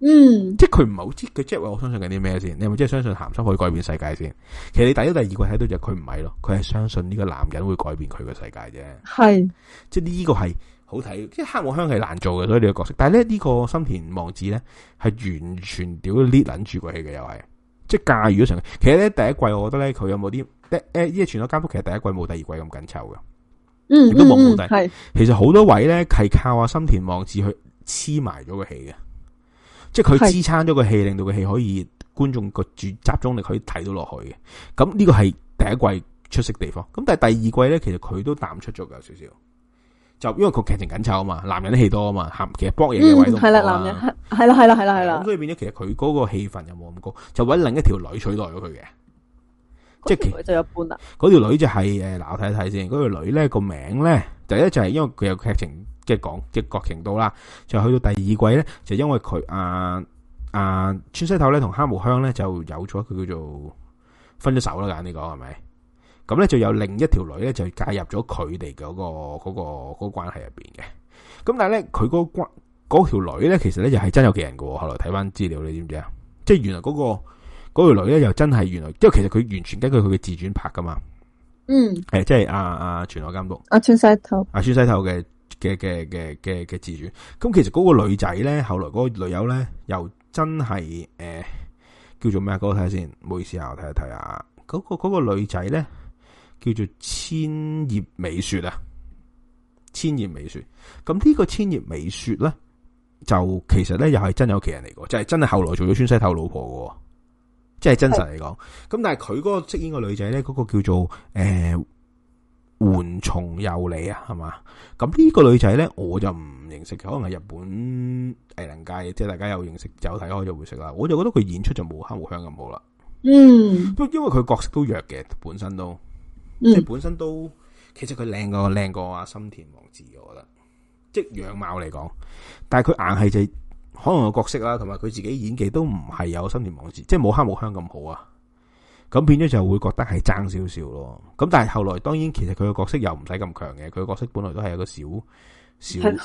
嗯，即係佢唔係好知佢即係話，我相信緊啲咩先？你係咪即係相信鹹濕可以改變世界先？其實你第一、第二季睇到就佢唔係咯，佢係相信呢個男人會改變佢嘅世界啫。係，即係呢個係。好睇，即係黑木香係難做嘅，所以呢個角色。但係咧呢，這個森田望子咧係完全屌 lift 捻住個戲嘅，又係即係駕馭咗成。其實咧第一季我覺得咧佢有冇啲誒誒，呢個，呃、全裸監督其實第一季冇第二季咁緊湊嘅，嗯，嗯，嗯，亦都冇冇第。係其實好多位咧係靠阿森田望子去黐埋咗個戲嘅，即係佢支撐咗個戲，令到個戲可以觀眾個注集中力可以睇到落去嘅。咁呢個係第一季出色地方。咁但係第二季咧，其實佢都淡出咗有少少。就因為佢劇情緊湊啊嘛，男人啲戲多啊嘛，其實搏嘢嘅位置都多啦。係、嗯、啦，男人係啦，係啦，係啦，咁所以變咗其實佢嗰個戲份又冇咁高，就搵另一條女取代咗佢嘅，即係就一般啦。嗰條女就係誒，嗱我睇睇先，嗰條女咧個名咧，第一就係因為佢有劇情嘅講嘅劇情到啦，就去到第二季咧，就是、因為佢啊啊村西透咧同黑木香咧就有咗佢叫做分咗手啦，噶呢個係咪？是不是咁咧，就有另一條女咧，就介入咗佢哋嗰個嗰、嗰個嗰、嗰個、關係入邊嘅。咁但係咧，佢嗰個條女咧，其實咧又係真有其人嘅。後來睇翻資料，你知唔知啊？即係原來嗰、嗰個嗰條、嗰個、女咧，又真係原來，即係其實佢完全根據佢嘅自傳拍噶嘛。嗯，誒、欸，即係阿阿全裸監督，阿、啊、川西頭，阿、啊、川西頭嘅嘅嘅嘅嘅嘅自傳。咁其實嗰個女仔咧，後來嗰個女友咧，又真係誒、欸、叫做咩啊？我睇下先，唔好意思啊！我睇下睇下，嗰、嗰個嗰個女仔咧。叫做千葉美雪啊，千葉美雪。咁呢個千葉美雪咧，就其實咧又係真有其人嚟個，即、就、係、是、真係後來做咗村西透老婆喎，即係真實嚟講。咁但係佢個個飾演個女仔咧，嗰、那個叫做誒恆松祐里啊，係嘛？咁呢個女仔咧，我就唔認識，可能係日本藝能界，即係大家有認識就睇開就會識啦。我就覺得佢演出就冇黑木香咁好啦。嗯因，因為佢角色都弱嘅，本身都。嗯、即係本身都，其實佢靚過靚過啊，森田王子我覺得，即係樣貌嚟講，但係佢硬係就可能個角色啦，同埋佢自己演技都唔係有森田王子，即係冇黑冇香咁好啊，咁變咗就會覺得係爭少少咯。咁但係後來當然其實佢個角色又唔使咁強嘅，佢個角色本來都係一個小小小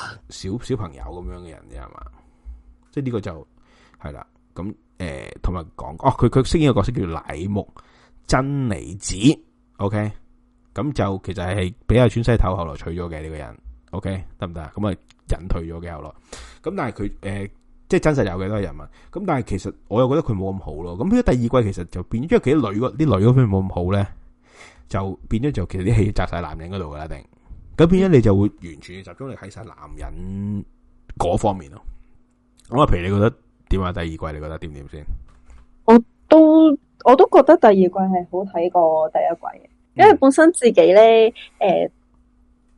小，小朋友咁樣嘅人啫，係嘛， *laughs* 即係呢個就係啦。咁誒，同埋講哦，佢佢飾演個角色叫做乃木真里子，OK。咁就其實係比較穿西頭，後來娶咗嘅呢個人，OK 得唔得？咁啊隱退咗嘅後來咁，但係佢誒即係真實有幾多人嘛。咁但係其實我又覺得佢冇咁好咯。咁喺第二季其實就變咗，因為佢啲女嗰啲女嗰邊冇咁好咧，就變咗就其實啲戲集晒男人嗰度噶啦。一定咁變咗你就會完全集中你喺晒男人嗰方面咯。咁阿皮，你覺得點啊？第二季你覺得點點先？我都我都覺得第二季係好睇過第一季嘅。因為本身自己咧，誒、呃，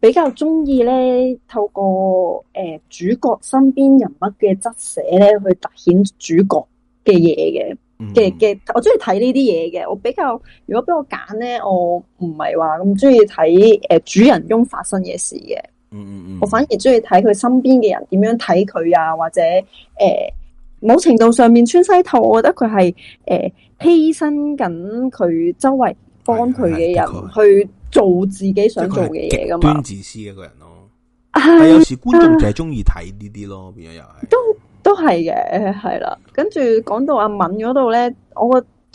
比較中意咧透過誒、呃、主角身邊人物嘅側寫咧去凸顯主角嘅嘢嘅嘅嘅，我中意睇呢啲嘢嘅。我比較如果俾我揀咧，我唔係話咁中意睇誒主人翁發生嘅事嘅。嗯，嗯，我反而中意睇佢身邊嘅人點樣睇佢啊，或者誒、呃、某程度上面穿西套，我覺得佢係誒犧牲緊佢周圍。幫佢嘅人去做自己想做嘅嘢噶嘛，極端自私嘅一個人咯。係有時觀眾就係中意睇呢啲咯，哎、變咗又係都都係嘅，係啦。跟住講到阿敏嗰度咧，我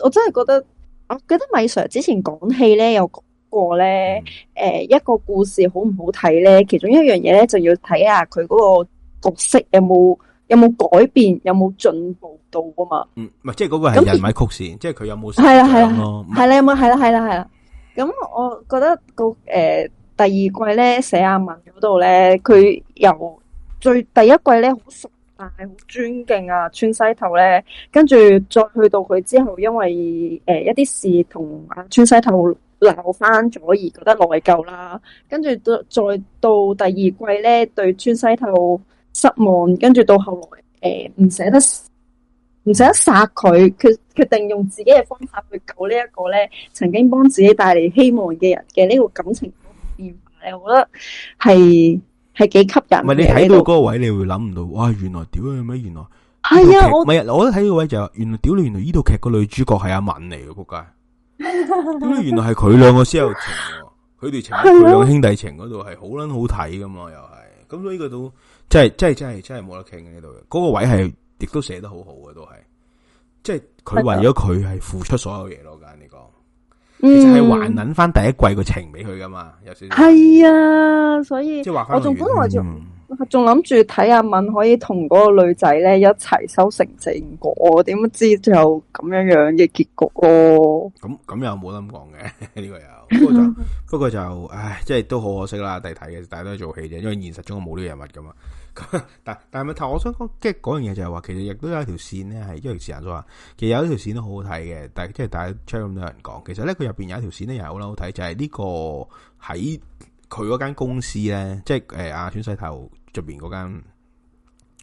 我真係覺得，我記得米 sir 之前講戲咧，有講過咧，誒、呃、一個故事好唔好睇咧，其中一樣嘢，咧就要睇下佢嗰個角色有冇。有冇改變？有冇進步到噶嘛？嗯，唔係，即係嗰個係人物曲線，即係佢有冇成長咯？係啦、啊，有冇係啦，係啦、啊，係啦、啊。咁、啊啊啊、我覺得個誒、呃、第二季咧，寫阿文嗰度咧，佢由最第一季咧好崇拜、好尊敬啊，川西頭咧，跟住再去到佢之後，因為誒、呃、一啲事同阿川西頭鬧翻咗而覺得內疚啦，跟住再再到第二季咧，對川西頭。失望，跟住到後來誒，唔捨得唔捨得殺佢，決決定用自己嘅方法去救呢一個咧，曾經幫自己帶嚟希望嘅人嘅呢個感情變化，我覺得係係幾吸引。唔係你睇到嗰個位，你會諗唔到，哇，原來屌你咩？原來係啊，我唔係我都睇到位就係原來屌你，原來呢套劇個女主角係阿敏嚟嘅，仆街。咁 *laughs* 原來係佢兩個先有情，佢 *laughs* 哋情佢兩 *laughs* 兄弟情嗰度係好捻好睇噶嘛？又係咁，所以個都。即係即係即係即係冇得傾嘅呢度嘅，嗰個位係亦都寫得好好嘅，都係即係佢為咗佢係付出所有嘢咯，講你講，其實係還捻翻第一季個情俾佢噶嘛，有少係啊，所以即係話我仲本來仲諗住睇阿敏可以同嗰個女仔咧一齊修成正果，點知就咁樣樣嘅結局咯，啊。咁咁又冇得咁講嘅呢個又， *laughs* 不過就不過就唉，即係都好可惜啦，弟睇嘅大家都係做戲啫，因為現實中冇呢個人物噶嘛。 *laughs* 但但係問題，我想講，即係嗰樣嘢就係話，其實亦都有一條線咧，係因為時間都話，其實有一條線都好好睇嘅。但係即係大家 share 咁多人講，其實咧，佢入邊有一條線咧，又好啦，好睇就係，是，呢個喺佢嗰間公司咧，即係誒阿村西透入邊嗰間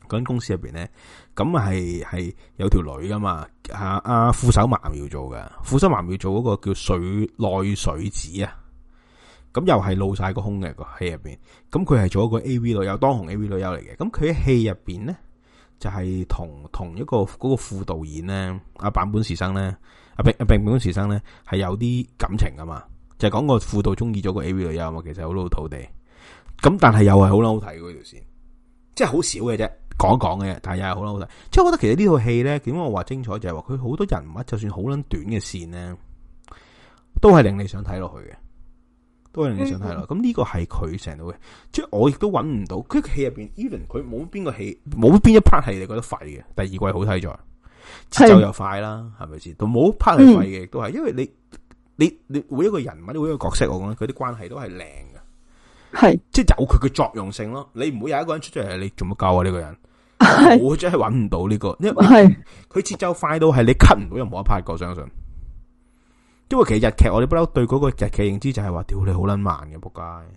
間公司入邊咧，咁係係有條女噶嘛？啊啊，副手麻苗做嘅，副手麻苗做嗰個叫水內水子啊。咁又係露晒個胸嘅個戲入邊，咁佢係做一個 A V 女優，當紅 A V 女優嚟嘅。咁佢喺戲入邊咧，就係同同一個嗰個副導演咧，阿版本時生咧，阿并版本時生咧，係有啲感情噶嘛。就係講個副導中意咗個 A V 女優啊，其實好老土地。咁但係又係好捻好睇嗰條線，即係好少嘅啫，講講嘅，但係又係好捻好睇。即係我覺得其實呢套戲咧，點解我話精彩就係話佢好多人物，就算好捻短嘅線咧，都係令你想睇落去嘅。你想睇咯，咁呢個係佢成套嘅，即係我亦都揾唔到。佢戲入邊，even 佢冇邊個戲冇邊一 part 係你覺得廢嘅。第二季好睇咗，節奏又快啦，係咪先？冇一 part 係廢嘅，亦都係，因為你你你，你每一個人物每一個角色，我講佢啲關係都係靚嘅，係即係有佢嘅作用性咯。你唔會有一個人出咗嚟，你做乜鳩啊？呢、這個人我真係揾唔到呢、這個，因為佢節奏快到係你 cut 唔到任何一 part 我相信。因為其實日劇我哋不嬲對嗰個日劇認知就係話，屌你好捻慢嘅仆街，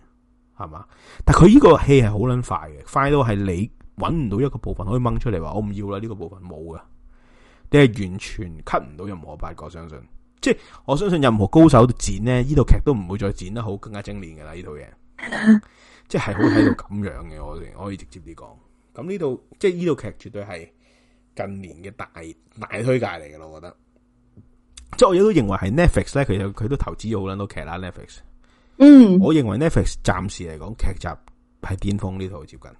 係嘛？但佢呢個戲係好捻快嘅，快到係你搵唔到一個部分可以掹出嚟話我唔要啦，呢個部分冇嘅，你係完全吸唔到任何八覺。相信，即係我相信任何高手剪咧呢套劇都唔會再剪得好更加精煉噶啦，呢套嘢， *laughs* 即係好睇到度咁樣嘅，我哋可以直接啲講。咁呢度即係呢套劇絕對係近年嘅大大推介嚟嘅啦，我覺得。即係我亦都認為係 Netflix 呢，其實佢都投資咗好捻多劇啦。Netflix，嗯，我認為 Netflix 暫時嚟講劇集係巔峰呢套接近，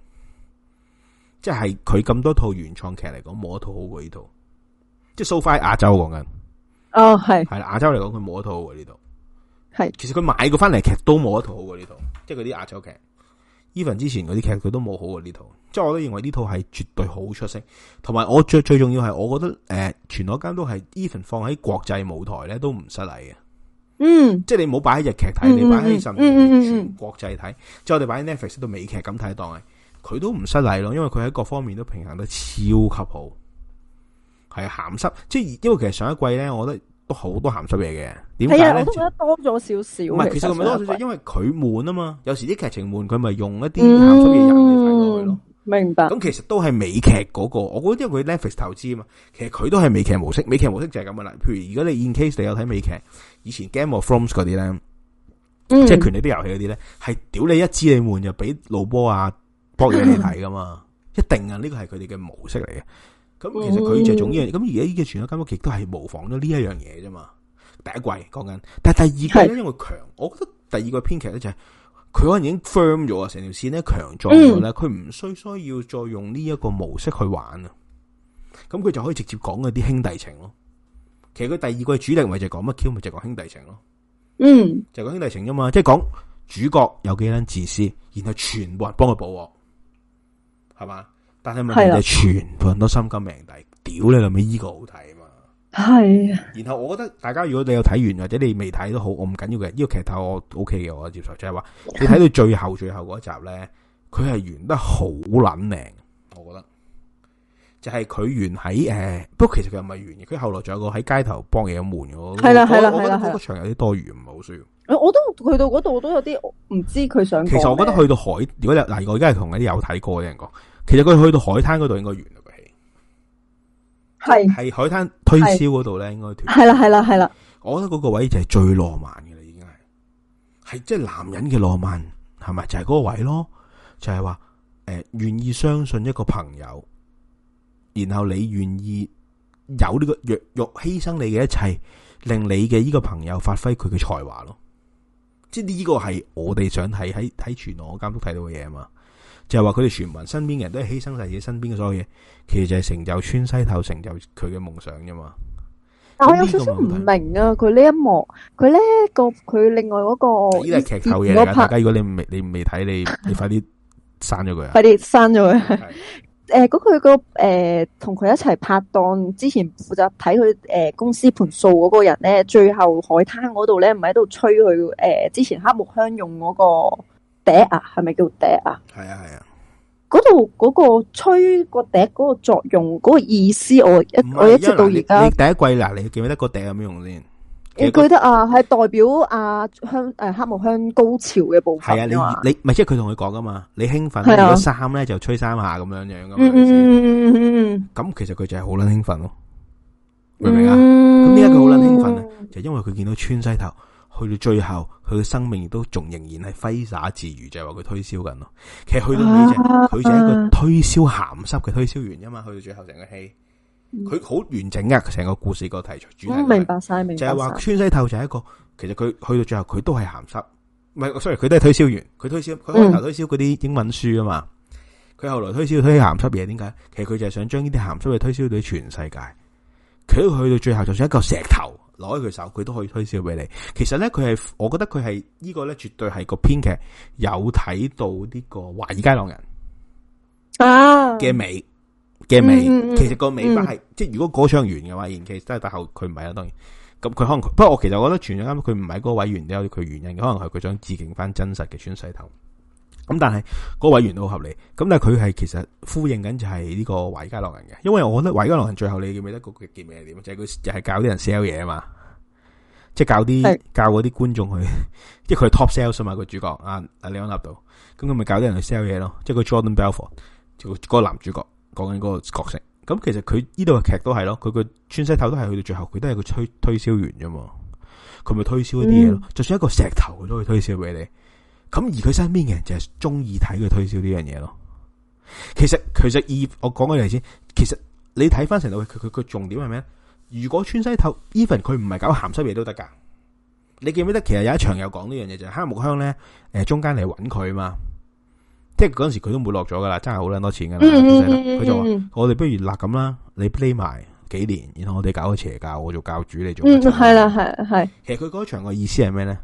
即係佢咁多套原創劇嚟講冇一套好過呢套，即係 so far 亞洲講緊，哦，係係啦，亞洲嚟講佢冇一套好過呢套，係其實佢買過翻嚟劇都冇一套好過呢套，套，套，即係佢啲亞洲劇。Even 之前嗰啲劇佢都冇好過呢套，即係我都認為呢套係絕對好出色，同埋我最最重要係我覺得誒、呃，全嗰間都係 Even 放喺國際舞台咧都唔失禮嘅。嗯，即係你冇擺喺日劇睇，你擺喺甚至完全國際睇、嗯嗯嗯，即係我哋擺喺 Netflix 到美劇咁睇，當係佢都唔失禮咯，因為佢喺各方面都平衡得超級好，係鹹濕，即係因為其實上一季咧，我覺得。都好多鹹濕嘢嘅，呢點解咧、嗯嗯那個？我覺得多咗少少。唔係，其實佢咪多少少，因為佢悶啊嘛。有時啲劇情悶，佢咪用一啲鹹濕嘢引住咯。明白。咁其實都係美劇嗰個，我覺得因為佢 Netflix 投資啊嘛，其實佢都係美劇模式。美劇模式就係咁噶啦。譬如如果你 in case 你有睇美劇，以前 Game of Thrones 嗰啲咧，即係權力啲遊戲嗰啲咧，係屌你一支你悶就俾老波啊，撲嘢你睇噶嘛、嗯，一定啊！呢個係佢哋嘅模式嚟嘅。咁、嗯嗯、其實佢就種呢樣，咁而家呢個全裸監督其實都係模仿咗呢一樣嘢啫嘛。第一季講緊，但係第二季咧因為強，我覺得第二季編劇咧就係、是、佢可能已經 firm 咗啊，成條線咧強壯咗咧，佢唔需需要再用呢一個模式去玩啊。咁佢就可以直接講嗰啲兄弟情咯。其實佢第二季主力咪就係講乜 Q，咪就係講兄弟情咯。嗯，就講兄弟情啫嘛，即係講主角有幾撚自私，然後全部人幫佢補鑊，係嘛？但係問題，就全部人都心甘命抵，屌你咪依個好睇啊嘛。係。然後我覺得大家如果你有睇完或者你未睇都好，我唔緊要嘅呢，呢個劇透我 O K 嘅，我接受。即係話你睇到最後 *laughs* 最後嗰集咧，佢係完得好撚靚。我覺得就係、是、佢完喺誒，不、呃、過，其實佢唔係完，佢後來仲有個喺街頭幫人門咗。係啦係啦，我覺得嗰個場有啲多餘，唔係好需要。我都去到嗰度，我都有啲唔知佢想。其實我覺得去到海，如果有嗱，我而家係同一啲有睇過嘅人講。其實佢去到海灘嗰度應該完啦，佢係係海灘推銷嗰度咧，應該係啦，係啦，係啦。我覺得嗰個位就係最浪漫嘅啦，已經係係即係男人嘅浪漫，係咪就係、是、嗰個位咯就？就係話誒，願意相信一個朋友，然後你願意有呢、這個弱若犧牲你嘅一切，令你嘅呢個朋友發揮佢嘅才華咯。即係呢個係我哋想睇喺喺全裸監督睇到嘅嘢啊嘛。就話佢哋全民身邊人都係犧牲晒自己身邊嘅所有嘢，其實就係成就村西頭成就佢嘅夢想啫嘛。但我有少少唔明啊，佢、這、呢、個、一幕，佢咧個佢另外嗰、那個，呢係劇透嘢、這個、大家如果你未你未睇，你你快啲刪咗佢啊！快啲刪咗佢。誒，嗰、呃、佢、那個誒，同、呃、佢一齊拍檔，之前負責睇佢誒公司盤數嗰個人咧，最後海灘嗰度咧，唔係喺度吹佢誒、呃，之前黑木香用嗰、那個。笛啊，係咪叫笛啊？係啊，係啊，嗰度嗰個吹個笛嗰個作用，嗰個意思我一我一直到而家第一季嗱，你記唔記得個笛有咩用先？你記得啊，係代表阿香誒黑木香高潮嘅部分。係啊，你你咪即係佢同佢講㗎嘛，你興奮，如果三咧就吹三下咁樣樣咁樣先。咁其實佢就係好捻興奮咯，明唔明啊？咁呢一個好捻興奮啊，就因為佢見到村西透。去到最後，佢嘅生命亦都仲仍然係揮灑自如，就係話佢推銷緊咯。其實去到呢隻、就係，佢、啊、就係一個推銷咸濕嘅推銷員啫嘛。去到最後成個戲，佢、嗯、好完整噶、啊。成個故事個題材、就係，我明白晒，明就係、係、話川西透就係一個，其實佢去到最後佢都係咸濕，唔係雖然佢都係推銷員，佢推銷佢開頭推銷嗰啲英文書啊嘛，佢、嗯、後來推銷推銷咸濕嘢，點解？其實佢就係想將呢啲咸濕去推銷到全世界。佢去到最後，就算一嚿石頭。攞起佢手，佢都可以推銷俾你。其實咧，佢係我覺得佢係呢個咧，絕對係個編劇有睇到呢個《華爾街浪人》啊嘅美嘅美，、嗯，其美嗯。其實個美，巴係即係如果嗰場完嘅話，前期真係大後佢唔係啦，當然咁佢可能。不過我其實我覺得傳咗啱，佢唔係嗰個委員都有佢原因嘅，可能係佢想致敬翻真實嘅村西透。咁但係個委員都好合理，咁但係佢係其實呼應緊就係呢個華爾街狼人嘅，因為我覺得華爾街狼人最後你記唔記得個結尾係點？就係佢就係教啲人 sell 嘢嘛，即係教啲教嗰啲觀眾去，即係佢係 top sell 啊嘛個主角啊阿李安納度，咁佢咪教啲人去 sell 嘢咯，即係佢 Jordan Belfort 就嗰個男主角講緊嗰個角色，咁其實佢呢度嘅劇都係咯，佢個村西透都係去到最後，佢都係個推推銷員啫嘛，佢咪推銷一啲嘢咯，就算一個石頭佢都可以推銷俾你。咁而佢身邊嘅人就係中意睇佢推銷呢樣嘢咯。其實其實二我講嗰樣嘢先，其實你睇翻成套戲佢佢佢重點係咩？如果村西透，even 佢唔係搞鹹濕嘢都得噶。你記唔記得？其實有一場有講呢樣嘢，就係黑木香咧。誒、中間嚟揾佢嘛？即係嗰陣時佢都冇落咗噶啦，真係好捻多錢噶啦。佢、嗯、就話、嗯：我哋不如辣咁啦，你 play 埋幾年，然後我哋搞個邪教，我做教主，你做。嗯，係啦，係係。其實佢嗰場嘅意思係咩咧？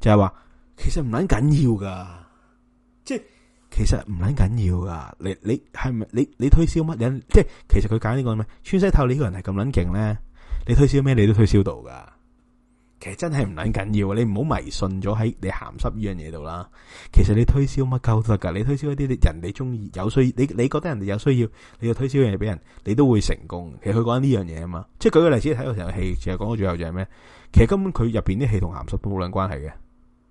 就係、是、話。其實唔捻緊要噶即係其實唔捻緊要噶你你係咪你你推銷乜嘢？即係其實佢揀呢個咩村西透？呢個人係咁捻勁咧，你推銷咩你、這個、你，你都推銷到噶其實真係唔捻緊要，你唔好迷信咗喺你鹹濕呢樣嘢度啦。其實你推銷乜鳩得噶你推銷一啲人哋中意有需要，你你覺得人哋有需要，你又推銷嘢俾人，你都會成功。其實佢講緊呢樣嘢啊嘛，即係舉個例子睇個成個戲，就係講到最後就係咩？其實根本佢入邊啲戲同鹹濕都冇兩關係嘅。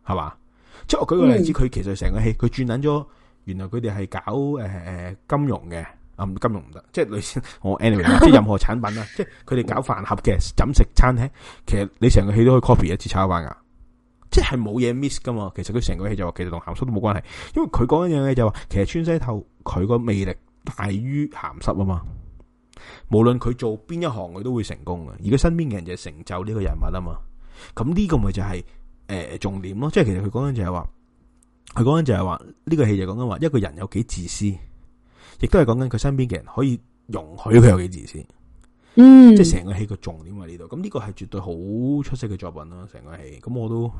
係嘛？即係我舉個例子，佢其實成個戲，佢轉捻咗，原來佢哋係搞誒誒、呃、金融嘅。啊、呃、金融唔得，即係類似我 anyway， *laughs* 即係任何產品啦， *laughs* 即係佢哋搞飯盒嘅飲食餐廳，其實你成個戲都可以 copy 一次炒飯，即係冇嘢 miss 噶嘛。其實佢成個戲就話，其實同咸濕都冇關係，因為佢講一樣嘢就話、是，其實村西透佢個魅力大於咸濕啊嘛。無論佢做邊一行，佢都會成功嘅。而佢身邊嘅人就成就呢個人物啊嘛。咁呢個咪就係、是。誒、呃，重點咯，即係其實佢講緊就係、是、話，佢講緊就係話呢個戲就講緊話一個人有幾自私，亦都係講緊佢身邊嘅人可以容許佢有幾自私。嗯，即係成個戲嘅重點喺呢度。咁呢個係絕對好出色嘅作品囉。成個戲。咁、嗯、我都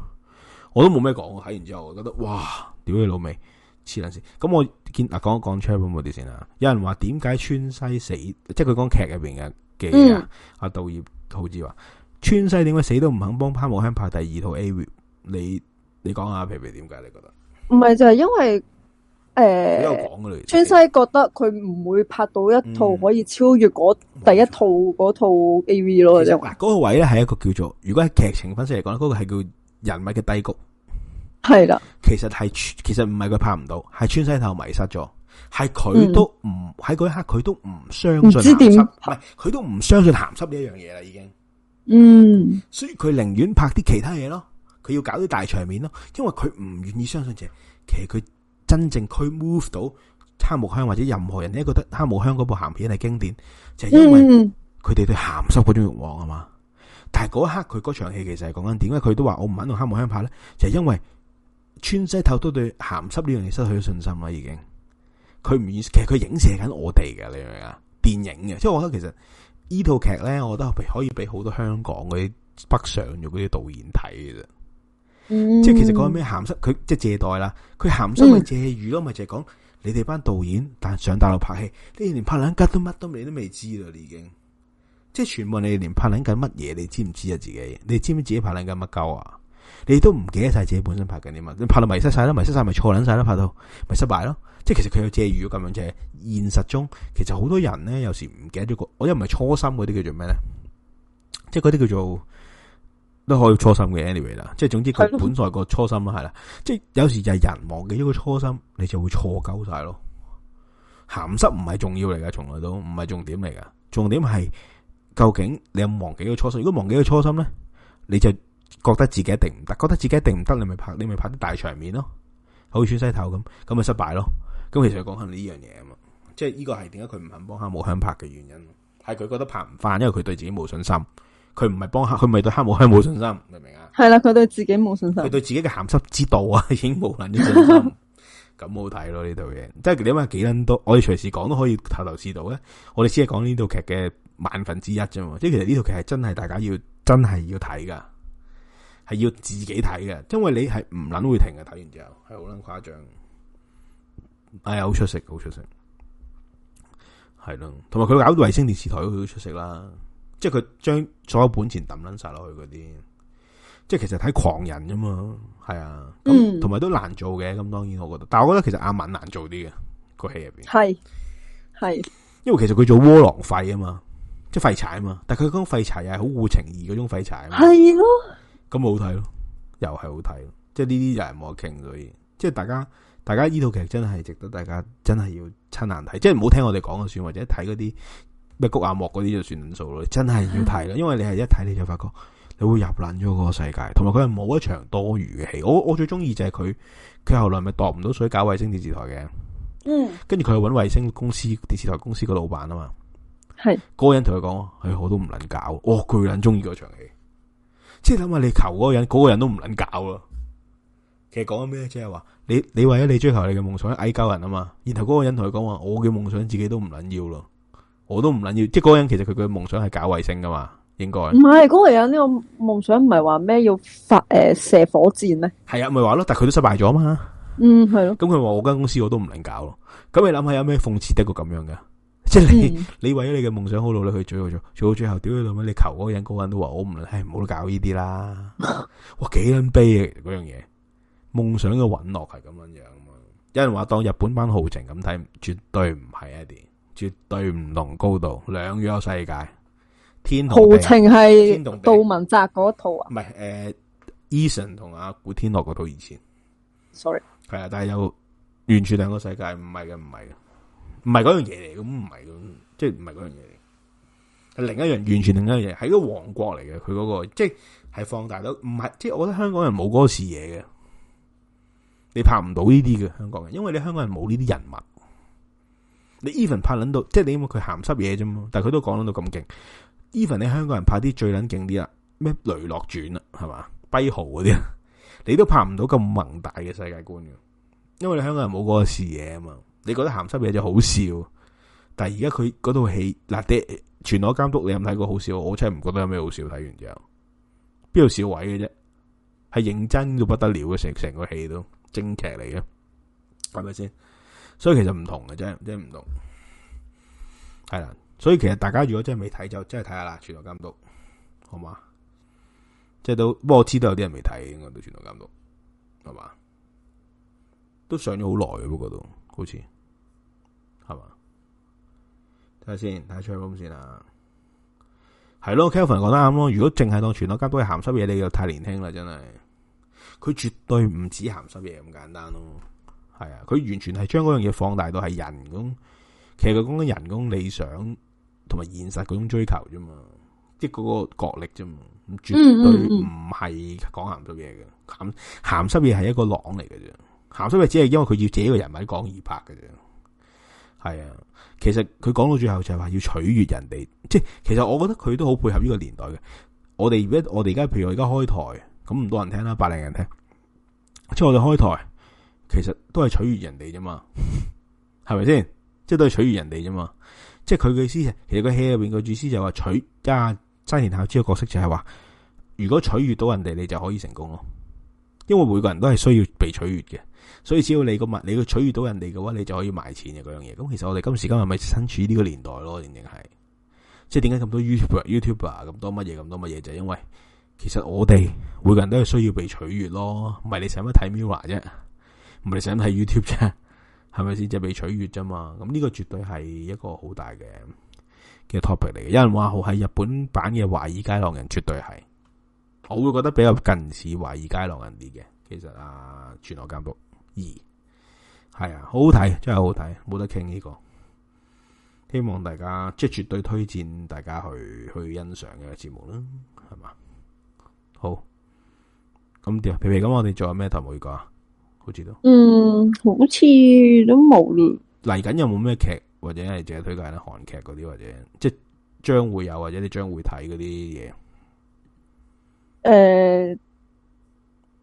我都冇咩講，我睇完之後我覺得哇，屌你老味黐撚線咁我見講、啊、一講 chapter 嗰啲先啦。有人話點解川西死，即係佢講劇入邊嘅記啊，阿導演好似話。川西點解死都唔肯幫潘無香拍第二套 A V？你你講下皮皮點解你覺得？唔係就係因為誒、呃，川西覺得佢唔會拍到一套可以超越嗰、嗯、第一套嗰套 A V 咯。嗰、啊嗰個位咧係一個叫做，如果係劇情分析嚟講，嗰、嗰個係叫人物嘅低谷。係啦，其實係其實唔係佢拍唔到，係川西頭迷失咗，係佢都唔喺嗰一刻，佢都唔相信鹹濕，唔係佢都唔相信鹹濕呢一樣嘢啦，已經。嗯，所以佢寧願拍啲其他嘢咯，佢要搞啲大場面咯，因為佢唔願意相信啫。其實佢真正佢 move 到黑木香或者任何人咧，覺得黑木香嗰部咸片係經典，就係、是、因為佢哋對咸濕嗰種欲望啊嘛、嗯。但係嗰一刻佢嗰場戲其實係講緊點解佢都話我唔肯同黑木香拍咧，就係、是、因為村西透都對咸濕呢樣嘢失去咗信心啦。已經，佢唔願意，其實佢影射緊我哋嘅，你明啊？電影嘅，即我覺得其實。呢套劇咧，我覺得可以俾好多香港嗰啲北上咗嗰啲導演睇嘅啫。嗯，即係其實講緊咩鹹濕，佢即係借代啦，佢鹹濕係借魚咯，咪就係講你哋班導演，但上大陸拍戲，你連拍兩間都乜都你都未知啦，已經。即係全部你連拍兩間乜嘢，你知唔知啊？自己，你知唔知自己拍兩間乜鳩啊？你都唔記得晒自己本身拍緊啲嘛？你拍到迷失晒啦，迷失晒咪錯捻晒啦，拍到咪失敗咯。即係其實佢有借喻咁樣啫。現實中其實好多人咧，有時唔記得咗個，我又唔係初心嗰啲叫做咩咧？即係嗰啲叫做都可以初心嘅，anyway 啦。即係總之佢本來個初心啦，係啦。即係有時就係人忘記咗個初心，你就會錯鳩晒咯。咸濕唔係重要嚟噶，從來都唔係重點嚟噶。重點係究竟你有冇忘記個初心？如果忘記個初心咧，你就。覺得自己一定唔得，覺得自己一定唔得，你咪拍，你咪拍啲大場面咯，好似穿西頭咁，咁咪失敗咯。咁其實講下呢樣嘢啊嘛，即係呢個係點解佢唔肯幫黑木香拍嘅原因，係佢覺得拍唔翻，因為佢對自己冇信心。佢唔係幫黑，佢咪對黑木香冇信心，嗯、你明唔明啊？係啦，佢對自己冇信心，佢對自己嘅咸濕之道啊，已經冇任何信心。咁 *laughs* 好睇咯呢套嘢，即係你解下幾撚多，我哋隨時講都可以頭頭是道呢。我哋先係講呢套劇嘅萬分之一啫，即係其實呢套劇係真係大家要真係要睇噶。係要自己睇嘅，因為你係唔捻會停嘅。睇完之後係好捻誇張，哎呀，好出色，好出色，係咯。同埋佢搞衛星電視台都出色啦，即係佢將所有本錢抌捻晒落去嗰啲。即係其實睇狂人啊嘛，係啊。咁同埋都難做嘅，咁當然我覺得。但係我覺得其實阿敏難做啲嘅，個戲入邊，係係。因為其實佢做窩囊廢啊嘛，即係廢柴啊嘛。但係佢嗰種廢柴又係好顧情義嗰種廢柴係咯。是咁好睇咯，又係好睇，即係呢啲就係冇得傾所以，即係大家，大家呢套劇真係值得大家真係要親眼睇，即係唔好聽我哋講就算，或者睇嗰啲咩谷阿莫嗰啲就算數咯，真係要睇咯，因為你係一睇你就發覺你會入捻咗個世界，同埋佢係冇一場多餘嘅戲，我我最中意就係佢，佢後來咪度唔到水搞衛星電視台嘅，嗯，跟住佢去搵衛星公司電視台公司個老闆啊嘛，係，個人同佢講，係、哎、我都唔捻搞，我巨捻中意嗰場戲。即係諗下你求嗰個人，嗰、嗰個人都唔捻搞咯。其實講緊咩？即係話你你為咗你追求你嘅夢想，嗌鳩人啊嘛。然後嗰個人同佢講話：我嘅夢想自己都唔捻要咯，我都唔捻要。即係嗰個人其實佢嘅夢想係搞衛星噶嘛，應該。唔係，嗰個人呢個夢想唔係話咩要發誒、呃、射火箭呢？係啊，咪話咯，但係佢都失敗咗啊嘛。嗯，係咯。咁佢話我間公司我都唔捻搞咯。咁你諗下有咩諷刺得過咁樣嘅？即係你、嗯，你為咗你嘅夢想好努力去做到做，做到最後屌你老母，你求嗰個人嗰、嗰個、人都話我唔，唉，唔好搞呢啲啦。 *laughs* 哇，幾撚悲啊！嗰樣嘢，夢想嘅隕落係咁樣樣啊！有人話當日本班豪情咁睇，絕對唔係阿迪，絕對唔同高度，兩樣世界。天和豪情係杜汶澤嗰套啊？唔係誒，Eason 同阿古天樂嗰套以前。Sorry，係啊，但係有完全兩個世界，唔係嘅，唔係嘅。唔係嗰樣嘢嚟，咁唔係，即係唔係嗰樣嘢。係另一樣，完全另一樣嘢，係一個王國嚟嘅。佢嗰個即係放大到，唔係即係我覺得香港人冇嗰個視野嘅，你拍唔到呢啲嘅香港人，因為你香港人冇呢啲人物。你 even 拍捻到，即係你因為佢咸濕嘢啫嘛，但係佢都講捻到咁勁。even 你香港人拍啲最捻勁啲啦，咩雷洛傳啦，係嘛，跛豪嗰啲，你都拍唔到咁宏大嘅世界觀嘅，因為你香港人冇嗰個視野啊嘛。你覺得鹹濕嘢就好笑，但係而家佢嗰套戲嗱，啲《全裸監督》你有冇睇過？好笑，我真係唔覺得有咩好笑。睇完之後，邊度少位嘅啫？係認真到不得了嘅，成成個戲都，正劇嚟嘅，係咪先？所以其實唔同嘅，啫，即係唔同。係啦，所以其實大家如果真係未睇就真係睇下啦，《全裸監督》好，好嘛？即係都，不過我知道有啲人未睇，應該都《全裸監督》，係嘛？都上咗好耐，嗰度好似。睇下先看看風，睇下出係咁先啦。係咯，Kelvin 覺得啱咯。如果淨係當全裸監督係鹹濕嘢，你就太年輕啦，真係。佢絕對唔止鹹濕嘢咁簡單咯。係啊，佢完全係將嗰樣嘢放大到係人工。其實佢講緊人工理想同埋現實嗰種追求啫嘛，即係嗰個角力啫嘛，絕對唔係講鹹濕嘢嘅。鹹鹹濕嘢係一個狼嚟嘅啫。鹹濕嘢只係因為佢要這個人物講而拍嘅啫。係啊。其實佢講到最後就係話要取悦人哋，即係其實我覺得佢都好配合呢個年代嘅。我哋而家我哋而家譬如我而家開台，咁唔多人聽啦，百零人聽。即係我哋開台，其實都係取悦人哋啫嘛，係咪先？即係都係取悦人哋啫嘛。即係佢嘅意思，其實個戲入邊個意思就係話取，加山田孝之嘅角色就係話，如果取悦到人哋，你就可以成功咯。因為每個人都係需要被取悦嘅。所以只要你個物，你要取悅到人哋嘅話，你就可以賣錢嘅嗰樣嘢。咁其實我哋今時今日咪身處呢個年代咯，仍然係，即係點解咁多 YouTuber, YouTuber? 多、YouTuber 咁多乜嘢咁多乜嘢，就係因為其實我哋每個人都有需要被取悅咯。唔係你使乜睇 MIRROR 啫，唔係你使睇 YouTube 啫，係咪先？即係被取悅啫嘛。咁呢個絕對係一個好大嘅嘅 topic 嚟嘅。有人話好喺日本版嘅《華爾街浪人》，絕對係，我會覺得比較近似《華爾街浪人》啲嘅。其實啊，全裸監督。二係啊，好好睇，真係好好睇，冇得傾呢個。希望大家即係絕對推薦大家去去欣賞嘅節目啦，係嘛？好，咁點啊？譬如咁，皮皮，我哋仲有咩頭冇講啊？好似都嗯，好似都冇啦。嚟緊有冇咩劇或者係淨係推介咧？韓劇嗰啲或者即係將會有或者你將會睇嗰啲嘢，誒。呃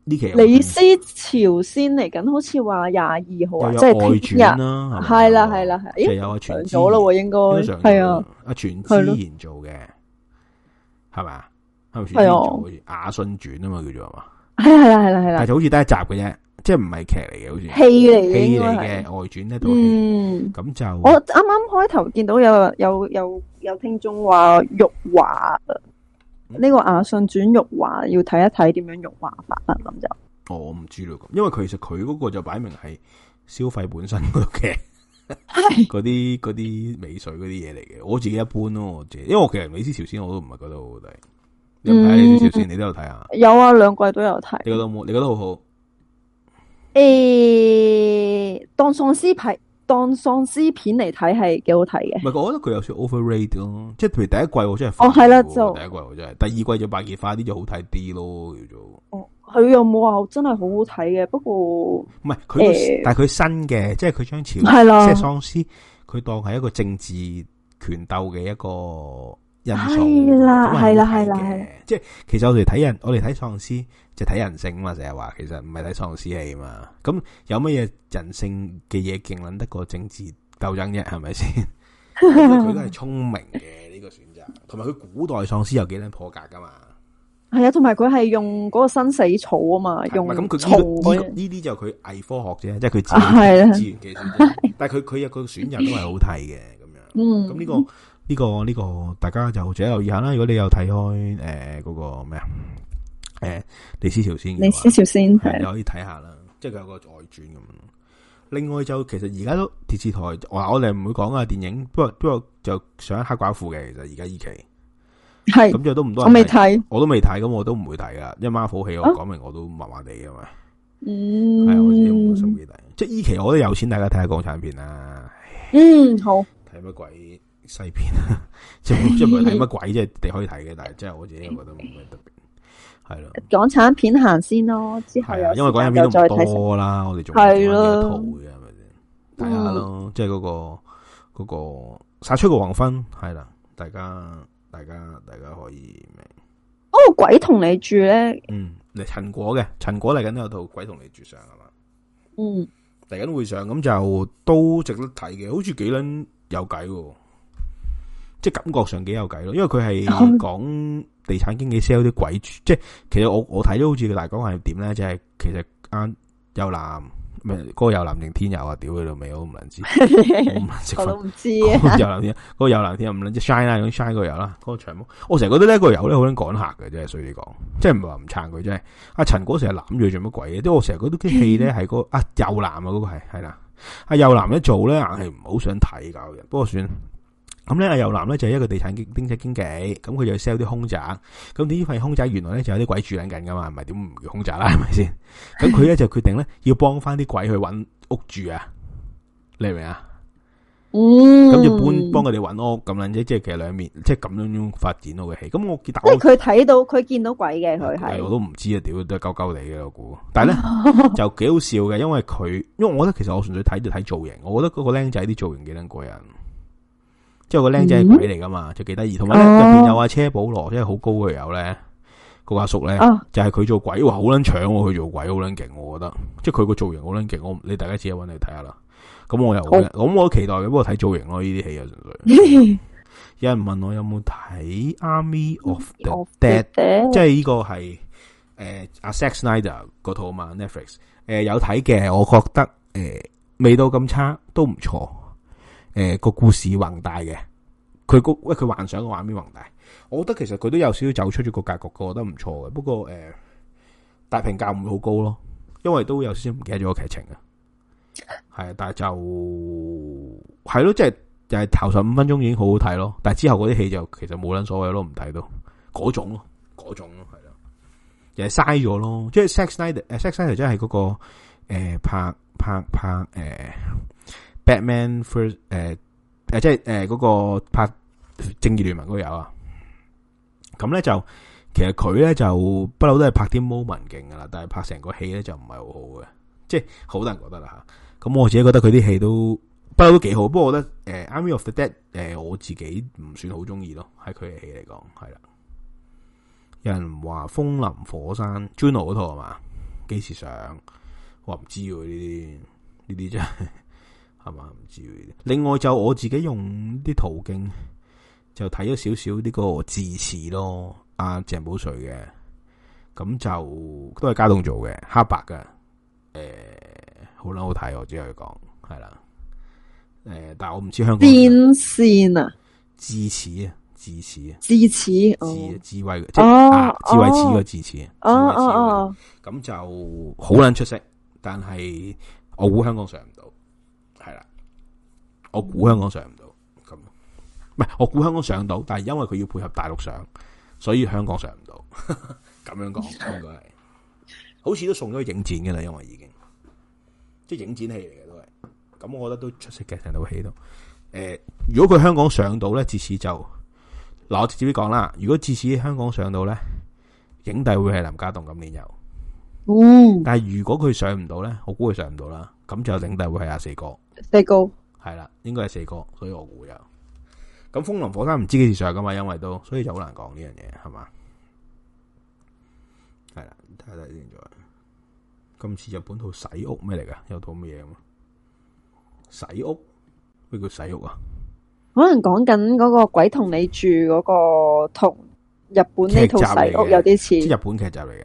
呢期李斯朝鮮嚟緊，好似話廿二號，即係外傳啦，係啦係啦係，誒有阿全。咗咯，應該係啊，阿全智賢做嘅，係咪啊？係啊，亞信傳啊嘛，叫做嘛。係啦係啦係啦係啦，但就好似得一集嘅啫，即係唔係劇嚟嘅，好似戲嚟嘅，戲嚟嘅外傳咧，度。嗯咁就。我啱啱開頭見到有有有有聽眾話玉華呢、這個亞信轉玉華，要睇一睇點樣玉華法啦，咁就。哦，我唔知咯，咁，因為其實佢嗰個就擺明係消費本身嘅， *laughs* *laughs* *laughs* 嗰啲嗰啲美水嗰啲嘢嚟嘅。我自己一般咯、啊，我自己，因為我其實美斯朝鮮我都唔係覺得好抵。睇呢啲朝鮮你都、嗯、有睇啊？有啊，兩季都有睇。你覺得冇？你覺得好覺得好？誒，當喪屍睇。當喪屍片嚟睇係幾好睇嘅，唔係我覺得佢有少少 overrated 咯，即係譬如第一季我真係，哦係啦，就第一季我真係，第二季就白熱化啲就好睇啲咯，叫做、哦，哦佢又冇話真係好好睇嘅，不過唔係佢，但係佢新嘅，即係佢將潮即係喪屍，佢當係一個政治權鬥嘅一個。係啦，係啦，係啦，係。即係其實我哋睇人，我哋睇喪屍就睇人性啊嘛，成日話其實唔係睇喪屍嚟嘛。咁有乜嘢人性嘅嘢勁捻得過政治鬥爭啫？係咪先？所以佢都係聰明嘅呢個選擇，同埋佢古代喪屍有幾難破格噶嘛。係啊，同埋佢係用嗰個生死草啊嘛，用咁佢呢呢啲就佢偽科學啫，即係佢自然自然技術。但係佢佢有個選擇都係好睇嘅咁樣。嗯，咁呢個。呢、這個呢、這個，大家就再留意下啦。如果你有睇開誒嗰、呃那個咩啊？誒、呃，歷、那、史、個呃、潮，潮先，李屍朝鮮，係可以睇下啦。即係佢有個外傳咁。另外就其實而家都電視台，嗱我哋唔會講啊電影，不過不過就上黑寡婦嘅。其實而家依期係咁，就都唔多人睇。我都未睇，咁我都唔會睇噶。一孖火戲，我講明我都麻麻地噶嘛。嗯，係、嗯、啊、嗯，我唔會睇。即係依期我都有錢，大家睇下港產片啦。嗯，好。睇乜鬼？西片啊，即係即係，睇乜鬼啫？你可以睇嘅，但係真係我自己覺得冇咩特別，係咯。港產片行先咯，之後又因為港產片唔多啦，我哋仲係咯，套嘅係咪先？睇下咯，即係嗰個嗰個殺出個黃昏係啦，大家大家大家可以明。哦，鬼同你住咧，嗯，嚟陳果嘅陳果嚟緊都有套《鬼同你住》上係嘛，嗯嚟緊會上，咁就都值得睇嘅，好似幾捻有計喎。即係感覺上幾有計咯，因為佢係講地產經紀 sell 啲鬼住，嗯，即係其實我我睇都好似佢大綱係點咧，就係其實阿游南咩嗰，嗯那個游南定天佑啊，屌佢老味， *laughs* 我唔能知，我都唔知，啊那個，知。游南天嗰個游南天唔能即 shine 啦咁 shine 個油啦，嗰，那個長毛我成日覺得呢個油咧好撚趕客嘅啫，所以你講即係唔係話唔撐佢，真係阿陳果成日攬住做乜鬼嘅，都，啊，我成日覺得啲戲咧係個阿游男啊，嗰，啊那個係係啦，阿游男一做咧硬係唔好想睇搞嘅，不過算。咁咧，阿游南咧就係、是、一個地產經經紀濟濟，咁佢就 sell 啲空宅，咁呢份空宅原來咧就有啲鬼住緊緊噶嘛，唔係點唔叫空宅啦，係咪先？咁佢咧就決定咧要幫翻啲鬼去揾屋住啊，你明唔明啊？咁、嗯、就搬幫佢哋揾屋咁樣啫，即係其實兩面，即係咁樣樣發展到嘅戲。咁我，我即係佢睇到，佢見到鬼嘅，佢係我都唔知啊，屌都係鳩鳩地嘅，我估。但係咧就幾好笑嘅，因為佢，因為我覺得其實我純粹睇就睇造型，我覺得嗰個僆仔啲造型幾撚過癮。即係個靚仔係鬼嚟噶嘛，就幾得意。同埋入邊有阿車保羅，即係好高嘅友咧，個阿叔咧就係佢做鬼，話好撚搶，佢做鬼好撚勁，我覺得。即係佢個造型好撚勁，我你大家自己搵嚟睇下啦。咁我又，咁、哦、我期待嘅，不過睇造型咯，呢啲戲啊。哦、有人問我有冇睇 Army of the Dead，即係呢個係誒、呃、阿 Zack Snyder 嗰套啊嘛 Netflix、呃。誒有睇嘅，我覺得誒、呃、未到咁差，都唔錯。誒、呃，個故事宏大嘅，佢個喂佢幻想嘅畫面宏大，我覺得其實佢都有少少走出咗個格局，我覺得唔錯嘅。不過誒、呃，大評價唔會好高咯，因為都有少少唔記得咗個劇情啊。係、呃，但係就係咯，即係就係頭十五分鐘已經好好睇咯。但係之後嗰啲戲就其實冇撚所謂咯，唔睇到嗰種咯，嗰種咯係咯，就係嘥咗咯。即係 s e x n i g h t 誒、呃、Sex Night 即係嗰、那個誒、呃、拍拍拍誒。呃 Batman First，誒誒，即係誒嗰個拍正義聯盟都有啊。咁咧就其實佢咧就不嬲都係拍啲 moment 勁噶啦，但係拍成個戲咧就唔係好好嘅，即係好多人覺得啦吓。咁、啊、我自己覺得佢啲戲都不嬲都幾好，不過我覺得誒、啊《Army of the Dead、啊》誒我自己唔算好中意咯，喺佢嘅戲嚟講係啦。有人話《風林火山》Juno 嗰套係嘛？幾時上？我唔知喎呢啲呢啲真係。係嘛？唔知另外就我自己用啲途徑就睇咗少少呢個智齒咯、啊，阿鄭保瑞嘅咁就都係家東做嘅黑白嘅，誒、欸、好撚好睇，我只可以講係啦。誒、欸，但係我唔知香港電視啊智齒啊智齒啊，智齒智智齒即係智齒齒個智齒啊，哦哦哦，咁、oh. oh. oh. oh. 嗯、就好撚出色，yeah. 但係我估香港上唔到。我估香港上唔到咁，唔係我估香港上到，但係因為佢要配合大陸上，所以香港上唔到。咁樣講應該係，好似都送咗去影展嘅啦。因為已經即係影展戲嚟嘅都係咁，我覺得都出色嘅成套戲都誒、呃。如果佢香港上到咧，至此就嗱我直接啲講啦。如果至此香港上到咧，影帝會係林家棟咁年有、嗯、但係如果佢上唔到咧，我估佢上唔到啦。咁就有影帝會係阿四哥，四個。係啦，應該係四個，所以我估有。咁風林火山唔知幾時上噶嘛，因為都所以就好難講呢樣嘢，係嘛？係啦，睇睇先。今次日本套洗屋咩嚟噶？有套咩嘢啊？洗屋？咩叫洗屋啊？可能講緊嗰個鬼同你住嗰個同日本呢套洗屋有啲似，劇日本劇集嚟嘅。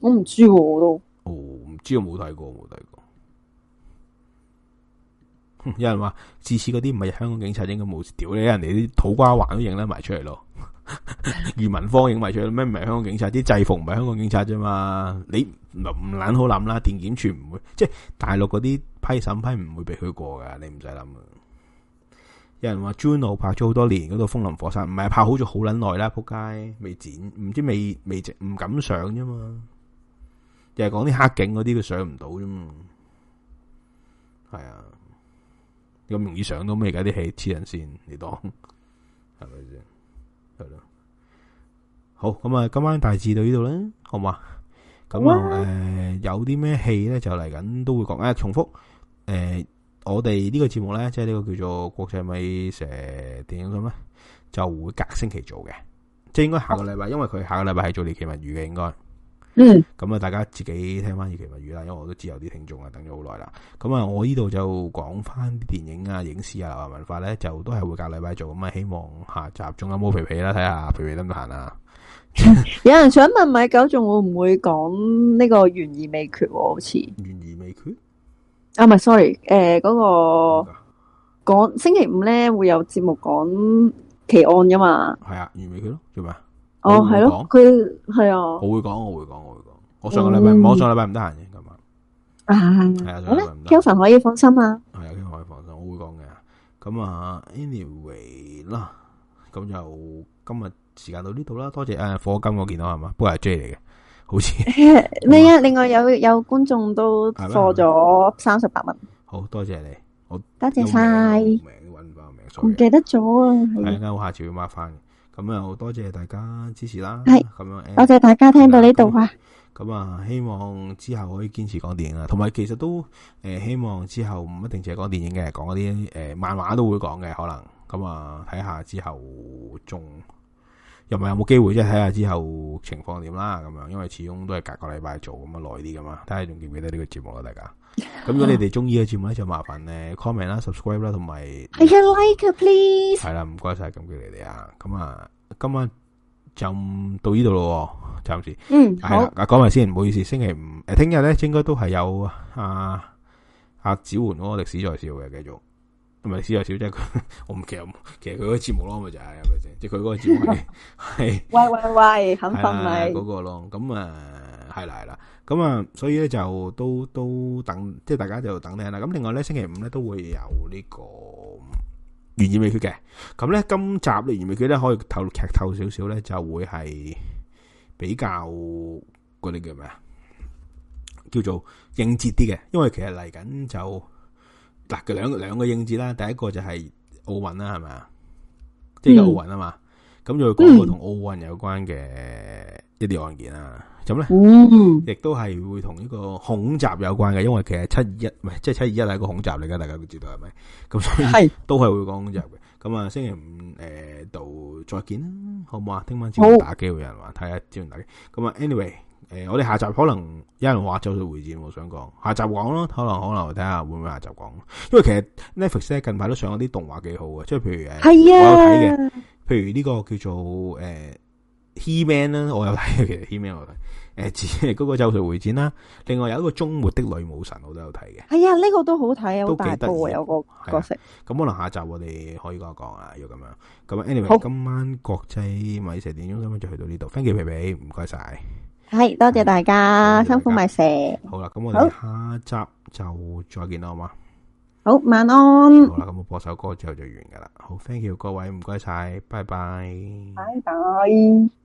我唔知我都，哦唔知我冇睇過。 *music* 有人話，自此嗰啲唔係香港警察，應該冇屌你，人哋啲土瓜灣都影得埋出嚟咯。余文芳影埋出嚟，咩唔係香港警察？啲制服唔係香港警察啫嘛。你唔撚好諗啦，電檢處唔會即係大陸嗰啲批審批唔會俾佢過噶。你唔使諗。有人話 Juno 拍咗好多年嗰套《那個、風林火山》，唔係拍好咗好撚耐啦，仆街未剪，唔知未未唔敢上啫嘛。又係講啲黑警嗰啲，都上唔到啫嘛。係啊。咁容易上到咩而家啲戲？黐人線，你當係咪先？係咯，好咁啊！今晚大致到呢度啦，好嘛？咁啊，誒、呃，有啲咩戲咧就嚟緊都會講咧、啊，重複。誒、呃，我哋呢個節目咧，即係呢個叫做國際米蛇電影咁咧，就會隔星期做嘅。即係應該下個禮拜，因為佢下個禮拜係做《李奇文語》嘅，應該。嗯，咁啊，大家自己聽翻粵語物語啦，因為我都知有啲聽眾啊等咗好耐啦。咁啊，我呢度就講翻啲電影啊、影視啊、流行文化咧，就都係會隔禮拜做。咁啊，希望下集中啊，冇皮皮啦，睇下皮皮得唔得閒啊？ *laughs* 有人想問米狗仲會唔會講呢個懸疑未決？好似懸疑未決啊？唔係、啊，sorry，誒、呃，嗰、那個講、嗯、星期五咧會有節目講奇案噶嘛？係啊，懸疑未決咯，做咩哦，係咯，佢係啊。我會講，我會講，我會講。我上個禮拜，我上個禮拜唔得閒嘅，咁啊。係啊，Kevin 可以放心啊。係啊，Kevin 可以放心，我會講嘅。咁啊，Anyway 啦，咁就今日時間到呢度啦。多謝誒，課金我見到係嘛，不過係 J 嚟嘅，好似咩啊？另外有有觀眾都課咗三十八蚊，好多謝你，好多謝晒，唔記得咗啊，係啊，我下次要 mark 返。咁又多謝大家支持啦，係咁樣，多謝大家聽到呢度啊。咁啊，希望之後可以堅持講電影啊，同埋其實都誒、呃、希望之後唔一定淨係講電影嘅，講嗰啲誒漫畫都會講嘅，可能咁啊睇下之後仲又唔係有冇機會啫，睇下之後情況點啦。咁樣、啊、因為始終都係隔個禮拜做咁啊，耐啲咁嘛，睇下仲記唔記得呢個節目啊，大家。咁、嗯、如果你哋中意嘅節目咧，就麻煩咧 comment 啦、subscribe 啦，同埋哎呀 like please，係啦，唔該晒，感謝你哋啊。咁啊、like，今晚就到呢度咯，暫時嗯係啦。講講埋先，唔好意思，星期五誒，聽日咧應該都係有阿阿、啊啊、子媛嗰個歷史在少嘅繼續，同埋歷史在少即、就是、我唔其實其實佢個節目咯，咪就係咪先，即係佢嗰個節目係喂喂喂，肯瞓咪嗰個咯。咁啊，係啦，係啦。咁啊，所以咧就都都等，即係大家就等聽啦。咁另外咧，星期五咧都會有呢個懸疑未決嘅。咁咧今集嘅懸疑未決咧可以透露劇透少少咧，就會係比較嗰啲叫咩啊？叫做應節啲嘅，因爲其實嚟緊就嗱嘅兩兩個應節啦，第一個就係奧運啦，係咪啊？即係奧運啊嘛，咁就講個同奧運有關嘅一啲案件啊。咁咧，哦、亦都係會同呢個恐襲有關嘅，因為其實七二一唔係，即係七二一係一個恐襲嚟嘅，大家都知道係咪？咁所以都係會講恐襲嘅。咁啊，星期五誒度、呃、再見啦，好唔好啊？聽晚朝打機會有人話睇下朝早打機。咁啊，anyway，誒、呃，我哋下集可能有人話周旋回戰，我想講下集講咯，可能可能睇下會唔會下集講？因為其實 Netflix 呢近排都上咗啲動畫幾好嘅，即、就、係、是、譬如誒，哎、我有睇嘅，譬如呢個叫做誒、呃、He Man 啦，我有睇嘅，其實 He Man 我。誒，嗰個咒術回戰啦，另外有一個終末的女武神，我都有睇嘅。係、哎、啊，呢、這個都好睇，好大個有，有個角色。咁可能下集我哋可以講一講啊，要咁樣。咁 Anyway，今晚國際米蛇電今晚就去到呢度，Thank you 皮皮，唔該晒。係，多謝大家，辛苦米蛇。好啦，咁我哋下集就再見啦，好嘛？好，晚安。好啦，咁我播首歌之後就完噶啦。好，Thank you 各位，唔該晒，拜拜。拜拜。